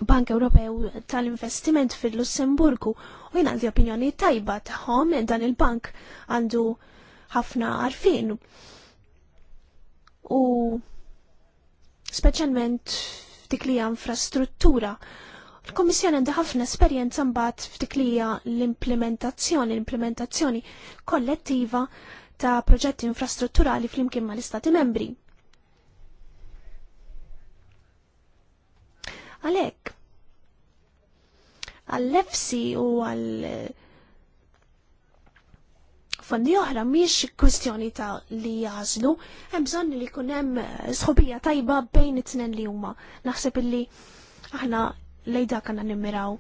Bank Ewropew tal-Investiment fil-Lussemburgu u jien għandi opinjoni tajba tagħhom dan il-bank għandu ħafna għarfien. U speċjalment dik li infrastruttura Il-Kommissjoni għandha ħafna esperjenza mbagħad f'dik li hija l-implementazzjoni, l-implementazzjoni kollettiva ta' proġetti infrastrutturali flimkien mal-Istati membri. Għalhekk għall-EFSI u għall- fondi oħra miex kwistjoni ta' li jażlu, hemm bżonn li jkun hemm sħobija tajba bejn it-tnejn li huma. Naħseb illi aħna lej da kanna nimmiraw.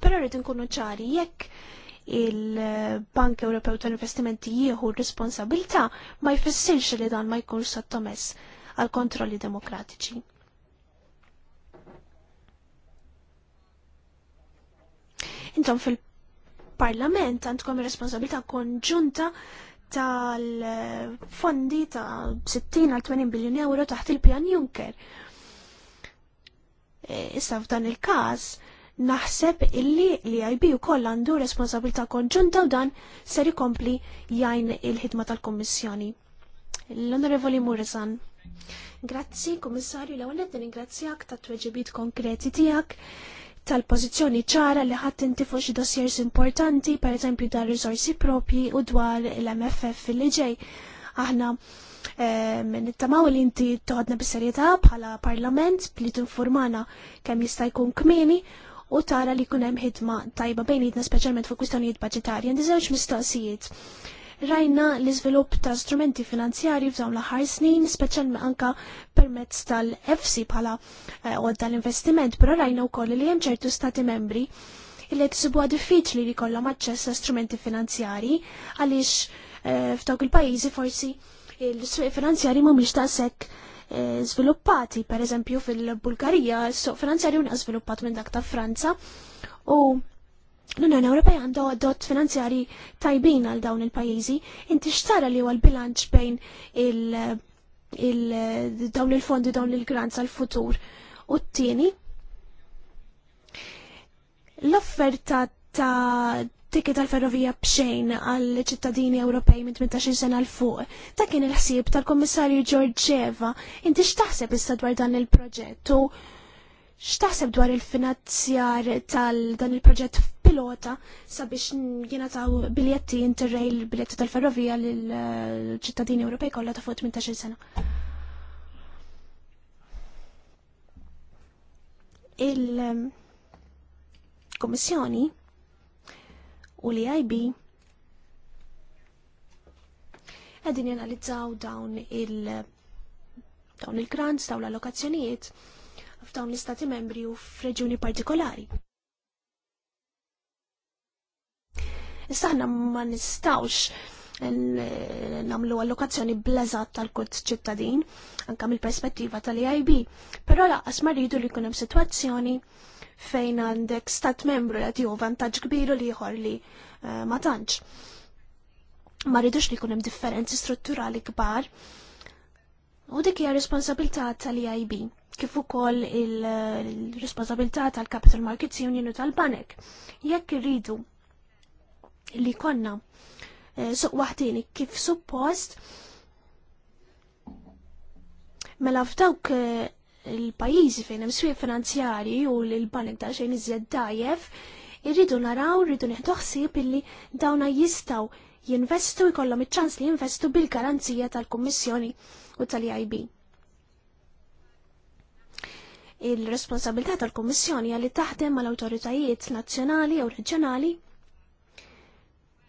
Pero rrid nkunu ċari, jekk il-Bank Ewropew ta' Investimenti jieħu responsabilta ma jfissirx li dan ma jkunx sottomess għal kontrolli demokratiċi. Intom fil-Parlament għandkom responsabilità konġunta tal-fondi ta' 60 għal 80 biljoni euro taħt il-pjan Juncker Eh, issa f'dan il-każ naħseb illi li IB koll għandu responsabilità konġunta u dan ser ikompli jgħin il-ħidma tal-Kommissjoni. L-Onorevoli Murizan. Grazzi, Kummissarju, l-għonet ningrazzjak ta' t-weġibit konkreti tijak tal-pozizjoni ċara li ħadd inti xi dossiers importanti, per eżempju dwar risorsi propji u dwar l-MFF fil ġej. Aħna eh, nittamaw li inti toħodna bis-serjetà bħala parlament li tinformana kemm jista' jkun kmieni u tara li kunem ħidma tajba bejnietna speċjalment fuq kwistjonijiet budġetarji għandi żewġ mistoqsijiet. Rajna l-iżvilupp ta' strumenti finanzjarji f'dawn l-aħħar snin, speċjalment anka permezz tal-EFSI bħala eh, għodda l-investiment, però rajna wkoll li hemm ċertu stati membri li qed isibuha diffiċli li jkollhom aċċess ta' strumenti finanzjarji għaliex Eh, f'dawk il-pajjiżi forsi il-suq finanzjari mhumiex ta' sekk sviluppati, eh, per eżempju fil-Bulgarija, s-suq finanzjari huna żviluppat minn dak ta' Franza u l-Unjoni Ewropea għandha għadot finanzjari tajbin għal dawn il-pajjiżi, inti xtara li huwa l-bilanċ bejn dawn il-fondi dawn il-grants għal futur u t-tieni l-offerta ta' Tikki tal-ferrovija bxejn għal ċittadini Ewropej minn 18 sena l fuq. Ta' kien il-ħsieb tal-Kommissarju Giorgieva. Inti x'taħseb issa dwar dan il-proġett u x'taħseb dwar il-finanzjar tal-dan il-proġett pilota sabiex jingħataw biljetti interrail biljetti tal-ferrovija l ċittadini Ewropej kollha ta' fuq 18 sena. Il-Kommissjoni ehm, u li IB għedin jenalizzaw dawn il- dawn il-grants, dawn l-allokazzjonijiet f'dawn l-istati membri u f'reġjuni partikolari. Issa ħna ma nistawx namlu allokazzjoni blazat tal-kurt ċittadin, anka mill-perspettiva tal-EIB, però laqqas ma rridu li kunem situazzjoni fejn għandek stat membru li għadju vantaġġ kbiru li jħor eh, li ma tantx. Ma rridux li kunem differenzi strutturali kbar. U dik hija responsabilità tal-EIB kif ukoll il-responsabilità tal-Capital Markets Union u tal-Banek. Jekk irridu li konna eh, suq waħdini kif suppost mela f'dawk eh, il-pajizi fejn hemm swieq finanzjari u l-banek ta' xejn iżjed dajjef, irridu naraw, irridu nieħdu ħsieb illi dawna jistgħu jinvestu jkollhom iċ-ċans li jinvestu bil-garanzija tal-Kummissjoni u tal-IB. Il-responsabilità tal-Kummissjoni għalli taħdem mal awtoritajiet nazzjonali u reġjonali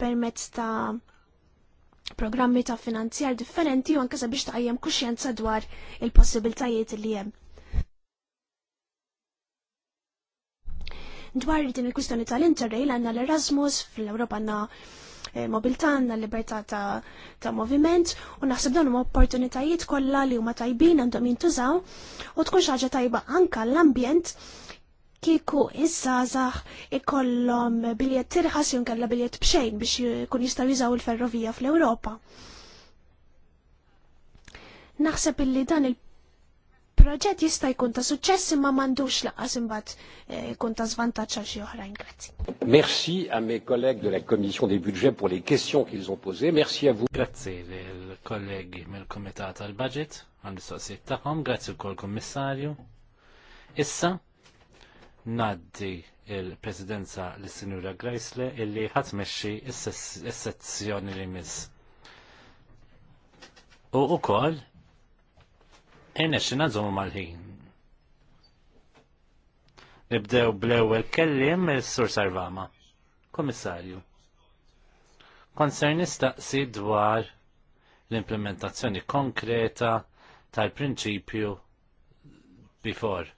permezz ta' programmi ta' finanzjar differenti u anke sabiex taqjem kuxjenza dwar il-possibiltajiet li hemm. Dwar din il-kwistjoni tal-interrail għandna l-Erasmus, fl-Ewropa għandna eh, mobilità għandna libertà ta', ta moviment u naħseb dawn huma opportunitajiet kollha li huma tajbin għandhom jintużaw u tkun xi ħaġa tajba anka l-ambjent kieku iż żgħażagħ ikollhom biljet tirħas jew kellha biljet b'xejn biex jkun jistgħu jużaw il-ferrovija fl-Ewropa. Naħseb illi dan il proġett jista' jkun ta' suċċess imma m'għandux laqas imbagħad eh, jkun ta' żvantaġġ għal xi oħrajn. Grazzi. Merci a mes collègues de la Commission des budgets pour les questions qu'ils ont posées. Merci à vous. Grazzi lil kollegi mill-Kumitat tal-Budget għall mistoqsijiet tagħhom, grazzi wkoll Kummissarju. Issa ngħaddi il-Presidenza lis-Sinjura Grajsle illi ħadd mexxi s sezzjoni li miss. U ukoll Enex nażomu mal-ħin. Nibdew bl-ewwel kellim il sur Sarvama. Komissarju. konserni nistaqsi dwar l-implementazzjoni konkreta tal-prinċipju before.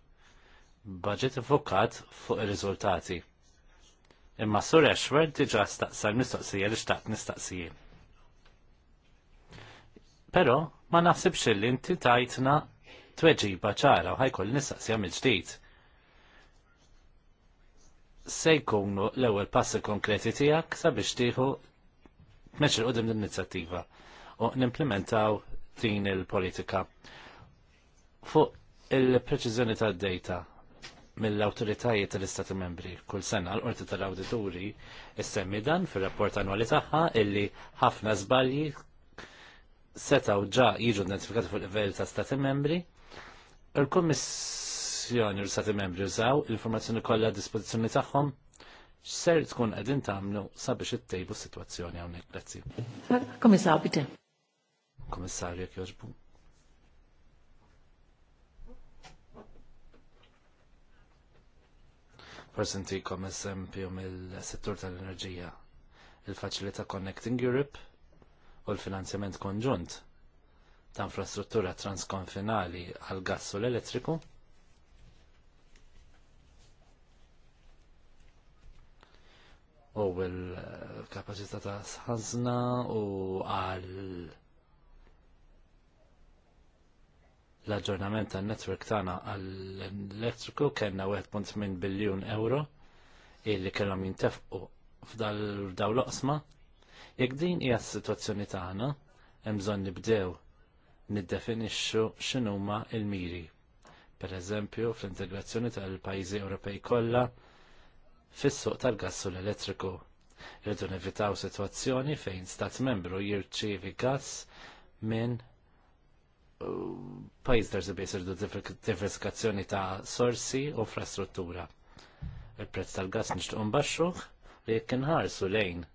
Budget fokat fuq ir-riżultati. Imma Sur Ashford diġa staqsa l-mistoqsija li xtaqt nistaqsijien. Però ma naħsibx li inti tajtna tweġiba ċara u ħajkoll nistaqsija mill-ġdid. Se jkunu l-ewwel passi konkreti tiegħek sabiex tieħu tmexxi qudiem l-inizjattiva u nimplementaw din il-politika. Fuq il-preċiżjoni tad-data mill-autoritajiet tal-Istati membri kull sena l-Qorti tal-Awdituri issemmi dan fir-rapport annwali tagħha illi ħafna żbalji setaw ġa jiġu identifikati fuq level ta' stati membri, il-Kommissjoni u l stati membri użaw l-informazzjoni kollha dispozizjoni tagħhom ser tkun qegħdin tagħmlu sabiex ittejbu s-sitwazzjoni hawnhekk grazzi. Komissar bitte. Komissarju jogħġbu. Forsi ntikom eżempju mill-settur tal-enerġija il-faċilità Connecting Europe u l-finanzjament konġunt ta' infrastruttura transkonfinali għal gass u l-elettriku. U l-kapacità ta' sħazna u għal l-aġġornament tan netwerk tagħna għall-elettriku kellna 1.8 biljun euro illi kellhom jintefqu f'dal l-oqsma Jekk din hija s-sitwazzjoni tagħna, hemm bżonn nibdew niddefinixxu x'inhuma l-miri. Pereżempju fl-integrazzjoni tal-pajjiżi Ewropej kollha fis-suq tal-gass u l-elettriku. Irridu nevitaw sitwazzjoni fejn stat membru jirċievi gass minn pajjiż darsi biss irdu diversifikazzjoni ta' sorsi u infrastruttura. Il-prezz tal-gass nixtiequ mbaxxuh li jekk inħarsu lejn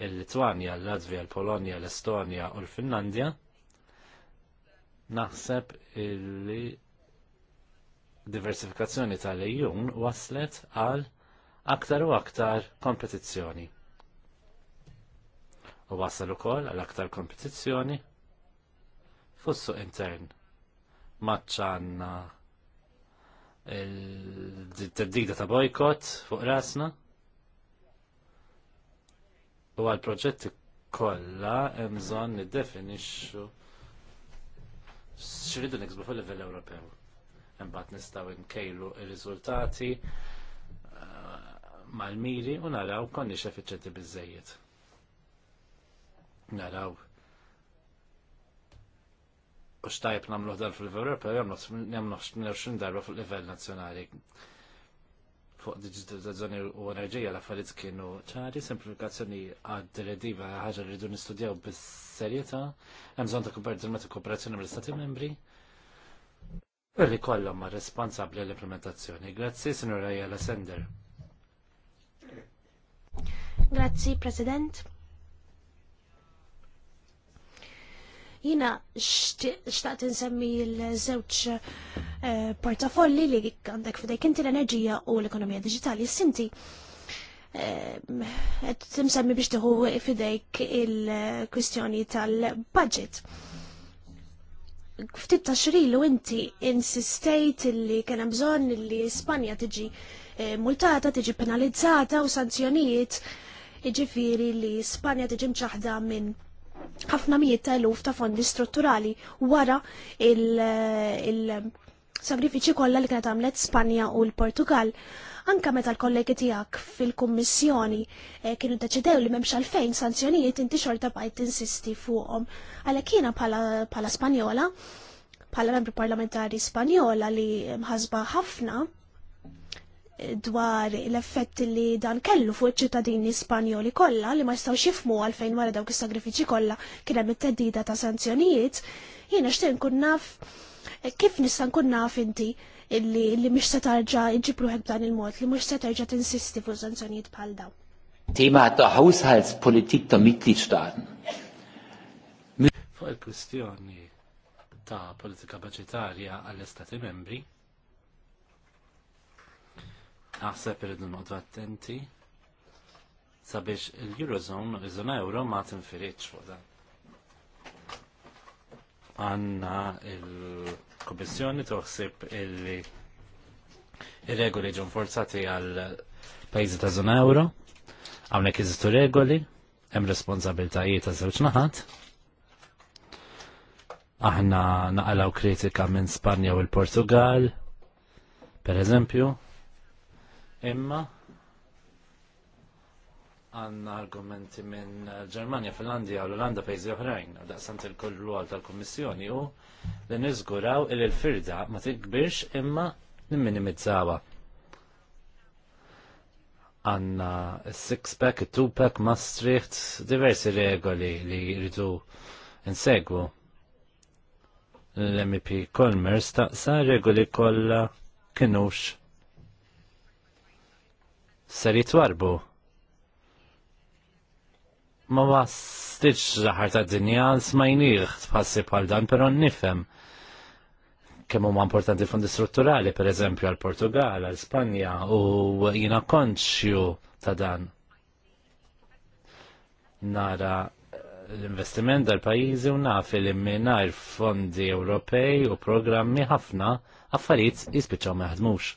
il-Litwanja, l-Latvija, l-Polonja, l-Estonja u l-Finlandja, naħseb li diversifikazzjoni tal-ejjun waslet għal aktar u aktar kompetizzjoni. U wasal ukoll għal aktar kompetizzjoni fussu intern. Maċċanna il-teddida ta' bojkot fuq rasna. U għal proġetti kollha hemm bżonn niddefinixxu x'ridu niksbu fil-livell Ewropew. Imbagħad nistgħu nkejlu r-riżultati eh, mal-miri u naraw konniex effiċjenti biżejjed. Naraw u xtajb namluħ dal fil-livell Ewropew, jamluħ darba fil-livell nazzjonali fuq digitalizzazzjoni u enerġija l-affarijiet kienu ċari, simplifikazzjoni għad-direttiva ħaġa li rridu nistudjaw bis-serjetà, hemm bżonn ta' kubertimati kooperazzjoni mill-Stati membri. Li kollhom ma' responsabbli l-implementazzjoni. Grazzi, Sinura Jela Sender. Grazzi, President. Jina xtaqt nsemmi l-żewġ eh, portafolli li għandek fidejk inti l-enerġija u l-ekonomija digitali. Sinti, għed eh, t-nsemmi biex tiħu fidejk il-kwistjoni tal-budget. Ftit ta' xrilu inti insistejt li kena bżon li Spanja tiġi eh, multata, tiġi penalizzata u sanzjonijiet iġifiri li Spanja tiġi mċaħda minn ħafna mijiet ta' eluf ta' fondi strutturali wara il-sagrifiċi kollha li kienet għamlet Spanja u l-Portugal. Anka meta l-kollegi tiegħek fil-Kummissjoni eh, kienu deċidew li m'hemmx għalfejn sanzjonijiet inti xorta bajt tinsisti fuqhom. Għalhekk kiena bħala Spanjola, bħala membru parlamentari Spanjola li mħasba ħafna dwar l-effett li dan kellu fuq ċittadini Spanjoli kollha li ma jistgħux jifmu għalfejn wara dawk is-sagrifiċi kollha kien hemm it-teddida ta' sanzjonijiet, jiena xtej nkun naf kif nista' nkun naf inti illi li mhux se tarġa' iġibruħek b'dan il-mod li mhux se terġa' tinsisti fuq sanzjonijiet bħal dawn. Tema ta' Haushaltspolitik ta' Mitgliedstaaten. Fuq il-kwistjoni ta' politika budgetarja għall-Istati membri, Aħseb irridu noqdu attenti sabiex il-Eurozone u iż-żona euro ma tinfiritx fuq dan. Għanna il-Kommissjoni toħsib illi il-regoli ġun forzati għal pajzi ta' zona euro, hawnhekk jizistu regoli, hemm responsabiltajiet ta' żewġ naħat. Aħna naqalaw kritika minn Spanja u l-Portugal, per eżempju, Imma għanna argumenti minn Ġermanja, Finlandja u l-Olanda pejzi oħrajn, daqsant il-koll ruol tal-Kommissjoni u li nizguraw il-firda ma tikbirx imma n-minimizzawa. Għanna six-pack, two-pack, Maastricht, diversi regoli li jridu insegwu. L-MP Colmer staqsa regoli kolla kienux ser jitwarbu. Ma wastiċ raħar ta' dinja smajniħ tħassi pal dan, pero nifem kemm huma importanti fondi strutturali, per eżempju għal Portugal, għal Spanja, u jina konċju ta' dan. Nara l-investiment dal-pajizi u naf li minnajr fondi Ewropej u programmi ħafna affarijiet jispiċċaw meħdmux.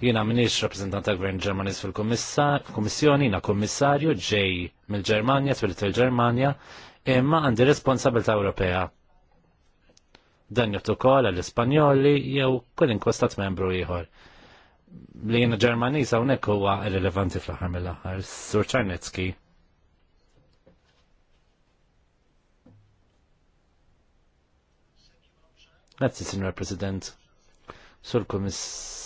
Jina minix rappresentant ta' gvern ġermanis fil kummissjoni jina Kummissarju ġej mill-Ġermanja, twilit fil-Ġermanja, imma għandi responsabilta Ewropea. Dan jottu kol għall-Ispanjoli jew kull inkostat membru ieħor. Li jina Ġermaniż hawnhekk huwa irrilevanti fl-aħħar mill-aħħar. Sur Czarnecki. Grazzi, Signor President. Sur Komissar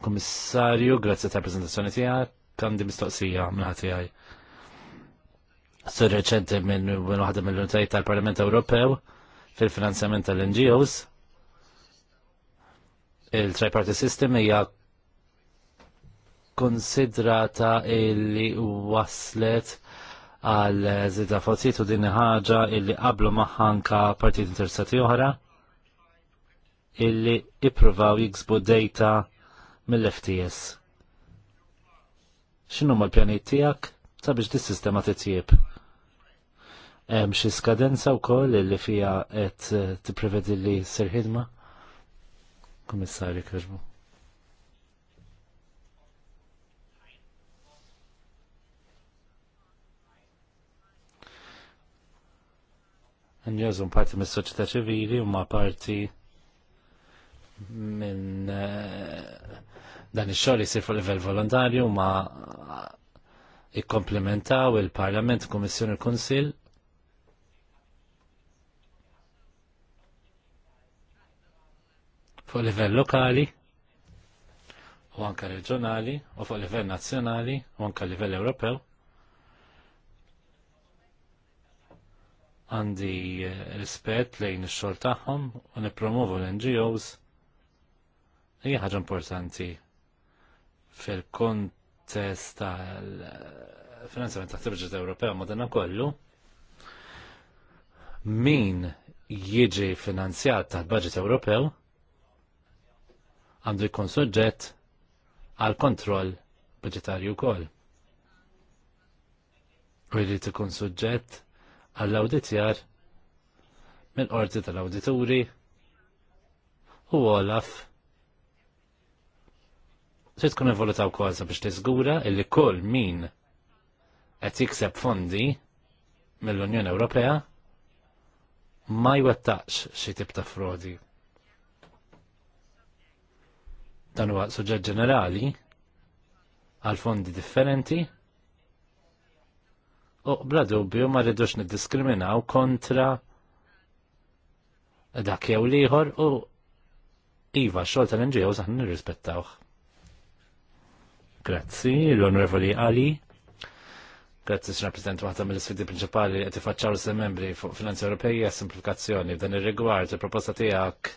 Komissarju, grazzi ta' prezentazzjoni tijak, kandi mistoqsija mnaħti għaj. Sur reċenti minn waħda mill-unitajiet tal-Parlament Ewropew fil-finanzjament tal-NGOs. Il-triparty system hija konsidrata illi waslet għal zida fotit u din ħaġa illi qablu maħanka partit interessati oħra illi ippruvaw jiksbu data mill-FTS. ma l pjanijiet tiegħek sabiex dis sistema titjieb? Hemm xi skadenza wkoll li fiha qed eh, tipprevedi li ssir ħidma? Kummissarju Kirbu. Njażum parti mis soċjetà ċivili u ma parti minn uh, Dan ix-xogħol jsir fuq livell volontarju ma jikkomplementaw il-Parlament, Kummissjoni il kunsill fuq livell lokali u anka reġjonali u fuq livell nazzjonali u anka livell Ewropew. Għandi eh, rispet lejn ix-xogħol tagħhom u nippromovu l-NGOs hija ħaġa importanti fil-kontest tal-finanzjament eh, taħt t Ewropew madana kollu min jiġi finanzjat tal-Budget Ewropew għandu jkun suġġett għal kontroll budgetarju wkoll. U jrid ikun suġġett għall-awditjar mill-qorti tal-awdituri u Olaf Trid tkun evoluta kważa biex tiżgura illi kull min qed jikseb fondi mill-Unjoni Ewropea ma jwettaqx xi tip ta' frodi. Dan huwa suġġett ġenerali għal fondi differenti u bla dubju ma rridux niddiskriminaw kontra dak jew liħor u iva xogħol tal-NGOs aħna nirrispettawh. Grazzi, l-Onorevoli Ali. Grazzi s-Sra Presidente, waħda mill-sfidi prinċipali li tifaċċaw l membri fuq finanzi Ewropej għas simplifikazzjoni f'dan ir-rigward il-proposta tiegħek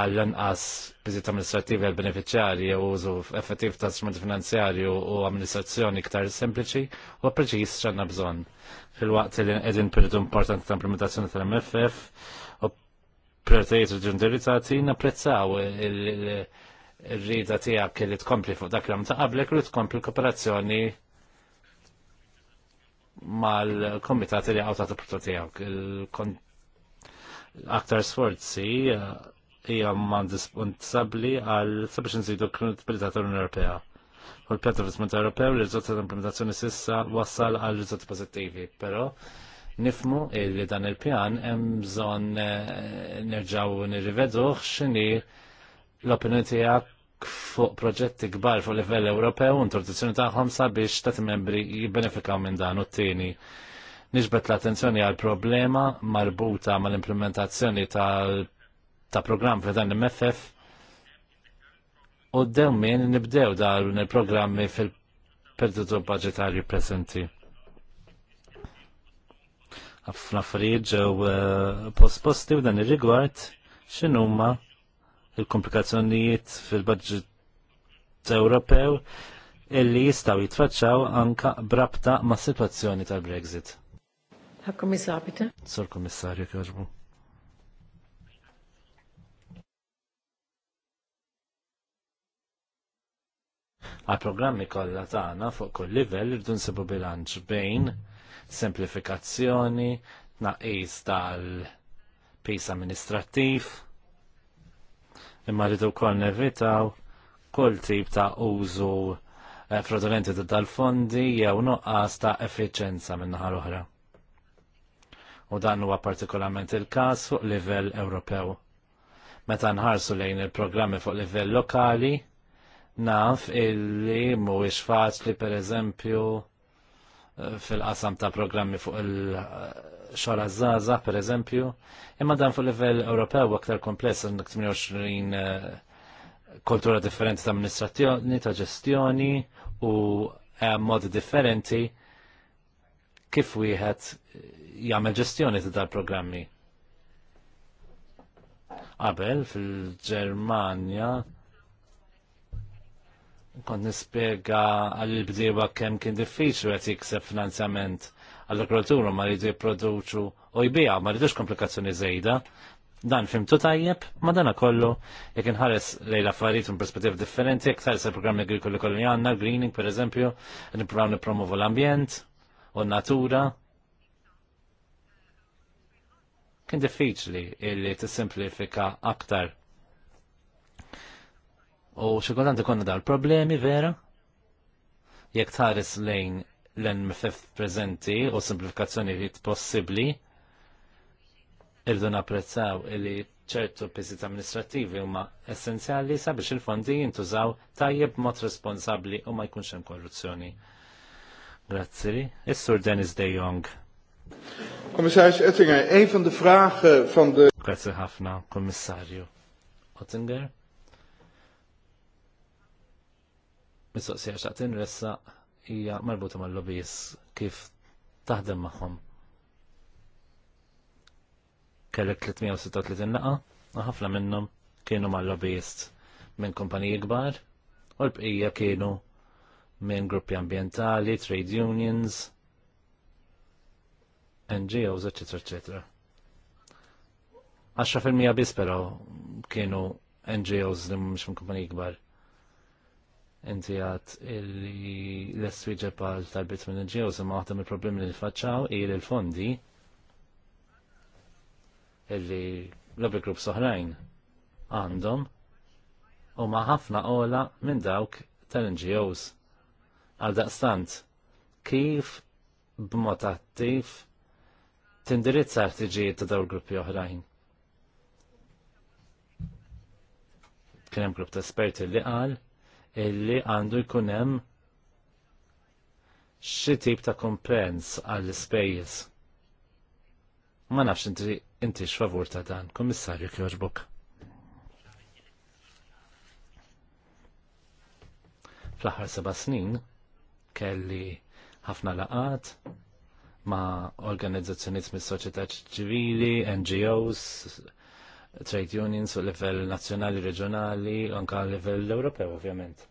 għall-anqas biżit amministrativi għal beneficjari u użu effettiv ta' strumenti finanzjarju u amministrazzjoni iktar sempliċi u preċis xanna bżonn. Fil-waqt li edin periodu importanti ta' implementazzjoni tal-MFF u prioritajiet reġenderizzati napprezzaw il- rrida tijak li tkompli fuq dak l ta' qablek li tkompli kooperazzjoni mal komitati li għawta ta' prutu tijak. Aktar sforzi eh, hija man disponsabli għal sabiex nżidu kredibilità tal-Unjoni Ewropea. U l-pjattivizmu Ewropew li rizultat l-implementazzjoni sissa wassal għal riżultati pożittivi, però nifmu li dan il-pjan hemm bżonn eh, nerġgħu nirrivedu x'inhi l-opinjoni tiegħek fuq proġetti kbar fuq livell Ewropew u introduzzjoni tagħhom sabiex ta' membri jibbenefikaw minn dan u t-tieni. Nixbet l-attenzjoni għal problema marbuta mal-implementazzjoni tal ta' program fi dan MFF u d min nibdew dan il-programmi fil perdutu budgetarju presenti ħafna friġ u eh, post-posti u dan ir-rigward x'inhuma il-komplikazzjonijiet fil-budget Ewropew illi jistaw jitfaċċaw anka brabta ma' situazzjoni tal-Brexit. Għal-Komissar, Peter? Sur Komissarju, kħarbu. Għal programmi kollha tagħna fuq kull livell irdu nsibu bilanċ bejn semplifikazzjoni, tnaqqis tal-pis amministrattiv, imma rridu wkoll nevitaw kull tip ta' użu eh, frodolenti ta' dal-fondi jew nuqqas ta' effiċenza min-naħa l-oħra. U dan huwa partikolarment il-każ fuq livell Ewropew. Meta nħarsu lejn il-programmi fuq livell lokali, naf illi mhuwiex faċli pereżempju eh, fil-qasam ta' programmi fuq il- xara zaza, per eżempju, imma dan fuq level Ewropew aktar kompless, għandek 28 eh, kultura differenti ta' amministrazzjoni, ta' ġestjoni u eh, modi differenti kif wieħed jagħmel ġestjoni ta' dal programmi. Qabel fil-Ġermanja kont nispjega għall bdiewa kemm kien diffiċli qed jikseb finanzjament għall-agrikoltura ma rridu jipproduċu u jbija, ma rridux komplikazzjoni żejda. Dan fimtu tajjeb, ma dana kollu, jek nħares lejla affarijiet un perspettiv differenti, jek tħares il programmi agrikoli kollu li għanna, greening per eżempju, niprofaw nipromovu l-ambjent u natura. Kien diffiċli illi t-simplifika aktar U xikultant ikonna dal problemi vera? Jek tħares lejn l-NMFF prezenti u simplifikazzjoni li possibbli irdu napprezzaw li ċertu pizzit amministrativi huma essenzjali sabiex il-fondi jintużaw tajjeb mod responsabbli u ma jkunx hemm korruzzjoni. Grazzi. Is-Sur Dennis De Jong. Commissaris Oettinger, een van de vragen van de... Grazie ħafna, commissario. Oettinger? Mistoqsija xaqtin ressa hija marbuta mal-lobbies kif taħdem magħhom. Kellek 336 naqa, u ħafna minnhom kienu mal-lobbyist minn kumpaniji kbar, u l-bqija kienu minn gruppi ambientali, trade unions, NGOs, etc. etc. mija biss pero kienu NGOs li mhumiex minn kumpaniji kbar inti għat l-eswiġa pal tal-bit minn ġew għatam il-problemi li faċċaw il il-fondi illi lobby group soħrajn għandhom u ma ħafna ola minn dawk tal-NGOs. Għal daqstant, kif b'mod attiv tindirizza ħtiġijiet ta' dawl gruppi oħrajn? Kien hemm grupp ta' esperti li qal illi għandu jkunem xi tip ta' komprens għall ispejjeż Ma nafx inti inti x'favur ta' dan, komissarju kjoġbuk. Fl-aħħar seba' snin kelli ħafna laqat ma' organizzazzjonijiet mis-soċjetà ċivili, NGOs, trade unions u livell nazzjonali, reġjonali, anka livell Ewropew ovvjament.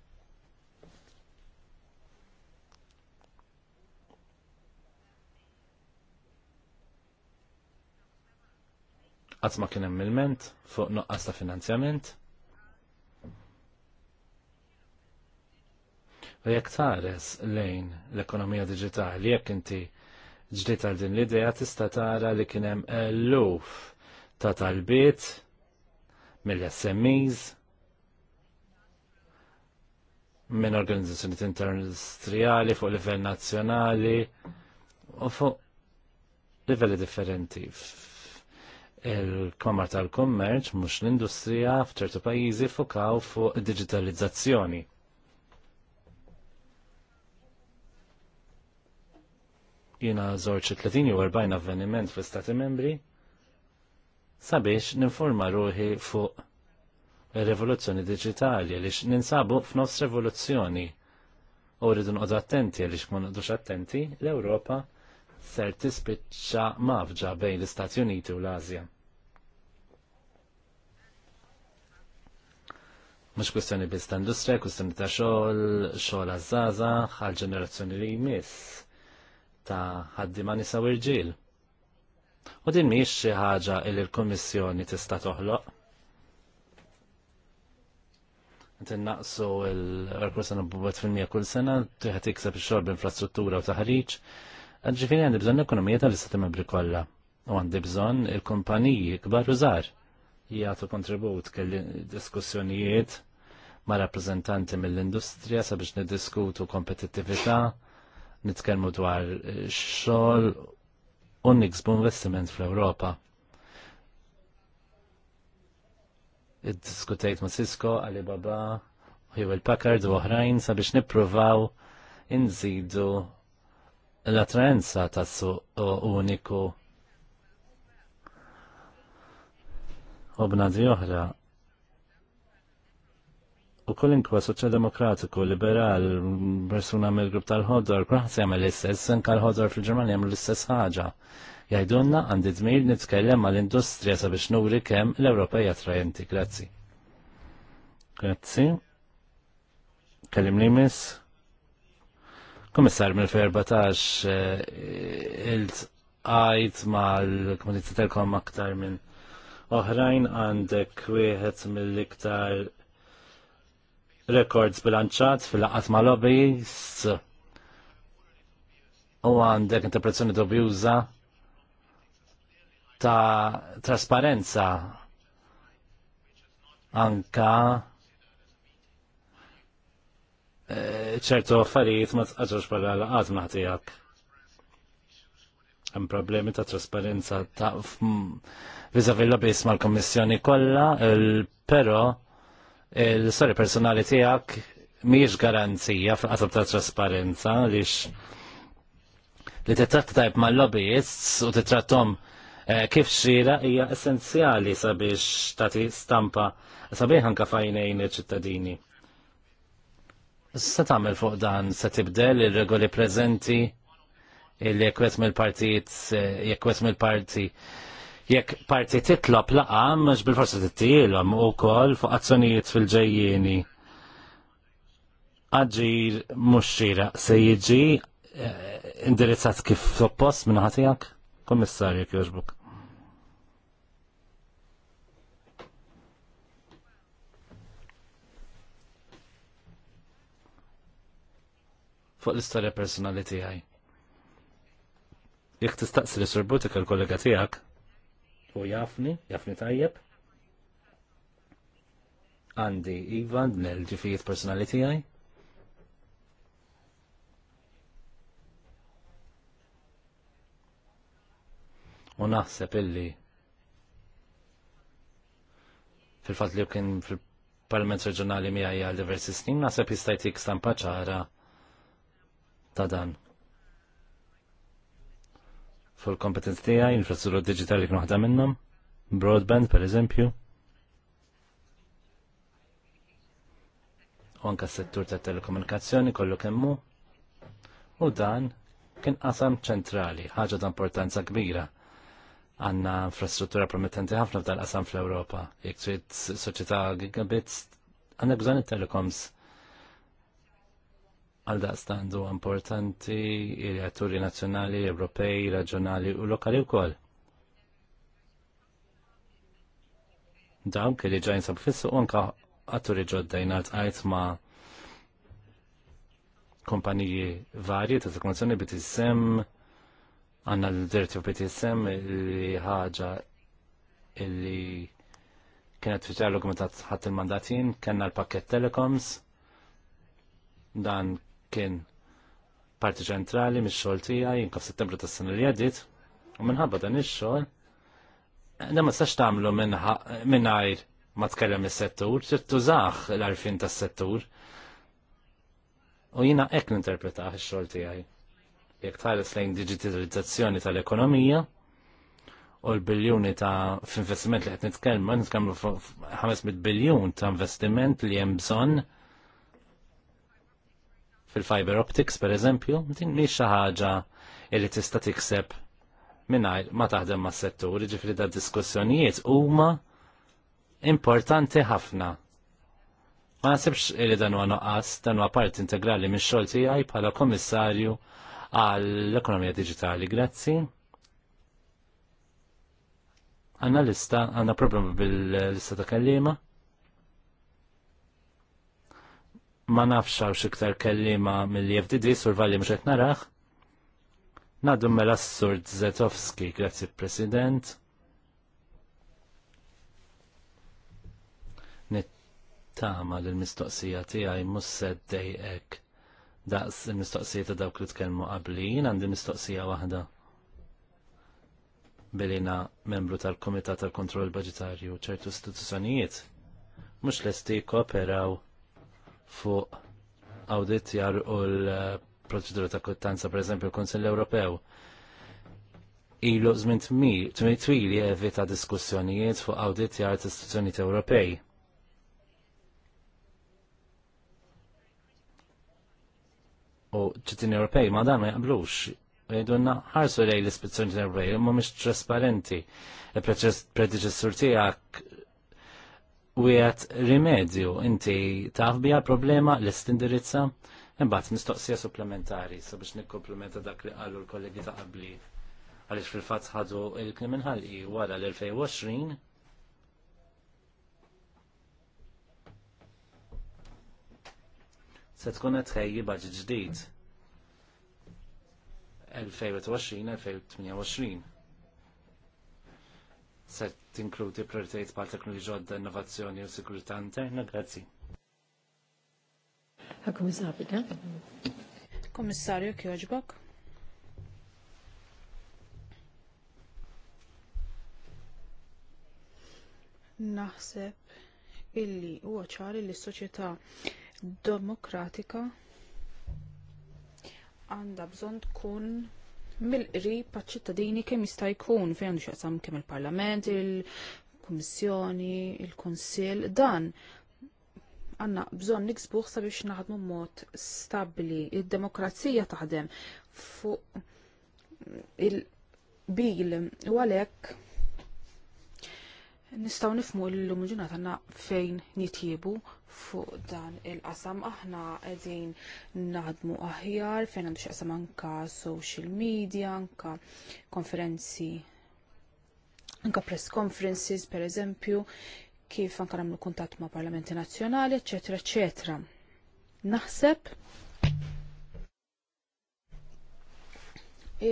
Qatt ma kien hemm ment fuq noqqas ta' finanzjament. U jekk tares lejn l-ekonomija digitali, jekk inti ġdita din l-idea tista' tara li kien hemm eluf ta' talbiet mill-SMEs minn organizzazzjoni internazzjonali fuq livell nazzjonali u fuq livelli differenti. Il-Kamar tal-Kummerċ mhux l-industrija f'ċertu pajjiżi fukaw fuq digitalizzazzjoni. Jiena żorċ 30 u 40 avveniment fl istati membri sabiex ninforma ruħi fuq revoluzzjoni digitali li ninsabu f'nofs revoluzzjoni u rridu nqodu attenti li xkun nqodux attenti l-Ewropa ser tispiċċa mafġa bejn l-Istati Uniti u l-Azja. Mux kustjoni biz ta' industrija, kustjoni ta' xol, xol għazzaza, għal ġenerazzjoni li jmiss ta' ma' nisa u U din mhijiex xi ħaġa li l-Kummissjoni tista' toħloq. Inti naqsu l-rekursa nabbubat fil-mija kull sena, tiħat ikseb ix-xorb infrastruttura u taħriġ. Ġifieri għandi bżonn ekonomija tal-istati membri kollha. U għandi bżonn il-kumpaniji kbar u żgħar jgħatu kontribut kelli diskussjonijiet ma' rappresentanti mill-industrija sabiex niddiskutu kompetittività, nitkellmu dwar xogħol Un niksbu investiment fl-Ewropa. id diskutajt ma' Cisco, Alibaba, Hewell Packard u oħrajn sabiex nippruvaw inżidu l-attraenza ta' uniku u bnadi oħra u kolinkwa soċjaldemokratiku demokratiku liberal, persuna mill grupp tal-ħodor, kraħs jagħmel l-istess, senka l-ħodor fil-Ġermanja jagħmel l-istess ħaġa. Jgħidulna għandi dmir nitkellem għall industrija sabiex nuri kemm l-Ewropej attrajenti. Grazzi. Grazzi. Kellim li miss. Komissar mill-2014 eh, il tqajt mal-komunità aktar minn oħrajn għandek wieħed mill-iktar rekords bilanċat fil-laqat ma' lobbies u għandek interpretazzjoni dubjuża ta' trasparenza anka e, ċertu affarijiet ma tqaġġax barra laqat ma' tiegħek. Hemm problemi ta' trasparenza ta' l lobbies mal-Kommissjoni kollha, però l-istorja personali tijak miex garanzija fil-qasab ta' trasparenza li li titratta tajb ma' lobbyists u titrattom eh, kif xira hija essenzjali sabiex tagħti stampa sabiħ anka fajnejn iċ-ċittadini. Se tagħmel fuq dan se tibdel ir-regoli preżenti il-jekwet mill-partijiet, eh, jekwet mill-partit jekk mill-parti jekk parti titlob laqam, mux bil-forsa titilom u kol fuq azzjonijiet fil-ġejjeni. Aġir mux xira se jiġi eh, indirizzat kif suppost minn ħatijak? Kommissarju kjoġbuk. Fuq l-istoria personali tijaj. Jek tistaqsi li sorbutik il-kollega tijak, u jafni, jafni tajjeb. Għandi Ivan, l-ġifijiet personali tiegħi. U naħseb illi fil-fat li kien fil-Parlament Reġjonali miegħi għal diversi snin, naħseb jista' jtik stampa ċara ta' dan. Full kompetenz tiegħi, infrastruttura digitali kien waħda minnhom, broadband per eżempju. U anka s-settur ta' telekomunikazzjoni kollu kemmu. U dan kien qasam ċentrali, ħaġa ta' importanza kbira għanna infrastruttura promettenti ħafna f'dan qasam fl-Ewropa. Jekk trid soċjetà gigabits, għandek bżonn it telecoms għal daqstandu importanti il-atturi nazjonali, Ewropej, raġjonali u lokali u kol. Dawn kelli ġajn sab fissu unka atturi ġodda jnalt għajt ma kompaniji varji ta' sekonzjoni BTSM, għanna l-dirti u BTSM li ħaġa illi kienet fiċar l għumetat ħat il-mandatin, kena l-pakket telecoms, dan kien parti ċentrali mix-xogħol tiegħi jinka f'Settembru tas-sena li għedit, u minħabba dan ix-xogħol eh, da ma stax tagħmlu mingħajr ma tkellem is-settur, trid tużaħ l-arfin tas-settur. U jina n ninterpreta ix-xogħol tiegħi. Jekk tħares lejn digitalizzazzjoni tal-ekonomija, u l-biljoni ta' f'investiment li qed nitkellmu, nitkellmu 500 biljun ta' investiment li hemm bżonn fil-fiber optics per eżempju, din mhix xi ħaġa li tista' tikseb mingħajr ma taħdem mas settur, ġifri da diskussjonijiet huma importanti ħafna. Ma nasibx li dan huwa noqqas, dan huwa parti integrali mix-xogħol tiegħi bħala Kommissarju għall-Ekonomija Diġitali. Grazzi. Għanna lista, għanna problem bil-lista ta' kallima. ma nafxaw xiktar kellima mill-li FDD survalli mxet narax. Naddu mela s-sur Zetowski, grazzi President. Nittama l-mistoqsija tijaj musset dejek daqs il-mistoqsija ta' dawk li tkellmu qablin, għandi mistoqsija waħda. Belina membru tal-Komitat tal-Kontroll Budgetarju ċertu istituzzjonijiet mhux lesti kooperaw fuq awditjar u l-proċedura ta' kottanza, per eżempju, l konsell Ewropew. Ilu żmien twili evita diskussjonijiet fuq awditjar ta' istituzzjonijiet Ewropej. U ċittini Ewropej ma dan ma jaqblux. Jgħidunna ħarsu lej l-ispezzjoni Ewropej, ma mux trasparenti. Il-predeċessur tiegħek u jgħat rimedju inti taf bija problema l-istindirizza imbagħad mistoqsija supplementari sabiex nikkomplementa dak li qalu l-kollegi ta' qabli għaliex fil-fatt ħadu il-klim inħalqi wara l-2020 se tkun qed ħejji baġit ġdid 2020-2028 se tinkludi prioritajiet bħal teknoloġi ġodda, innovazzjoni u sikurità interna. Grazzi. Komissarju Kjoġbok. Naħseb illi huwa ċari li s-soċjetà demokratika għandha bżonn tkun mill-qrib ċittadini kemm jista' jkun fejn għandu xaqsam kemm il-Parlament, il-Kummissjoni, il-Kunsill, dan għanna bżon niksbuħ sabiex naħdmu mod stabli, id-demokrazija taħdem fuq il-bil u għalhekk Nistaw nifmu l-lum ġunata fejn nitjibu fuq dan il-qasam. Aħna għedin naħdmu aħjar fejn għandu xaqsam anka social media, anka konferenzi, anka press conferences per eżempju, kif anka namlu kuntat ma' parlamenti nazjonali, eccetera, eccetera. Naħseb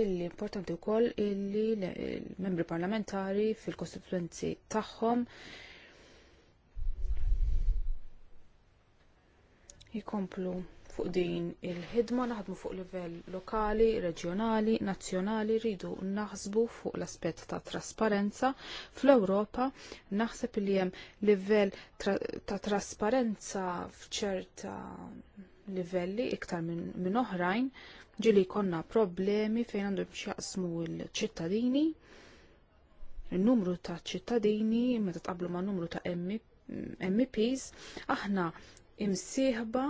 illi importanti wkoll illi l-membri parlamentari fil-kostituenzi tagħhom jikomplu fuq din il-ħidma naħdmu fuq livell lokali, reġjonali, nazzjonali rridu naħsbu fuq l-aspett ta' trasparenza. Fl-Ewropa naħseb li hemm livell tra ta' trasparenza f'ċerta livelli iktar minn min oħrajn. Min ġili konna problemi fejn għandhom xjaqsmu l-ċittadini, il-numru ta' ċittadini, meta tqablu ma' numru ta' MPs, aħna imsieħba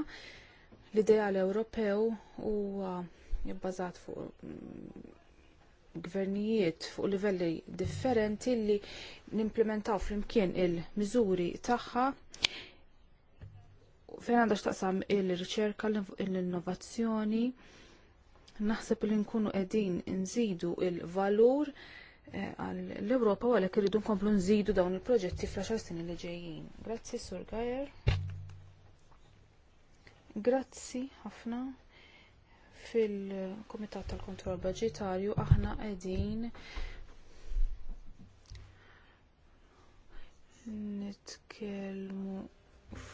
l-ideal Ewropew huwa jibbażat fuq mm, gvernijiet fuq livelli differenti li nimplementaw flimkien il-miżuri tagħha fejn għandha x'taqsam il-riċerka, l-innovazzjoni, il Naħseb li nkunu qegħdin nżidu il-valur eh, għall-Ewropa u għalhekk irridu nkomplu nżidu dawn il-proġetti fl-10 snin li ġejjin. Grazzi Sur Gajer. Grazzi ħafna fil-Kumitat tal-Kontroll Budgetarju aħna qegħdin nitkellmu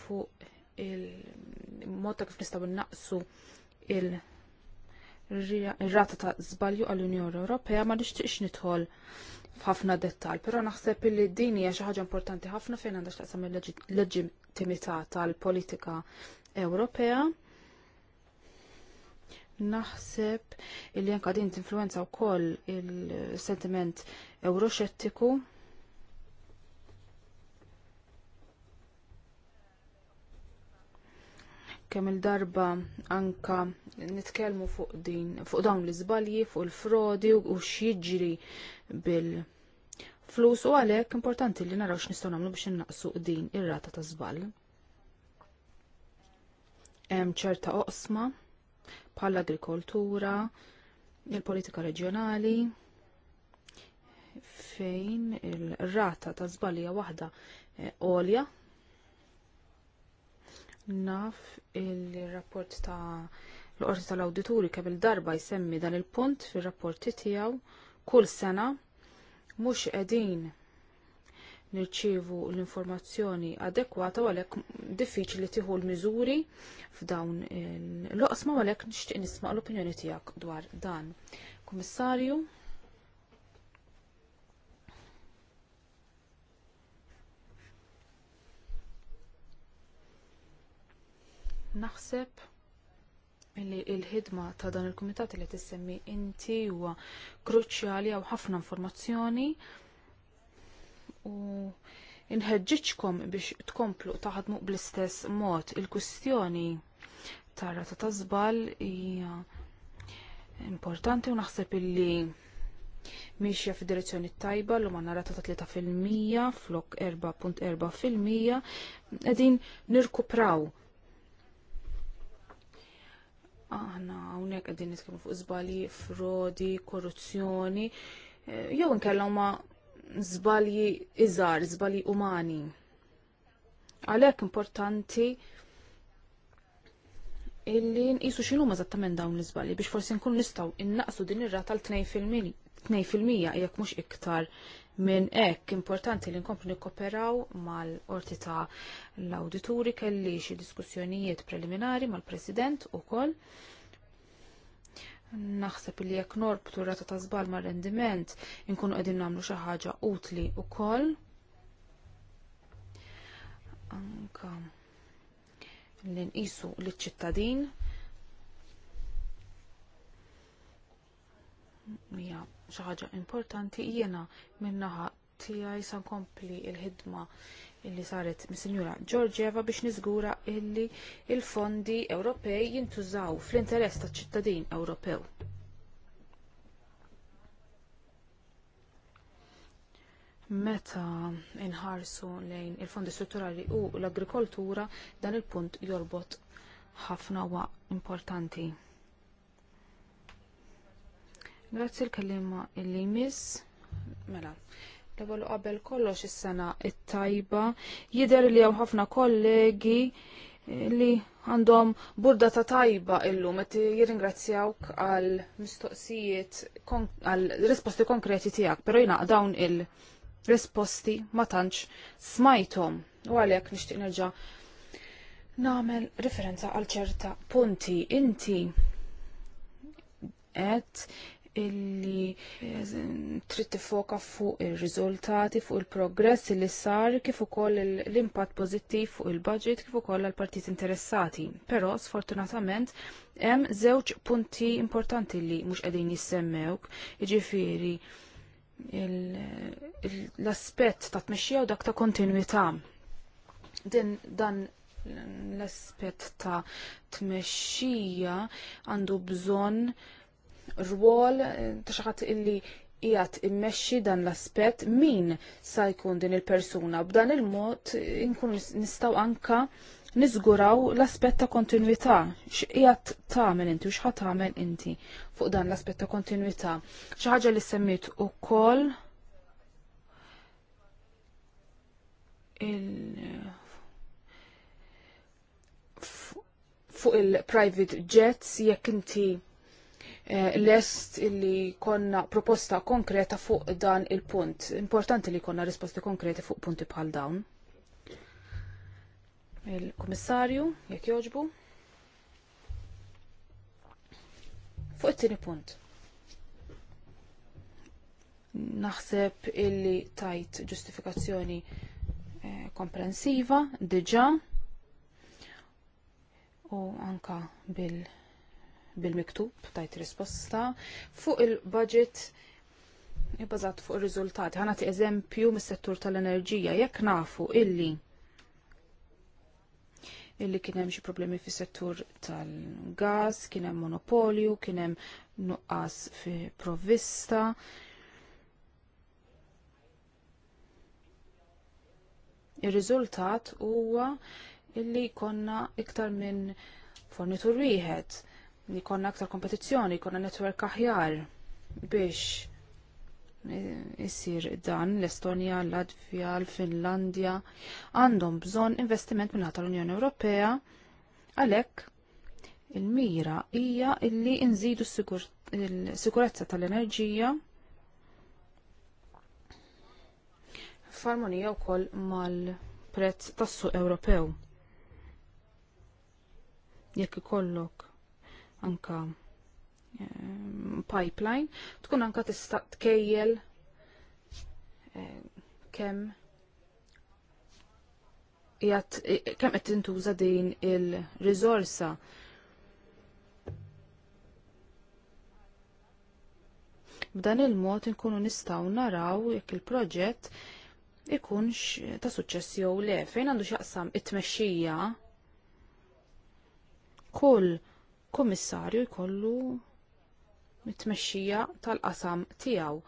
fuq il-mod ta kif nistgħu naqsu il-, -il ir-rata ta' żbalju għall-Unjoni Ewropea ma nixtieqx nidħol f'ħafna dettal, però naħseb li din hija xi ħaġa importanti ħafna fejn għandha x'taqsam il-leġittimità tal-politika Ewropea. Naħseb li anka din tinfluenza wkoll il-sentiment euroxettiku kemm il-darba anka nitkellmu fuq din fuq dawn l-iżbalji, fuq il-frodi u x'jiġri bil-flus u għalhekk importanti li naraw x'nistgħu nagħmlu biex innaqsu din ir-rata ta' żball. Hemm ċerta oqsma bħal agrikoltura, il-politika reġjonali, fejn il-rata ta' żbalja waħda eh, għolja Naf il-rapport ta' l-qorti tal-awdituri kemm il-darba jsemmi dan il-punt fir-rapporti tiegħu kull sena mhux qegħdin nirċievu l-informazzjoni adekwata u għalhekk diffiċli tieħu l-miżuri f'dawn l-oqsma għalhekk nixtieq nisma' l-opinjoni tiegħek dwar dan. Kummissarju, Naħseb li il-ħidma ta' dan il-kumitat li tissemmi inti huwa kruċjali għaw ħafna informazzjoni u inħedġiċkom biex tkomplu taħdmu bl-istess mod il-kustjoni tara ta' tażbal hija importanti u naħseb illi miexja t tajba l ma rata ta' 3% flok 4.4% edin nirkupraw Aħna hawnhekk qegħdin nitkellmu fuq żbalji, frodi, korruzzjoni, eh, jew nkellgħu ma żbalji iżgħar, żbalji umani. Għalhekk importanti illi nqisu x'inhu eżattament dawn l-iżbalji biex forsi nkun nistgħu innaqsu din ir-rata l-2 fil-mija jekk mhux iktar minn hekk importanti li nkomplu nikkoperaw mal-qorti ta' l-awdituri kelli xie diskussjonijiet preliminari mal-President ukoll. Naħseb li jekk norb turrata ta' zbal mal rendiment inkunu qegħdin nagħmlu xi ħaġa utli ukoll. Anka l-inqisu l-ċittadin Mija xi ħaġa importanti jiena min-naħa tiegħi se nkompli l ħidma illi saret mis-Sinjura Georgieva biex niżgura illi l fondi Ewropej jintużaw fl-interess taċ ċittadin Ewropew. Meta inħarsu lejn il-fondi strutturali u l-agrikoltura dan il-punt jorbot ħafna wa importanti. Grazzi l-kellima illi limis Mela, l qabel kollox is-sena il tajba jidher li hemm ħafna kollegi li għandhom burda ta' tajba illum qed jirringrazzjawk għal mistoqsijiet għal risposti konkreti tiegħek, però jina dawn il-risposti ma tantx smajthom u għalhekk nixtieq nerġa' nagħmel referenza għal ċerta punti inti qed illi trid tifoka fuq ir-riżultati, fuq il-progress li sar, kif ukoll l-impatt pożittiv fuq il-budget, kif ukoll għall-partit interessati. Però sfortunatament hemm żewġ punti importanti li mhux qegħdin jissemmewk, jiġifieri l-aspett ta' tmexxija u dak ta' kontinwità. Din dan l-aspett ta' tmexxija għandu bżonn rwol eh, ta' xi ħadd illi qiegħed immexxi dan l-aspett min sa jkun din il-persuna. B'dan il-mod eh, inkun nistgħu anka niżguraw l-aspett ta' kontinwità. X'qiegħed tagħmel inti u x'ħad tagħmel inti fuq dan l-aspett ta' kontinwità. Xi ħaġa li semmit ukoll il fuq il-private jets jekk inti Eh, lest illi konna proposta konkreta fuq dan il-punt. Importanti li konna risposti konkreti fuq punti bħal dawn. Il-Kummissarju, jekk joġbu. Fuq it-tieni punt. Naħseb illi tajt ġustifikazzjoni eh, komprensiva, diġa, u anka bil- bil-miktub tajt risposta fuq il-budget jibbażat fuq ir-riżultati. Ħanati eżempju mis-settur tal-enerġija jekk nafu illi illi kien hemm xi problemi fis-settur tal-gas, kien hemm monopolju, kien hemm nuqqas fi provvista. Ir-riżultat huwa illi konna iktar minn fornitur wieħed li konna aktar kompetizzjoni, konna netwerk aħjar biex jissir dan l-Estonja, l-Latvija, l-Finlandja għandhom bżon investiment minn tal-Unjoni Ewropea għalhekk il-mira hija illi nżidu s-sikurezza tal-enerġija f'armonija wkoll mal-prezz tas-suq Ewropew. Jekk ikollok anka ehm, pipeline, tkun anka tista' tkejjel ehm, kemm jgħat e, e, kemm qed tintuża din il-riżorsa. B'dan il-mod inkunu nistgħu naraw jekk il-proġett ikunx ta' suċċess jew le. Fejn għandu x'jaqsam it-tmexxija kull il-Kummissarju jkollu mit-tmexxija tal-qasam tiegħu.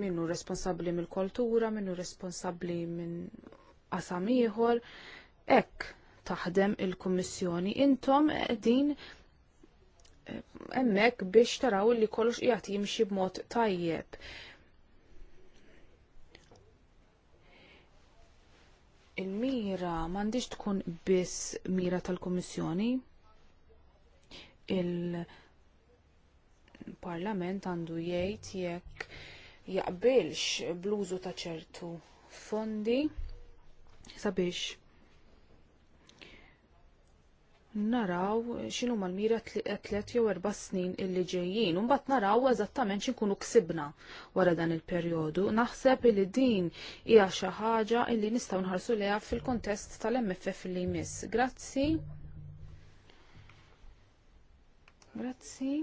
Minnu responsabbli mill-kultura, minnu responsabbli minn qasam ieħor, hekk taħdem il-Kummissjoni. Intom qegħdin eh, hemmhekk biex taraw li kollox qiegħed jimxi b'mod tajjeb. il-mira m'għandix tkun biss mira tal-Kummissjoni. Il-Parlament għandu jgħid jekk jaqbilx bluzu ta' ċertu fondi sabiex naraw xinu l mira tlet jew erba' snin illi ġejjin, u mbagħad naraw eżattament x'inkunu ksibna wara dan il-perjodu. Naħseb li din hija xi ħaġa illi nistgħu nħarsu leha fil-kontest tal-MFF li jmiss. Grazzi. Grazzi.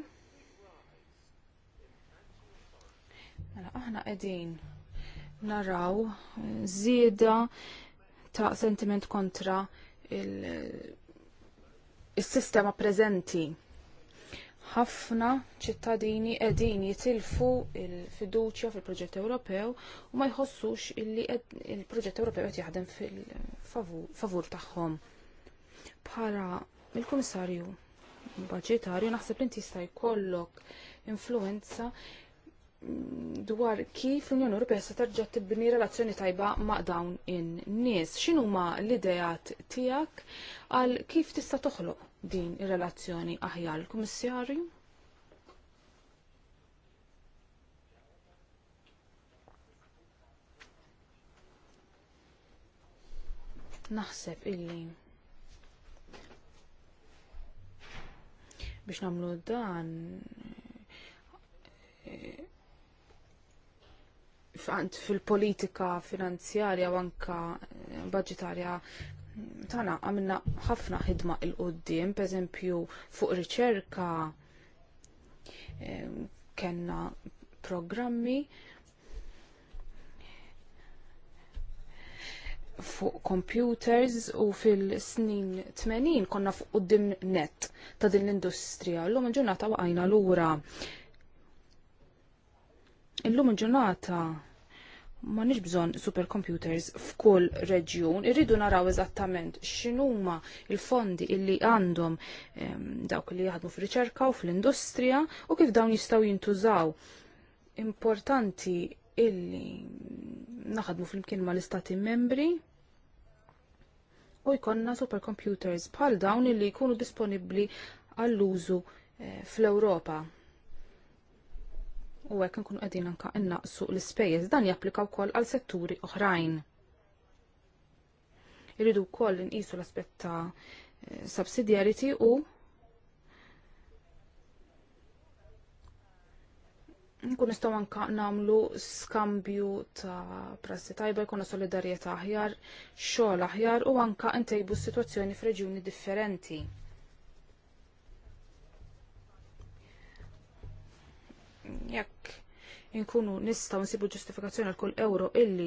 Mela aħna qegħdin naraw żieda eh, ta' sentiment kontra il- is-sistema preżenti. Ħafna ċittadini qegħdin jitilfu il-fiduċja fil-proġett Ewropew u ma jħossux illi il-proġett Ewropew qed jaħdem fil-favur tagħhom. Bħala il-Kummissarju Baġitarju naħseb inti jista' jkollok influenza dwar kif l-Unjoni Ewropea se terġa' tibni relazzjoni tajba ma' dawn in-nies. X'inhuma l-idejat tiegħek għal kif tista' toħloq din ir-relazzjoni aħjar l-Kummissarju? Naħseb illi biex namlu dan eh, fil-politika finanzjarja u anka budgetarja tana għamilna ħafna ħidma il-qoddim, per eżempju fuq riċerka kena programmi fuq computers u fil-snin 80 konna fuq qoddim net ta' din l-industrija. L-lum il-ġurnata waqajna l-ura. Illum il-ġurnata il ġurnata waqajna l ura illum il il ġurnata ma nix bżon supercomputers f'kull reġjun, irridu naraw eżattament x'inhuma il-fondi illi għandhom dawk li jaħdmu fir-riċerka u fl-industrija u kif dawn jistgħu jintużaw. Importanti illi naħadmu fl-imkien ma l-istati membri u jkonna supercomputers bħal dawn illi jkunu disponibbli għall-użu eh, fl-Ewropa u hekk nkunu qegħdin anke innaqsu l-ispejjeż dan japplika wkoll għal setturi oħrajn. Irridu wkoll inqisu l-aspett ta' subsidiarity u nkun nistgħu anka nagħmlu skambju ta' prassi tajba jkollna solidarjetà aħjar, xogħol aħjar u anke ntejbu s-sitwazzjoni f'reġjuni differenti. jekk inkunu nistaw nsibu ġustifikazzjoni għal kull euro illi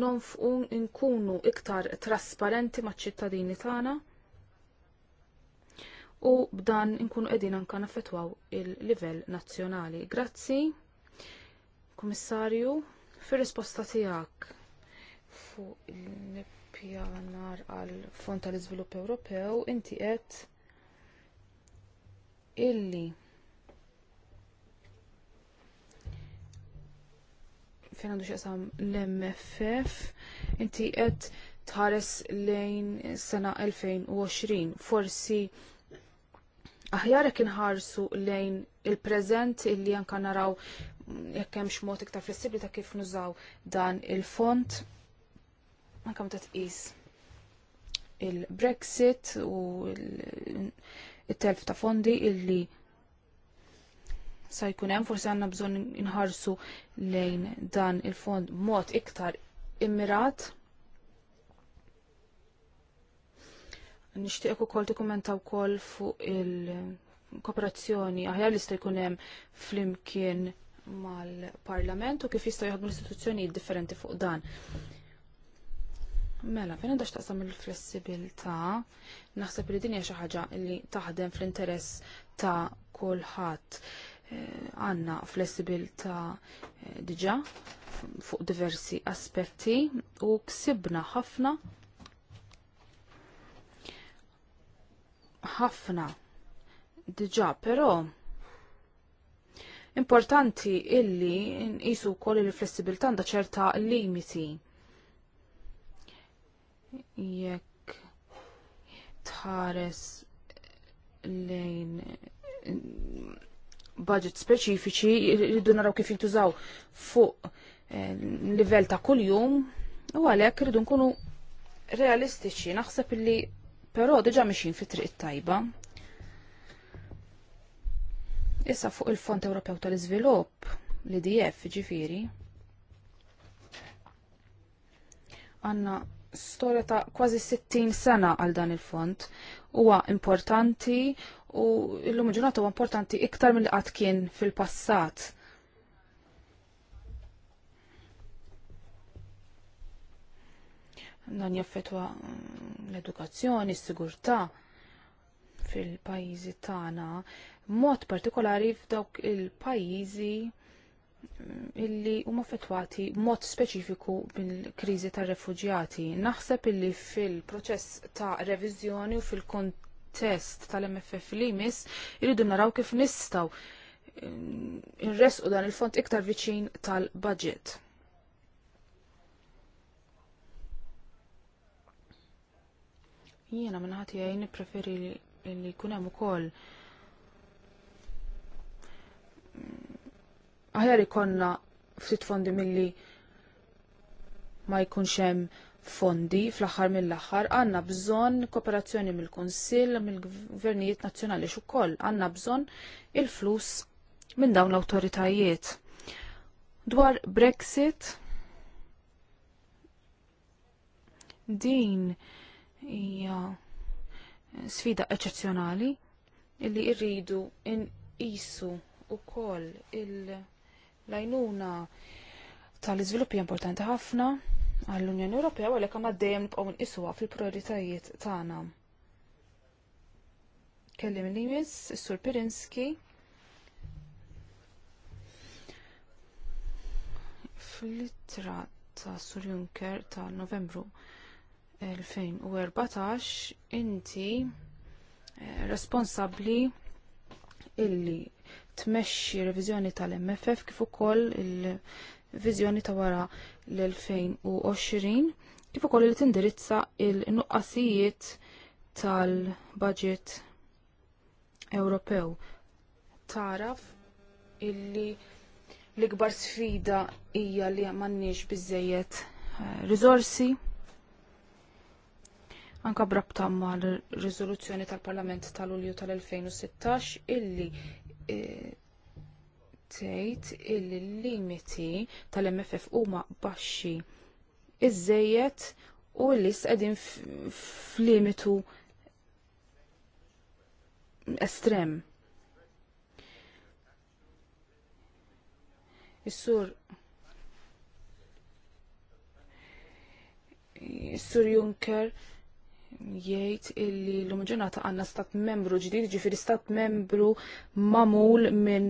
nonfqu nkunu iktar trasparenti maċ-ċittadini tagħna u b'dan inkunu qegħdin anka naffettwaw il-livell nazzjonali. Grazzi, Kummissarju, fir-risposta tiegħek fuq il-pjanar għal Fond tal-Iżvilupp Ewropew inti qed illi fejn għandu xaqsam l-MFF, inti qed tħares lejn sena 2020. Forsi aħjarek inħarsu lejn il-preżent illi anka naraw mm, jekk hemm x'mod iktar flessibbli ta' kif nużaw dan il-font. Anke ta tqis il-Brexit u il-telf ta' fondi illi sa jkun hemm forsi għandna bżonn inħarsu lejn dan il-fond mod iktar immirat. Nixtieq ukoll tikkumenta wkoll fuq il-kooperazzjoni aħjar li jista' jkun hemm flimkien mal-Parlament u kif jista' jaħdmu l-istituzzjonijiet differenti fuq dan. Mela, fejn għandax taqsam il-flessibilità, naħseb li din hija xi ħaġa li taħdem fl-interess ta' kulħadd għanna flessibilta eh, diġa fuq diversi aspetti u ksibna ħafna ħafna diġa però importanti illi nqisu wkoll il-flessibilità għandha ċerta limiti jekk tħares lejn budget speċifiċi rridu naraw kif jintużaw fuq eh, livell ta' kuljum u għalhekk rridu nkunu realistiċi naħseb li però diġà mixin fi triq tajba. Issa fuq il-Fond Ewropew tal-Iżvilupp l-IDF ġifiri għanna storja ta' kważi 60 sena għal dan il-fond. Huwa importanti u l-lum ġurnata huwa importanti iktar mill qatt kien fil-passat. Dan jaffetwa mm, l-edukazzjoni, s-sigurtà fil-pajjiżi tagħna, mod partikolari f'dawk il-pajjiżi mm, illi huma fetwati mod speċifiku bil-kriżi tar refuġjati Naħseb illi fil-proċess ta' reviżjoni u fil-kont test tal-MFF li jmiss, irridu naraw kif nistaw nresqu dan il-font iktar viċin tal-budget. Jiena minn ħati preferi li kunem u koll aħjar ikonna ftit fondi milli ma jkunx hemm fondi fl-aħħar mill-aħħar għandna bżonn kooperazzjoni mill-Kunsill mill-Gvernijiet Nazjonali xukoll għandna bżonn il-flus minn dawn l-awtoritajiet. Dwar Brexit din hija sfida eċezzjonali illi rridu nqisu wkoll il-lajnuna tal izviluppi importanti ħafna għall-Unjoni Ewropea d-dajem nibqaw n-iswa fil-prioritajiet tagħna. Kellim li jmiss is-Sur Pirinski fl litra ta' Sur Juncker ta' Novembru 2014 inti eh, responsabbli illi tmexxi reviżjoni tal-MFF kif ukoll il- viżjoni ta' wara l-2020 kif ukoll li tindirizza il-nuqqasijiet tal-budget Ewropew. Taraf illi l-ikbar sfida hija li m'għandniex biżejjed eh, riżorsi anka brabta mal riżoluzzjoni tal-Parlament tal-Ulju tal-2016 illi eh, tgħid li l-limiti tal-MFF huma baxxi iżejjed u li qegħdin f'limitu estrem. Is-sur Is-sur Juncker jgħid illi l umġenata għanna stat membru ġdid, ġifiri stat membru mamul minn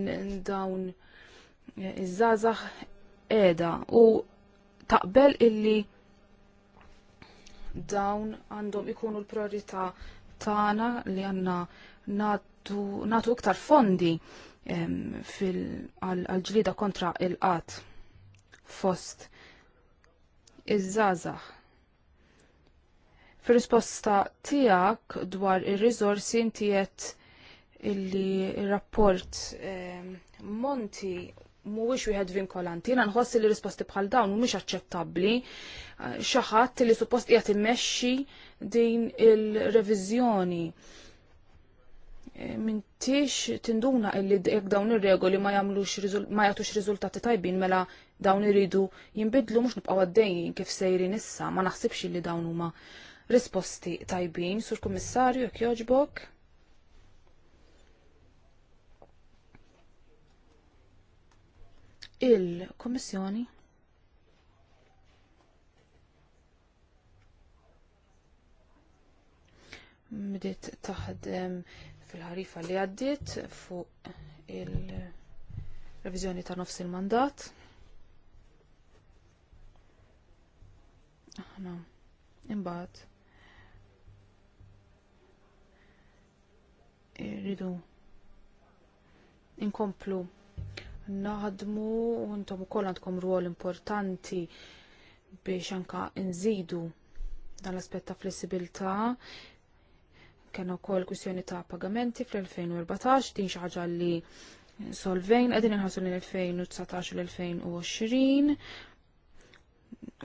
dawn eh, iż-żazax edha u taqbel illi dawn għandhom ikunu l-priorità tagħna li għanna natu, natu iktar fondi għal-ġlida kontra il-qat fost iż-żazax Fir-risposta tiegħek dwar ir-riżorsi inti li illi rapport ehm, Monti mhuwiex wieħed vinkolanti. Jiena nħossi li risposti bħal dawn mhumiex aċċettabbli. Eh, xi ħadd li suppost qiegħed immexxi din il-reviżjoni. Eh, mintix tinduna illi jekk dawn ir-regoli ma jagħmlux ma jagħtux riżultati tajbin mela dawn iridu jinbidlu mhux nibqgħu għaddejjin kif sejrin issa, ma naħsibx li dawn huma risposti tajbin, sur kummissarju, jek joġbok. Il-Kommissjoni bdiet taħdem fil-ħarifa li għaddiet fuq il-revizjoni ta' nofs il-mandat. Aħna, imbagħad rridu inkomplu naħdmu u intom ukoll għandkom rwol importanti biex anka nżidu dan l-aspett ta' flessibilità kena u koll kwistjoni ta' pagamenti fl-2014, din xaġa li solvejn, għedin nħasu l-2019 l-2020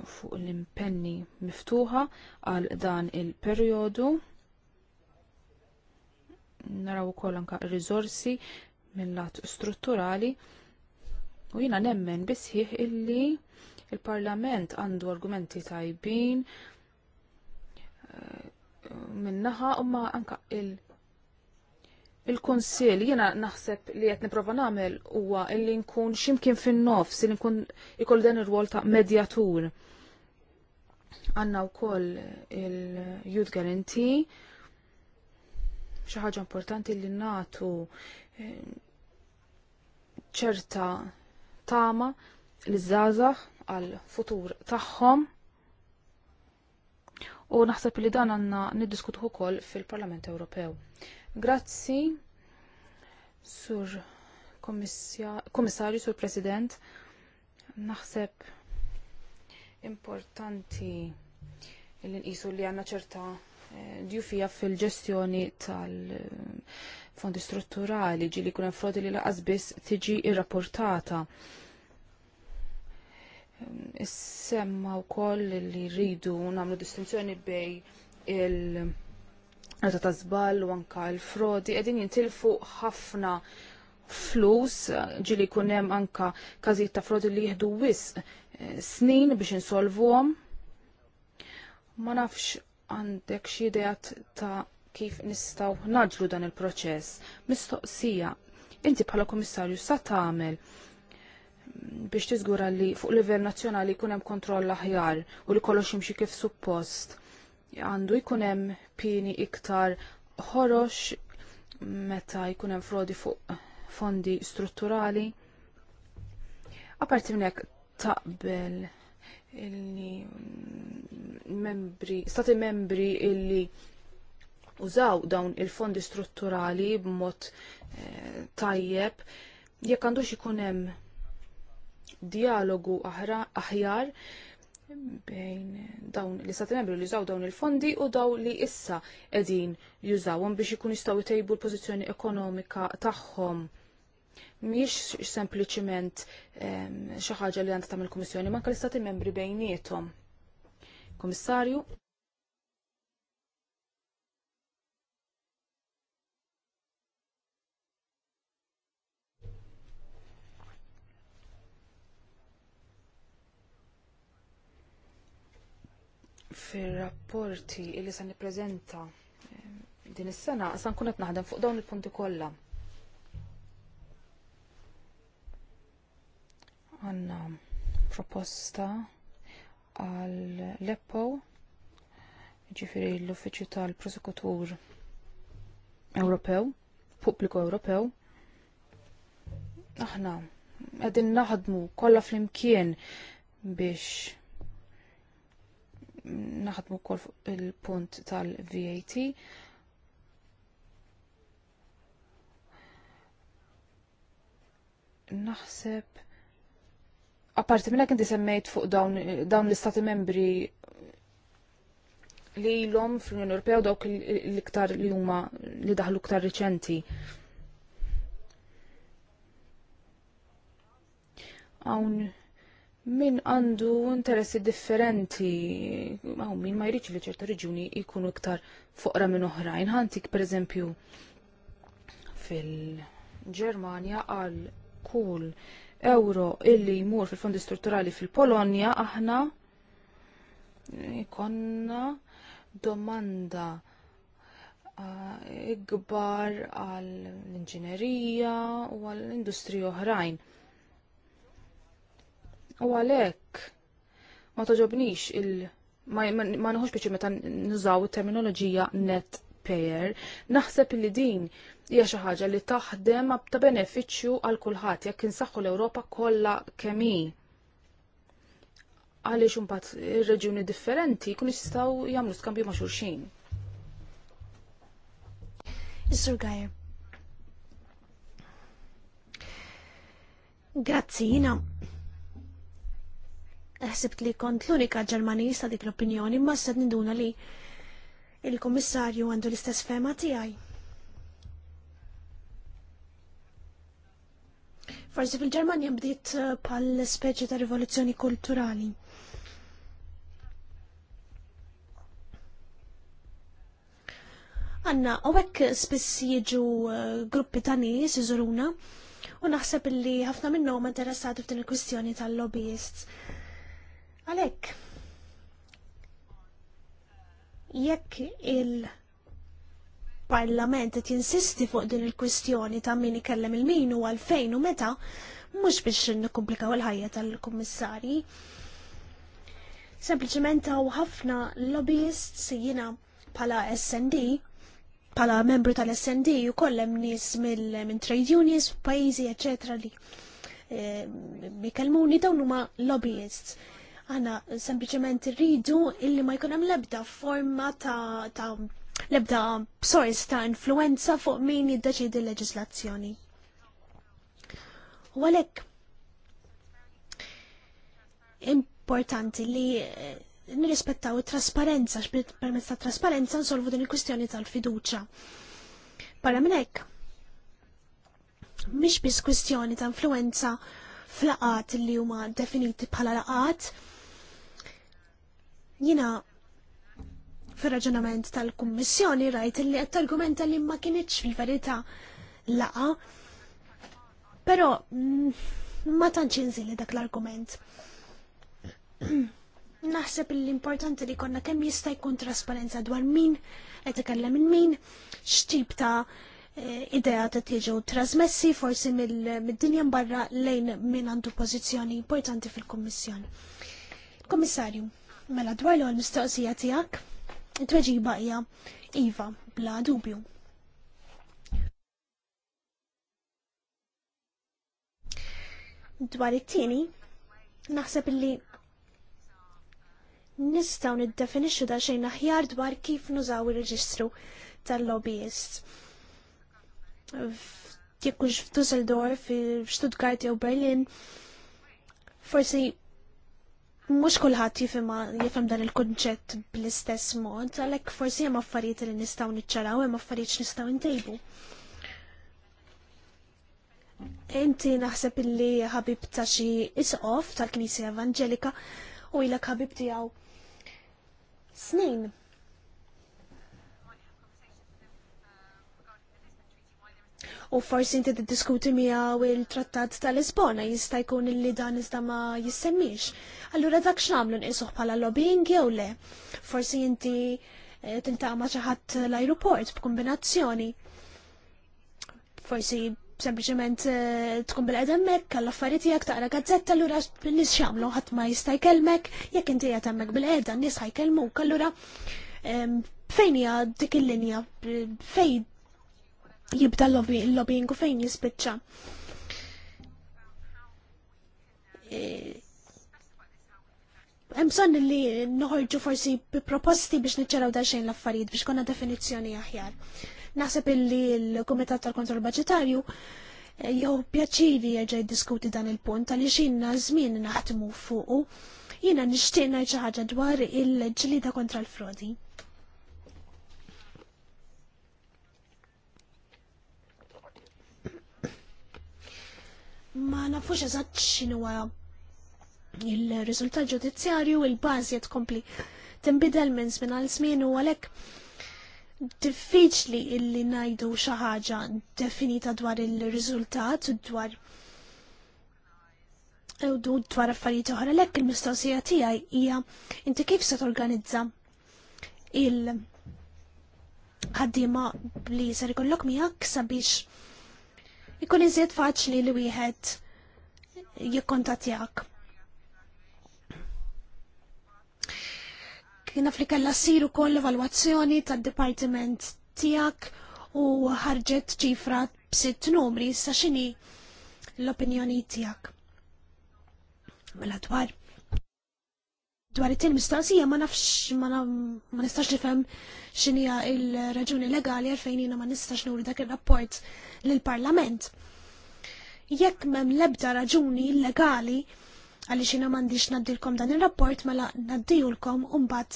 fuq l-impenni miftuħa għal dan il-periodu naraw ukoll anka riżorsi mill-lat strutturali u jina nemmen bisħiħ illi il-parlament għandu argumenti tajbin eh, minnaħa umma anka il- il-konsil jina naħseb li qed niprofa nagħmel huwa illi nkun ximkien fin-nofs li nkun ikol dan ir-rwol ta' medjatur. Għandna wkoll il-Youth Guarantee xi ħaġa importanti li nagħtu eh, ċerta tama li żgħażagħ għal futur tagħhom u naħseb li dan għandna niddiskutuh ukoll fil-Parlament Ewropew. Grazzi, Sur Komissarju, Sur President, naħseb importanti li nqisu li għandna ċerta djufija fil-ġestjoni tal-fondi eh, strutturali ġili kuna frodi li laqas biss tiġi irrapportata. Eh, issemma u koll li rridu namlu distinzjoni bej il- Rata ta' zbal u anka l-frodi, edin jintilfu ħafna flus, ġili kunem anka kazit ta' frodi li jihdu wis eh, snin biex insolvuhom. Ma nafx għandek xi ideat ta' kif nistaw naġlu dan il-proċess. Mistoqsija, inti bħala komissarju sa tagħmel biex tiżgura li fuq livell nazzjonali jkun hemm kontroll aħjar u li kollox jimxi kif suppost. Għandu jkun hemm pini iktar ħorox meta jkun hemm frodi fuq fondi strutturali. Aparti minn hekk taqbel illi membri, stati membri illi użaw dawn il-fondi strutturali b'mod eh, tajjeb, jekk għandux ikun hemm dialogu aħjar bejn dawn li stati membri li jużaw dawn il-fondi u daw li issa edin jużawhom biex ikun jistgħu jtejbu l-pożizzjoni ekonomika tagħhom mhix sempliċement xi ħaġa li għandha tagħmel kummissjoni ma l-istati membri bejniethom. Kommissarju? fir-rapporti li se nippreżenta din is-sena se nkun qed naħdem fuq dawn il-punti kollha. għanna proposta għal Leppo ġifiri l-Uffiċju tal-Prosekutur Ewropew, Pubbliku Ewropew. Aħna qegħdin naħdmu kollha flimkien biex naħdmu kol il-punt tal-VAT. Naħseb Apparti minna kinti semmejt fuq dawn, dawn l-istati membri li l-om fl-Unjoni Ewropea u dawk l-iktar li huma li daħlu iktar riċenti. Hawn min għandu interessi differenti, għaw min ma jriċ li ċerta reġuni jkunu iktar foqra minn oħrajn. Ħantik per eżempju fil-Ġermanja għal kull euro illi jmur fil-fondi strutturali fil-Polonja aħna konna domanda ah, ikbar għal l-inġinerija u għal industri oħrajn. U għalek ma toġobnix il- ma, ma, ma biex meta nużaw terminoloġija net taxpayer, naħseb li din hija xi ħaġa li taħdem ta' benefiċċju għal kulħadd jekk insaħħu l-Ewropa kollha kemm hi. Għaliex imbagħad ir-reġjuni differenti jkun jistgħu jagħmlu skambju ma' xulxin. is Gajer. Grazzi, jina ħsibt li kont l-unika ġermanista dik l-opinjoni, ma s ninduna li il kommissarju għandu l-istess fema tiegħi. Forsi fil-Ġermanja bdiet eh, pal speċi ta' rivoluzzjoni kulturali. Għanna, għek spiss jiġu eh, gruppi ta' nies iżuruna u naħseb li ħafna minnhom interessati f'din il-kwistjoni tal-lobbyists. Għalhekk, Jekk il-parlament qed jinsisti fuq din il-kwistjoni ta' min ikellem il-min u għalfejn u meta, mhux biex nikkomplikaw il-ħajja tal-kummissarji. Sempliċement hawn ħafna lobbyists jiena bħala SND pala membru tal-SND u kollem nis minn trade unions, pajzi, eccetera li eh, mikelmuni dawn huma lobbyists. Għana sempliciment rridu illi ma jkunem lebda forma ta', ta lebda source ta' influenza fuq min jiddeċidi l-leġislazzjoni. U għalek, importanti li eh, nirrispettaw it-trasparenza, permess ta' trasparenza nsolvu din il-kwistjoni tal-fiduċa. Para minn hekk, mhix biss kwistjoni ta' influenza fl-laqat li huma definiti bħala laqat, Jina fil-raġunament tal-Kummissjoni rajt li qed argumenta li ma kienieċ fil-verità laqa. Però mm, ma tantx inżili dak l-argument. Naħseb l-importanti li konna kemm jista' jkun trasparenza dwar min qed ikellem minn min, x'tip ta' eh, idea ta' tiġu trasmessi forsi mid-dinja barra lejn min għandu pożizzjoni importanti fil-Kummissjoni. Kommissarju, Mela dwar l mistoqsija tiegħek, it-tweġiba hija iva bla dubju. Dwar it-tieni, naħseb li nistgħu niddefinixxu da xejn aħjar dwar kif nużaw ir-reġistru tal-lobbyist. Jekkux f'Dusseldorf, f'Stuttgart jew Berlin, forsi mhux kulħadd jifem dan il-kunċett bl-istess mod, għalhekk forsi hemm affarijiet li nistgħu niċċaraw, jem affarijiet nistaw ntejbu. Inti naħseb li ħabib ta' xi isqof tal-Knisja Evangelika u ilek ħabib tiegħu snin. u forsi inti tiddiskuti miegħu il-Trattat tal-Lisbona jista' jkun illi dan iżda ma jissemmix. Allura dak x'għamlu nqisuh bħala lobbying jew le. Forsi inti eh, tintaqa' ma' xi ħadd l-ajruport b'kombinazzjoni. Forsi sempliciment eh, tkun bil mek, għall-affariet jek taqra gazzetta, allura nis xamlu ħat ma jista' kelmek, jekk inti qed hemmhekk bil-qeda kelmu, ħajkelmuk, allura fejn hija dik il-linja, fejn jibda l-lobbying u fejn jispiċċa. E, hemm bżonn li noħorġu forsi bi proposti biex niċċaraw da xejn l-affarijiet biex konna definizzjoni aħjar. Naħseb illi l-Kumitat tal-Kontroll Budġetarju e, jew pjaċiri jerġa' jiddiskuti dan il-punt għaliex inna żmien naħdmu fuqu jiena nixtieq ngħid xi ħaġa dwar il-ġlida kontra l-frodi. ma nafux eżatt x'inhuwa il-riżultat ġudizzjarju il-bażi qed tkompli tinbidel minn żmien għal żmien u għalhekk diffiċli illi ngħidu xi ħaġa definita dwar il-riżultat u dwar u dwar affarijiet oħra lek il-mistoqsija tiegħi hija inti kif se torganizza il- ħaddiema li ser ikollok miegħek sabiex ikun iżjed faċli li wieħed jikkontatjak. Kien li kella siru koll evalwazzjoni tad-dipartiment tijak u ħarġet ċifra b'sitt numri sa xini l-opinjoni tijak. Mela dwar. Dwar it-til mistoqsija ma nafx ma nistax nifhem xinija il-raġuni legali għalfejn jina ma nistax nuri dak il-rapport l-Parlament. Jekk mem lebda raġuni legali għalli xina mandiċ naddilkom dan il-rapport mela naddijulkom umbat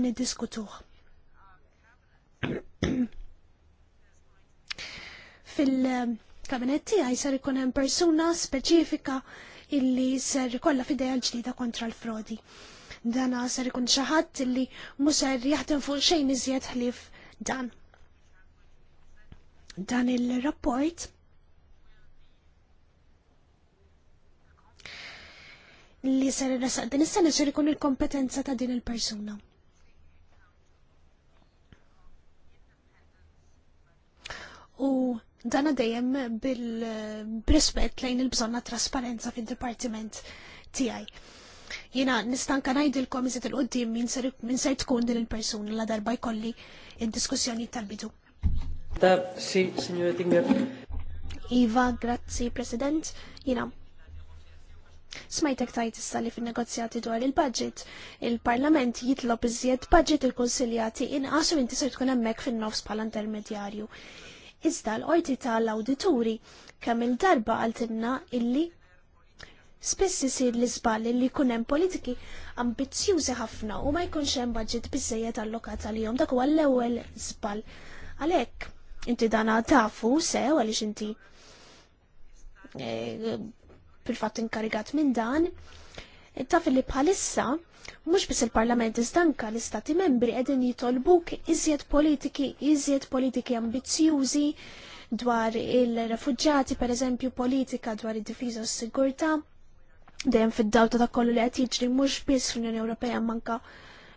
nidiskutuħ. Fil-kabinetti għaj ser ikun hemm persuna speċifika illi ser kollha fidejha l-ġdida kontra l-frodi. Dan ser ikun xaħat li mhux jaħdem fuq xejn iżjed ħlief dan. Dan il-rapport li ser irrasaq din is-sena ser ikun il-kompetenza ta' din il-persuna. U dana dejjem bil-rispett lejn il-bżonna trasparenza fil dipartiment tiegħi. Jina nistanka najdilkom iżet il-qoddim minn ser tkun din il-persuna la darba jkolli il-diskussjoni tal-bidu. Ta' si, signora Tinger. Iva, grazzi, President. Jina, Smajtek tajt issa li fin-negozjati dwar il-budget, il-Parlament jitlob iżjed budget il-konsiljati inqas u inti se tkun hemmhekk fin-nofs bħala intermedjarju. Iżda l-qorti tal-awdituri kemm il-darba għaltinna illi Spiss isir l iżballi li jkun hemm politiki ambizzjużi ħafna u ma jkunx hemm budget biżejjed allokat għalihom dak huwa l-ewwel żball. Għalhekk, inti dana tafu sew għaliex inti e, fil-fatt inkarigat minn dan, taf li bħalissa mhux biss il-Parlament iżdanka l-Istati membri qegħdin jitolbuk iżjed politiki, iżjed politiki ambizzjużi dwar il-refugġati, per eżempju, politika dwar id-difiża u s-sigurtà dejjem fid dawta ta' kollu li qed jiġri mhux biss fl-Unjoni Ewropea manka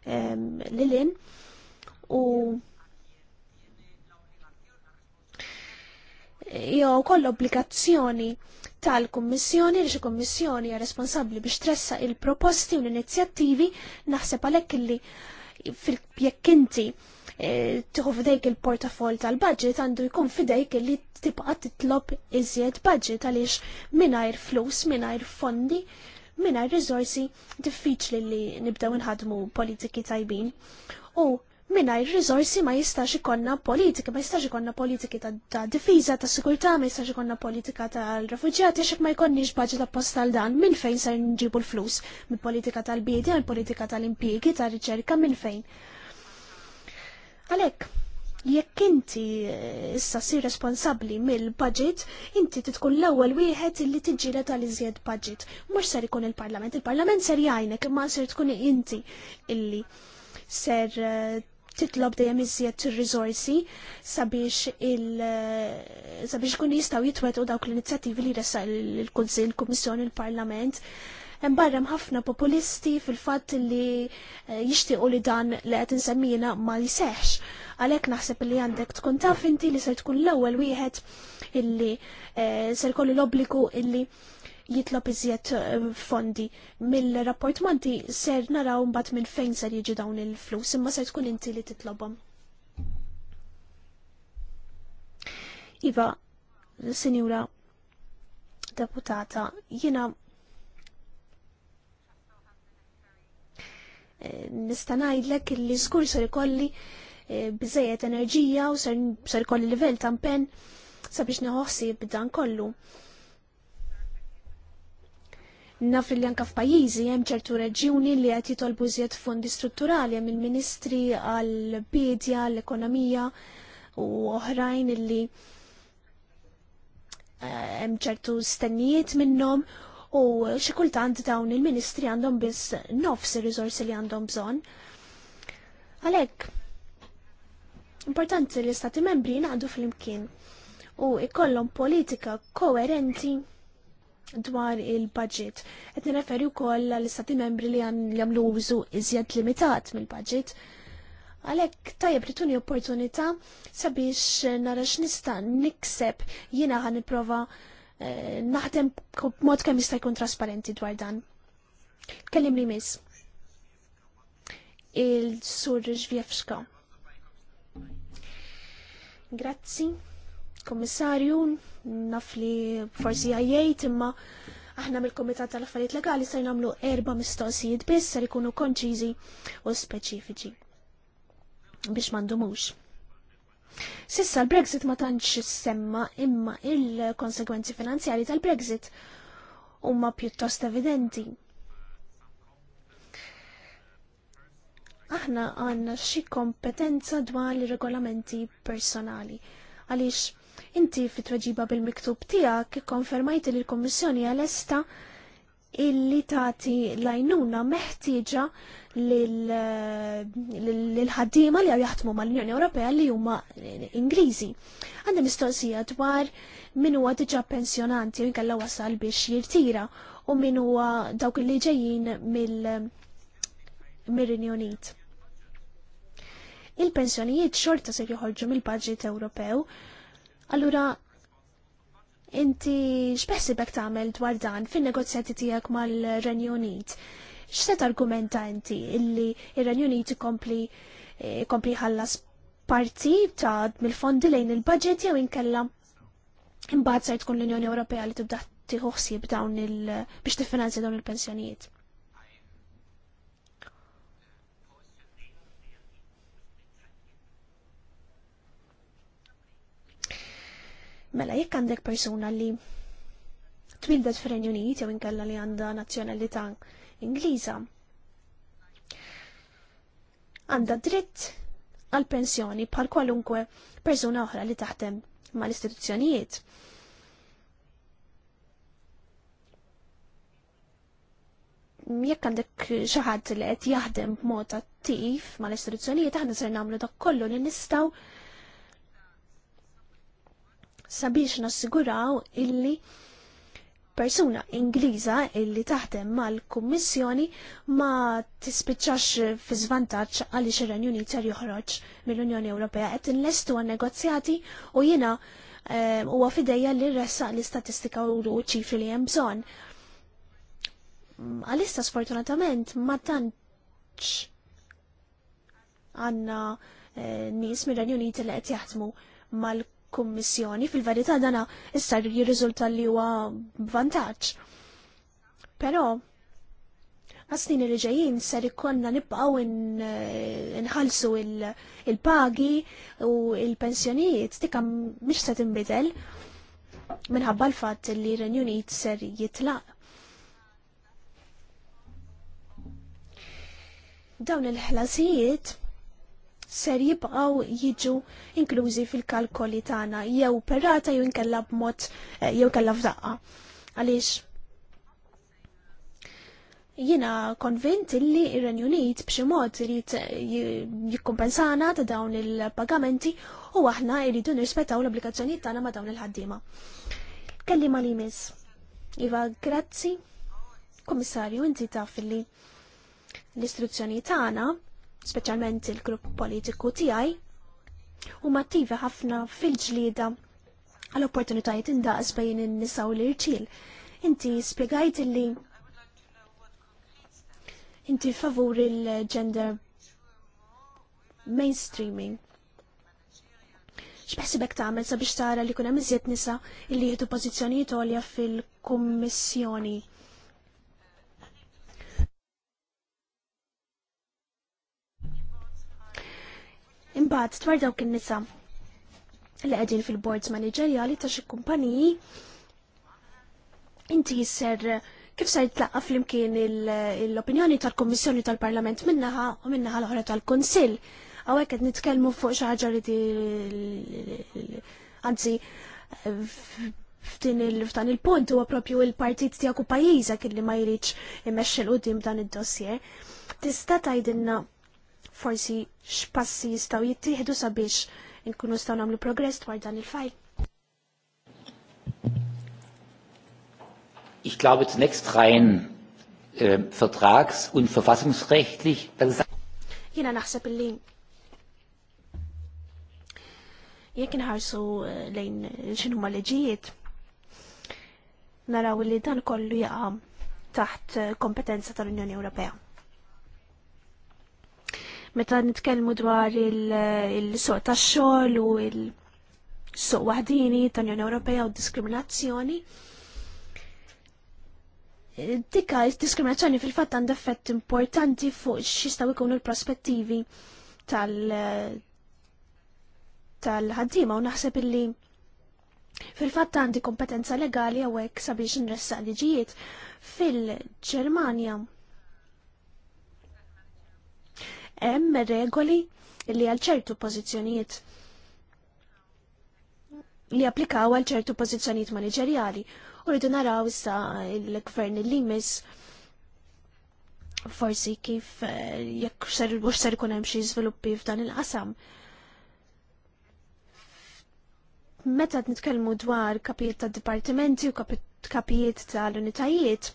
ehm, lilin. U jew koll obbligazzjoni tal-Kummissjoni li xi Kummissjoni hija responsabbli biex tressa il-proposti u l-inizjattivi naħseb għalhekk illi jekk inti Eh, tħu f'dejk il-portafol tal-budget għandu jkun f'dejk li tibqa' titlob iżjed budget għaliex mingħajr flus, mingħajr fondi, mingħajr rizorsi diffiċli li nibdew nħadmu politiki tajbin. U minnajr rizorsi ma jistax ikonna politika, ma jistax ikonna politika ta', ta difiża, ta' sikurtà, ma jistax ikonna politika tal-refuġjati, xek ma jkonniġ budget ta' tal dan, minn fejn ser nġibu l-flus, minn politika tal bidja minn politika tal-impiegi, tal-riċerka, minn fejn. Għalek, jekk inti eh, issa sir responsabli mill-budget, inti titkun l-ewwel wieħed li tiġġiela tal-iżjed budget. Mhux ser ikun il-Parlament, il-Parlament ser jgħinek imma ser tkun inti illi ser eh, titlob dejjem iżjed risorsi sabiex il eh, sabiex kun jistgħu jitwetqu dawk l-inizjattivi li resa l-Kunsill, il-Kummissjoni, il-Parlament. il kummissjoni il parlament barra ħafna populisti fil-fatt li eh, jixtiequ li dan li qed insemmina ma jisehx. Għalhekk naħseb li għandek tkun taf inti li se tkun l-ewwel wieħed illi eh, ser kollu l-obbligu illi jitlob iżjed eh, fondi. Mill-rapport manti ser naraw mbagħad minn fejn ser jiġi dawn il-flus, imma ser tkun inti li titlobhom. Iva, sinjura deputata, jiena nista' ngħidlek li skur sar ikolli eh, biżejjed enerġija u ser ikolli livell ta' impenn sabiex neħossi b'dan kollu. Naf li anka f'pajjiżi hemm ċertu reġjuni li qed jitolbu żjed fondi strutturali hemm il-Ministri għall-Bidja, l-Ekonomija u oħrajn illi eh, hemm ċertu stennijiet minnhom u xi kultant dawn il-ministri għandhom biss nofs ir rizorsi li għandhom bżonn. Għalhekk, importanti li stati membri jingħaqdu fil imkien u ikollom politika koerenti dwar il-budget. Qed nirreferi wkoll l-istati membri li għamlu użu iżjed limitat mill-budget għalek tajab li tuni opportunita sabiex nara nista' nikseb jina għan niprofa Eh, naħdem mod kemm jista' jkun trasparenti dwar dan. Kellim li miss. Il-sur Ġvjefska. Grazzi, kommissarju, naf li forsi għajjajt imma aħna mill-Komitat tal-Affarijiet Legali se nagħmlu erba' mistoqsijiet biss ser ikunu konċiżi u speċifiċi biex m'għandhomux Sissa l-Brexit ma tantx semma imma il-konsekwenzi finanzjali tal-Brexit huma pjuttost evidenti. Aħna għanna xi kompetenza dwar li regolamenti personali. Għaliex inti fit-tweġiba bil-miktub tiegħek konfermajt li l-Kommissjoni għal-esta illi tagħti lajnuna meħtieġa lil-ħaddiema li jaħdmu mal-Unjoni Ewropea li huma Ingliżi. Għandi mistoqsija dwar min huwa diġà pensjonanti u jkella wasal biex jirtira u min huwa dawk li ġejjin mill-Renju Unit. Il-pensjonijiet xorta se joħorġu mill-budget Ewropew, allura Inti x'beħsibek tagħmel dwar dan fin-negozjati tiegħek mal-Renju Unit? X'set argumenta inti illi ir-Renju Unit ikompli eh, ħallas parti ta' mill-fondi lejn il-budget jew inkella imbagħad ser tkun l-Unjoni Ewropea li tibda tieħu ħsieb dawn il biex tiffinanzja dawn il-pensjonijiet. Mela, jekk għandek persuna li twildet fil Unit jew inkella li għandha nazzjonalità Ingliża, għandha dritt għal pensjoni bħal kwalunkwe persuna oħra li taħdem mal-istituzzjonijiet. jekk għandek xi ħadd li qed jaħdem b'mod attiv mal-istruzzjonijiet aħna ser nagħmlu dak kollu li nistgħu sabiex nassiguraw illi persuna Ingliża illi taħdem mal-Kummissjoni ma tispiċċax fi żvantaġġ għaliex ir-Renju Unit ser joħroġ mill-Unjoni Ewropea qed inlestu għan-negozjati u jiena eh, huwa fidejja li rressaq l-istatistika u ċifri li hemm bżonn. Għalissa sfortunatament ma tantx għandna eh, nies mir-Renju Unit li qed jaħdmu mal kummissjoni fil-verità dana issa jirriżulta li huwa vantaġġ. Però għasnin li ġejjin ser ikkonna nibqaw eh, nħalsu il-pagi u il-pensjonijiet tika mhix se tinbidel minħabba l-fatt li Renju Unit ser jitlaq. Dawn il-ħlasijiet ser jibqaw jiġu inklużi fil-kalkoli tagħna jew perata jew inkella b'mod eh, jew kella f'daqqa. Għaliex jina konvint li ir-Renju Unit b'xi mod irid eh, jikkompensana ta' dawn il-pagamenti u aħna jridu nirrispettaw l-obbligazzjonijiet tagħna ma' dawn il-ħaddiema. Kelli ma' limis. Iva, grazzi. Komissarju, inti taf li l-istruzzjoni tagħna speċjalment il-grupp politiku tiegħi, huma attivi ħafna fil-ġlieda għal opportunitajiet indaqs bejn in-nisa u l-irġiel. Inti spjegajt li inti favur il-gender mainstreaming. X'beħsibek tagħmel sabiex tara li kun hemm iżjed nisa li jieħdu pożizzjonijiet għolja fil-kummissjoni Imbagħad dwar dawk in-nisa li qegħdin fil-boards manageriali ta' xi kumpaniji inti jisser kif se jitlaqqa flimkien l-opinjoni tal-Kummissjoni tal-Parlament minnaħa u minnaħa l-oħra tal-Kunsill. Għawek qed nitkellmu fuq xi ħaġa li anzi f'din il il-punt huwa propju il-partit tiegħek u pajjiżek illi ma jridx imexxi l qudiem dan id-dossier. Tista' tgħidilna forsi x'passi jistgħu jittieħdu sabiex inkunu staw nagħmlu progress dwar dan il-fajl. Ich glaube zunächst rein äh, vertrags- und verfassungsrechtlich, das Jena naħseb li jekk inħarsu äh, lejn äh, xinu ma leġijiet naraw li dan kollu jaqa' taħt äh, kompetenza tal-Unjoni Ewropea meta nitkellmu dwar il-soq tax-xogħol u il-soq waħdini tal-Unjoni Ewropea u diskriminazzjoni. Dikka diskriminazzjoni fil-fatt għandha effett importanti fuq x'jistgħu jkunu l-prospettivi tal- tal-ħaddiema u naħseb illi fil-fatt għandi kompetenza legali għawek sabiex nressaq liġijiet fil-Ġermanja hemm regoli li għal ċertu pożizzjonijiet li applikaw għal ċertu pożizzjonijiet maniġerjali u rridu naraw issa l-gvern il limis forsi kif eh, jekk ser mhux ser ikun hemm xi żviluppi f'dan il-qasam. Meta nitkellmu dwar kapijiet ta' dipartimenti u kapijiet tal-unitajiet,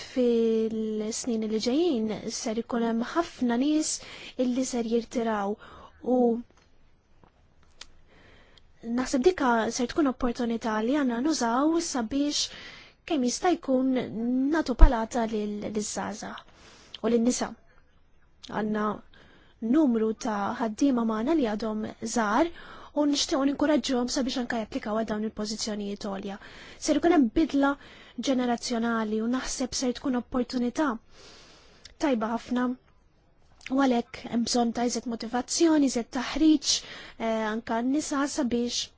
fil-snin li ġejjin ser ikun hemm ħafna nies illi ser jirtiraw u naħseb dikka ser tkun opportunità li għandna nużaw sabiex kemm jista' jkun natu palata lill-żaża u lin-nisa. Għandna numru ta' ħaddiema magħna li għadhom żgħar u nixtiequ ninkoraġġhom sabiex anke japplikaw dawn il-pożizzjonijiet għolja. Ser ikun hemm bidla ġenerazzjonali u naħseb ser tkun opportunità tajba ħafna u għalhekk hemm bżonn ta' iżet motivazzjoni, iżet taħriġ eh, anka n nisa sabiex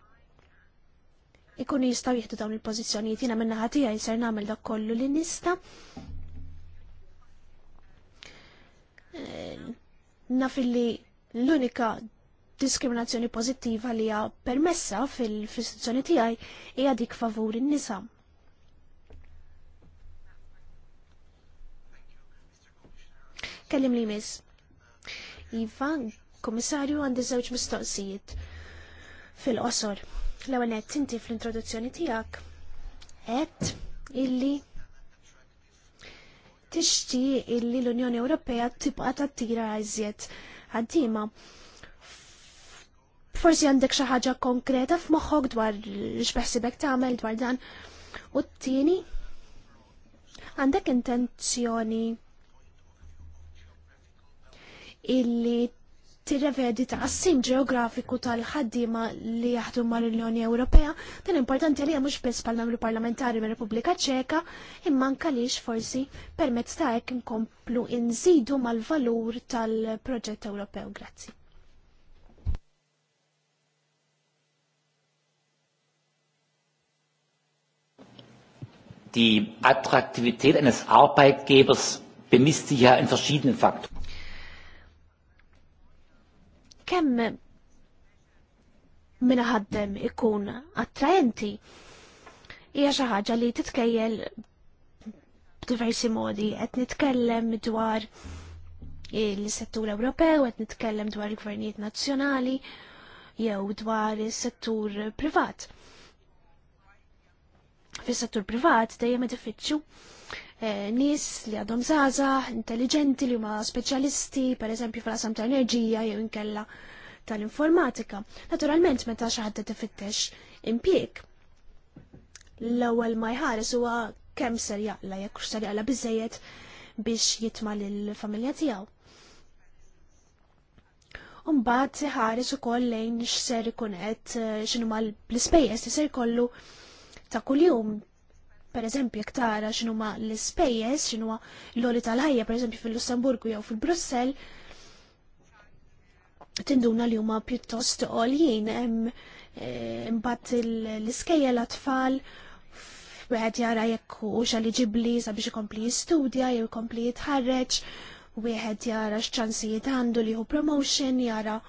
ikunu jistaw jieħdu dawn il-pożizzjonijiet jiena min-naħa tiegħi ser nagħmel dak kollu li nista. Eh, Naf li l-unika diskriminazzjoni pozittiva li hija permessa fil-istituzzjoni tiegħi hija dik favur in-nisa. Kellim li miss. Iva, komissarju għandi żewġ mistoqsijiet fil-qosor. L-ewwel qed inti fl-introduzzjoni tiegħek qed illi tixtieq illi l-Unjoni Ewropea tibqa' tattira għażjed ħaddiema. Forsi għandek xi ħaġa konkreta f'moħħok dwar x'beħsibek tagħmel dwar dan. U t-tieni għandek intenzjoni illi tirrevedi ta' sin ġeografiku tal-ħaddima li jaħdu mal-Unjoni Ewropea, din importanti li mhux biss pal membru parlamentari mir Repubblika Ċeka, imma nkalix forsi permezz ta' hekk inkomplu inżidu mal-valur tal-proġett Ewropew. Grazzi. Die Attraktivität eines Arbeitgebers bemisst sich ja in verschiedenen Faktoren kemm minna ħaddem ikun attraenti hija xi ħaġa li titkejjel b'diversi modi qed nitkellem dwar il-settur Ewropew, qed nitkellem dwar il-gvernijiet nazzjonali jew dwar is-settur privat. Fis-settur privat dejjem diffiċċju Eh, nis li għadhom zaza, intelligenti li huma speċjalisti, per eżempju fil-qasam ta' enerġija jew inkella tal-informatika. Naturalment meta xi ħadd tifittex impjieg. L-ewwel ma jħares huwa kemm ser jaqla jekk ser jaqla biżejjed biex jitma' lill-familja tiegħu. Umbat ħares ukoll lejn x'ser ikun qed eh, x'inhuma l-ispejjeż li ser jkollu ta' kuljum per eżempju, jek tara x'inhuma l-ispejjeż, x'inhuma l-oli tal-ħajja, per eżempju, fil-Lussemburgu jew fil-Brussell, tinduna li huma pjuttost għoljien eh, imbagħad l iskejja l tfal wieħed jara jekk u xali ġibli sabiex ikompli jistudja jew ikompli jitħarreġ, wieħed jara x'ċansijiet għandu li hu promotion, jara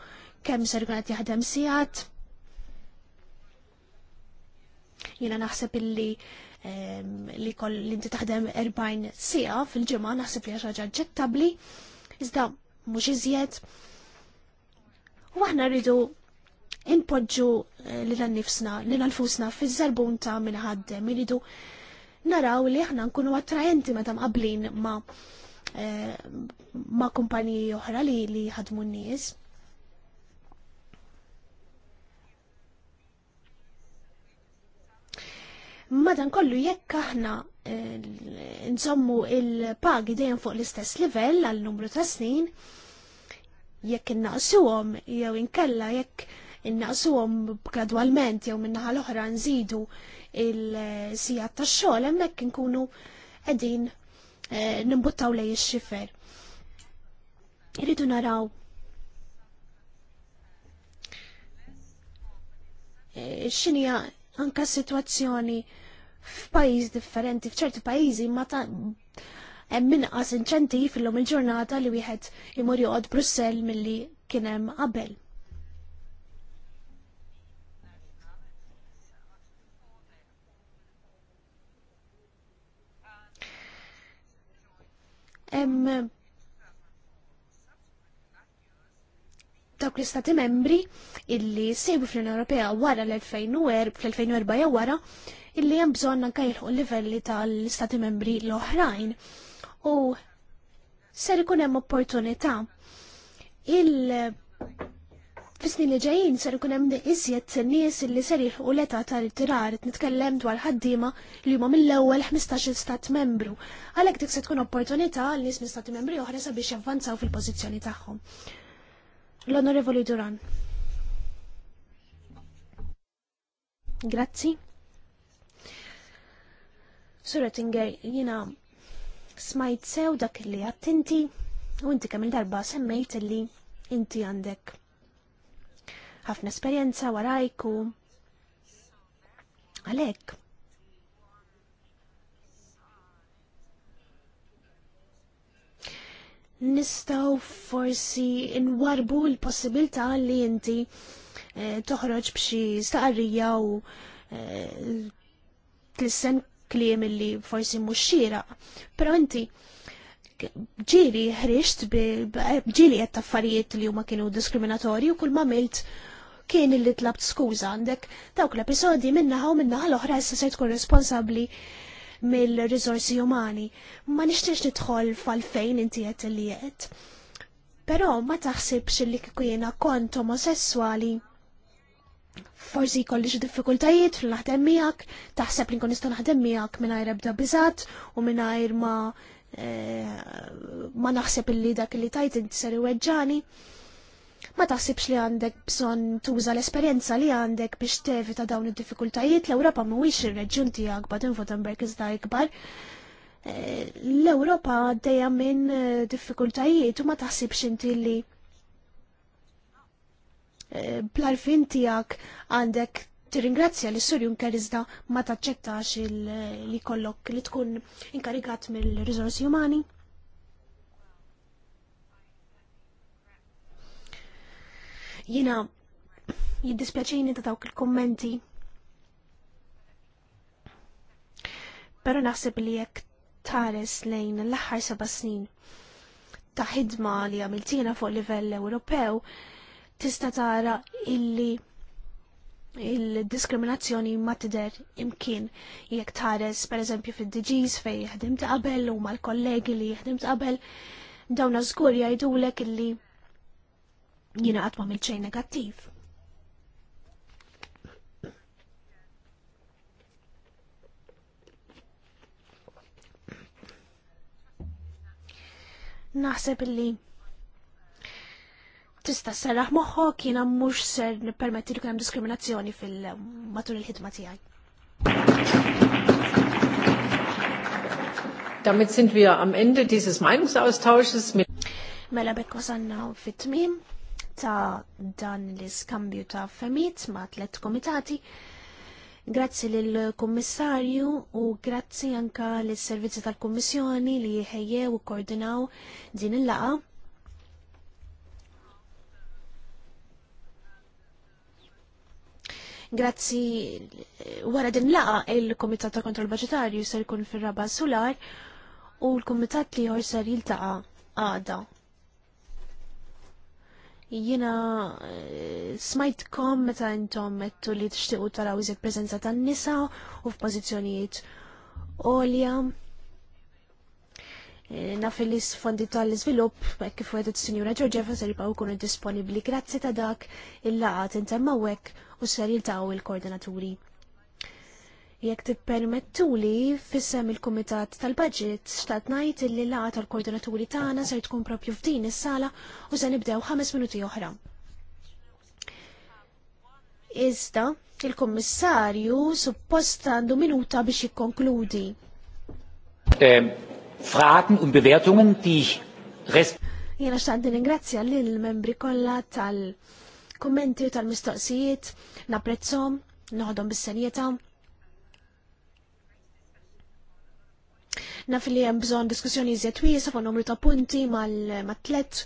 kemm ser jkun qed jaħdem sigħat. Jiena naħseb illi li koll li inti taħdem 40 sija fil-ġimgħa naħseb li ħaġa ġettabbli, iżda mhux iżjed. U aħna rridu inpoġġu eh, lil nifsna lil nfusna fiż-żarbun ta' minħaddem, irridu naraw li aħna nkunu attrajenti meta mqablin ma' eh, ma' kumpaniji oħra li li ħadmu n-nies. Madan kollu jekk aħna eh, nżommu il-pagi dejjem fuq l-istess livell għal numru ta' snin, jekk innaqsuhom jew inkella jekk innaqsuhom gradwalment jew minnaħa l-oħra nżidu il-sijat tax-xogħol hemmhekk inkunu qegħdin eh, nimbuttaw lej ix-xifer. Iridu naraw eh, x'inhija anka situazzjoni f'pajjiż differenti, f'ċerti pajjiżi ma ta' hemm inqas inċentiv illum il-ġurnata li wieħed imur joqgħod Brussell milli kien hemm qabel. Hemm dawk l-istati membri illi sejbu fl-Unjoni Ewropea wara l-2004 fl-2004 jew wara illi hemm bżonn anke jilħu livelli tal-istati membri l-oħrajn. U ser ikun hemm opportunità. Il Fisni li ġejjin ser ikun hemm iżjed nies li ser jilħu l-età tal-tirar nitkellem dwar ħaddiema li huma mill-ewwel 15 stat membru. Għalhekk dik se tkun opportunità għal nies minn stati membri oħra sabiex javvanzaw fil-pożizzjoni tagħhom. L-Onorevoli Duran. Grazzi. Suretinger, jina smajt sew dak li għattinti u inti kemm darba semmejt li inti għandek ħafna esperjenza warajku għalek. Nistaw forsi nwarbu l-possibilità li inti eh, toħroġ b'xi staqarrija u eh, tissen kliem illi forsi mhux xieraq. Però inti ġieli ħriġt ġiri qed taffarijiet li huma kienu diskriminatorji u kull ma milt kien illi tlabt skuża għandek dawk l-episodji minnaħa u minnaħa l-oħra issa se tkun responsabbli mill-riżorsi umani. Ma nixtiex nidħol fal-fejn inti qed li qed. Però ma taħsibx li kieku kont omosessuali forsi kollix diffikultajiet fil-naħdem miegħek, taħseb li nkun nistgħu naħdem miegħek mingħajr ebda biżgħat u mingħajr ma e, ma naħseb illi dak li tajt inti ser iweġġani. Ma taħsibx li għandek bżonn tuża l-esperjenza li għandek biex tevita dawn id-diffikultajiet l-Ewropa mhuwiex ir-reġjun tiegħek Baden-Württemberg iżda ikbar. E, L-Ewropa għaddejja minn e, diffikultajiet u ma taħsibx inti li Eh, bl-arfin tijak għandek tirringrazzja li Sur Juncker iżda ma taċċettax eh, li kollok li tkun inkarigat mill-rizorsi umani. Jina jiddispjaċini ta' dawk il-kommenti. Pero naħseb li jekk tares lejn l-aħħar seba' snin ta' ħidma li għamiltina fuq livell Ewropew, tista' tara illi il-diskriminazzjoni ma tider imkien jekk tħares pereżempju fid-DGs fejn jaħdimt qabel u mal-kollegi li jaħdimt qabel dawna żgur jgħidulek illi jina għatma mill-ċej negattiv. Naħseb illi tista serraħ moħħok jiena mhux ser nippermetti li kien hemm diskriminazzjoni fil-matul il-ħidma tiegħi. Damit sind wir am Ende dieses Meinungsaustausches mit Mela bekk wasanna fit-tmim ta' dan l-iskambju ta' femit ma' tlet komitati. Grazzi lill-Kummissarju u grazzi anka lis servizzi tal-Kummissjoni li ħejjew u koordinaw din il-laqa. Grazzi eh, wara din laqa il-Komitat ta' Kontrol Budgetarju ser jkun fir-raba solar u l-Komitat li jor ser jiltaqa għada. Jiena eh, smajtkom meta intom mettu li tixtiequ taraw il preżenza tan-nisa u f'pożizzjonijiet olja eh, naf li s-fondi tal-izvilup, kif għedet s-Sinjura Ġorġeva, ser jibqaw kunu disponibli. Grazzi ta' dak il-laqat intemma wek u ser jiltaw il-koordinaturi. Jekk tippermettu li fissem il-Kumitat tal-Budget xtaqt ngħid li laqa tal-koordinaturi tagħna ser tkun propju f'din is-sala u se nibdew ħames minuti oħra. Iżda, il-Kummissarju suppost għandu minuta biex jikkonkludi. Eh, Fragen und Bewertungen, die ich Jena xtaqt ningrazzja lill membri kollha tal- kummenti tal-mistoqsijiet, naprezzom, noħdom bis-senjeta. Naf li hemm bżonn diskussjoni iżjed wiesa fuq numru ta' punti mal-tlet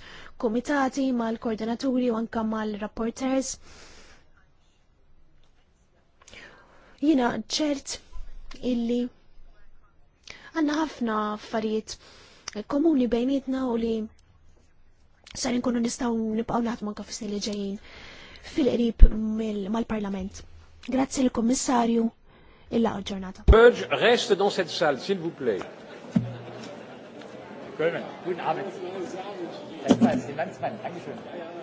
komitati, mal-koordinaturi u anke mal-rapporters. Jina ċert illi għanna ħafna affarijiet komuni bejnietna u li sar nkunu nistaw nibqaw naħdmu anka fis li ġejjin fil-qrib mal-Parlament. Grazzi l-Kommissarju illa ġurnata. Purge, reste dans cette salle, s'il vous plaît. Guten Abend. Das war's, den Landsmann. Dankeschön.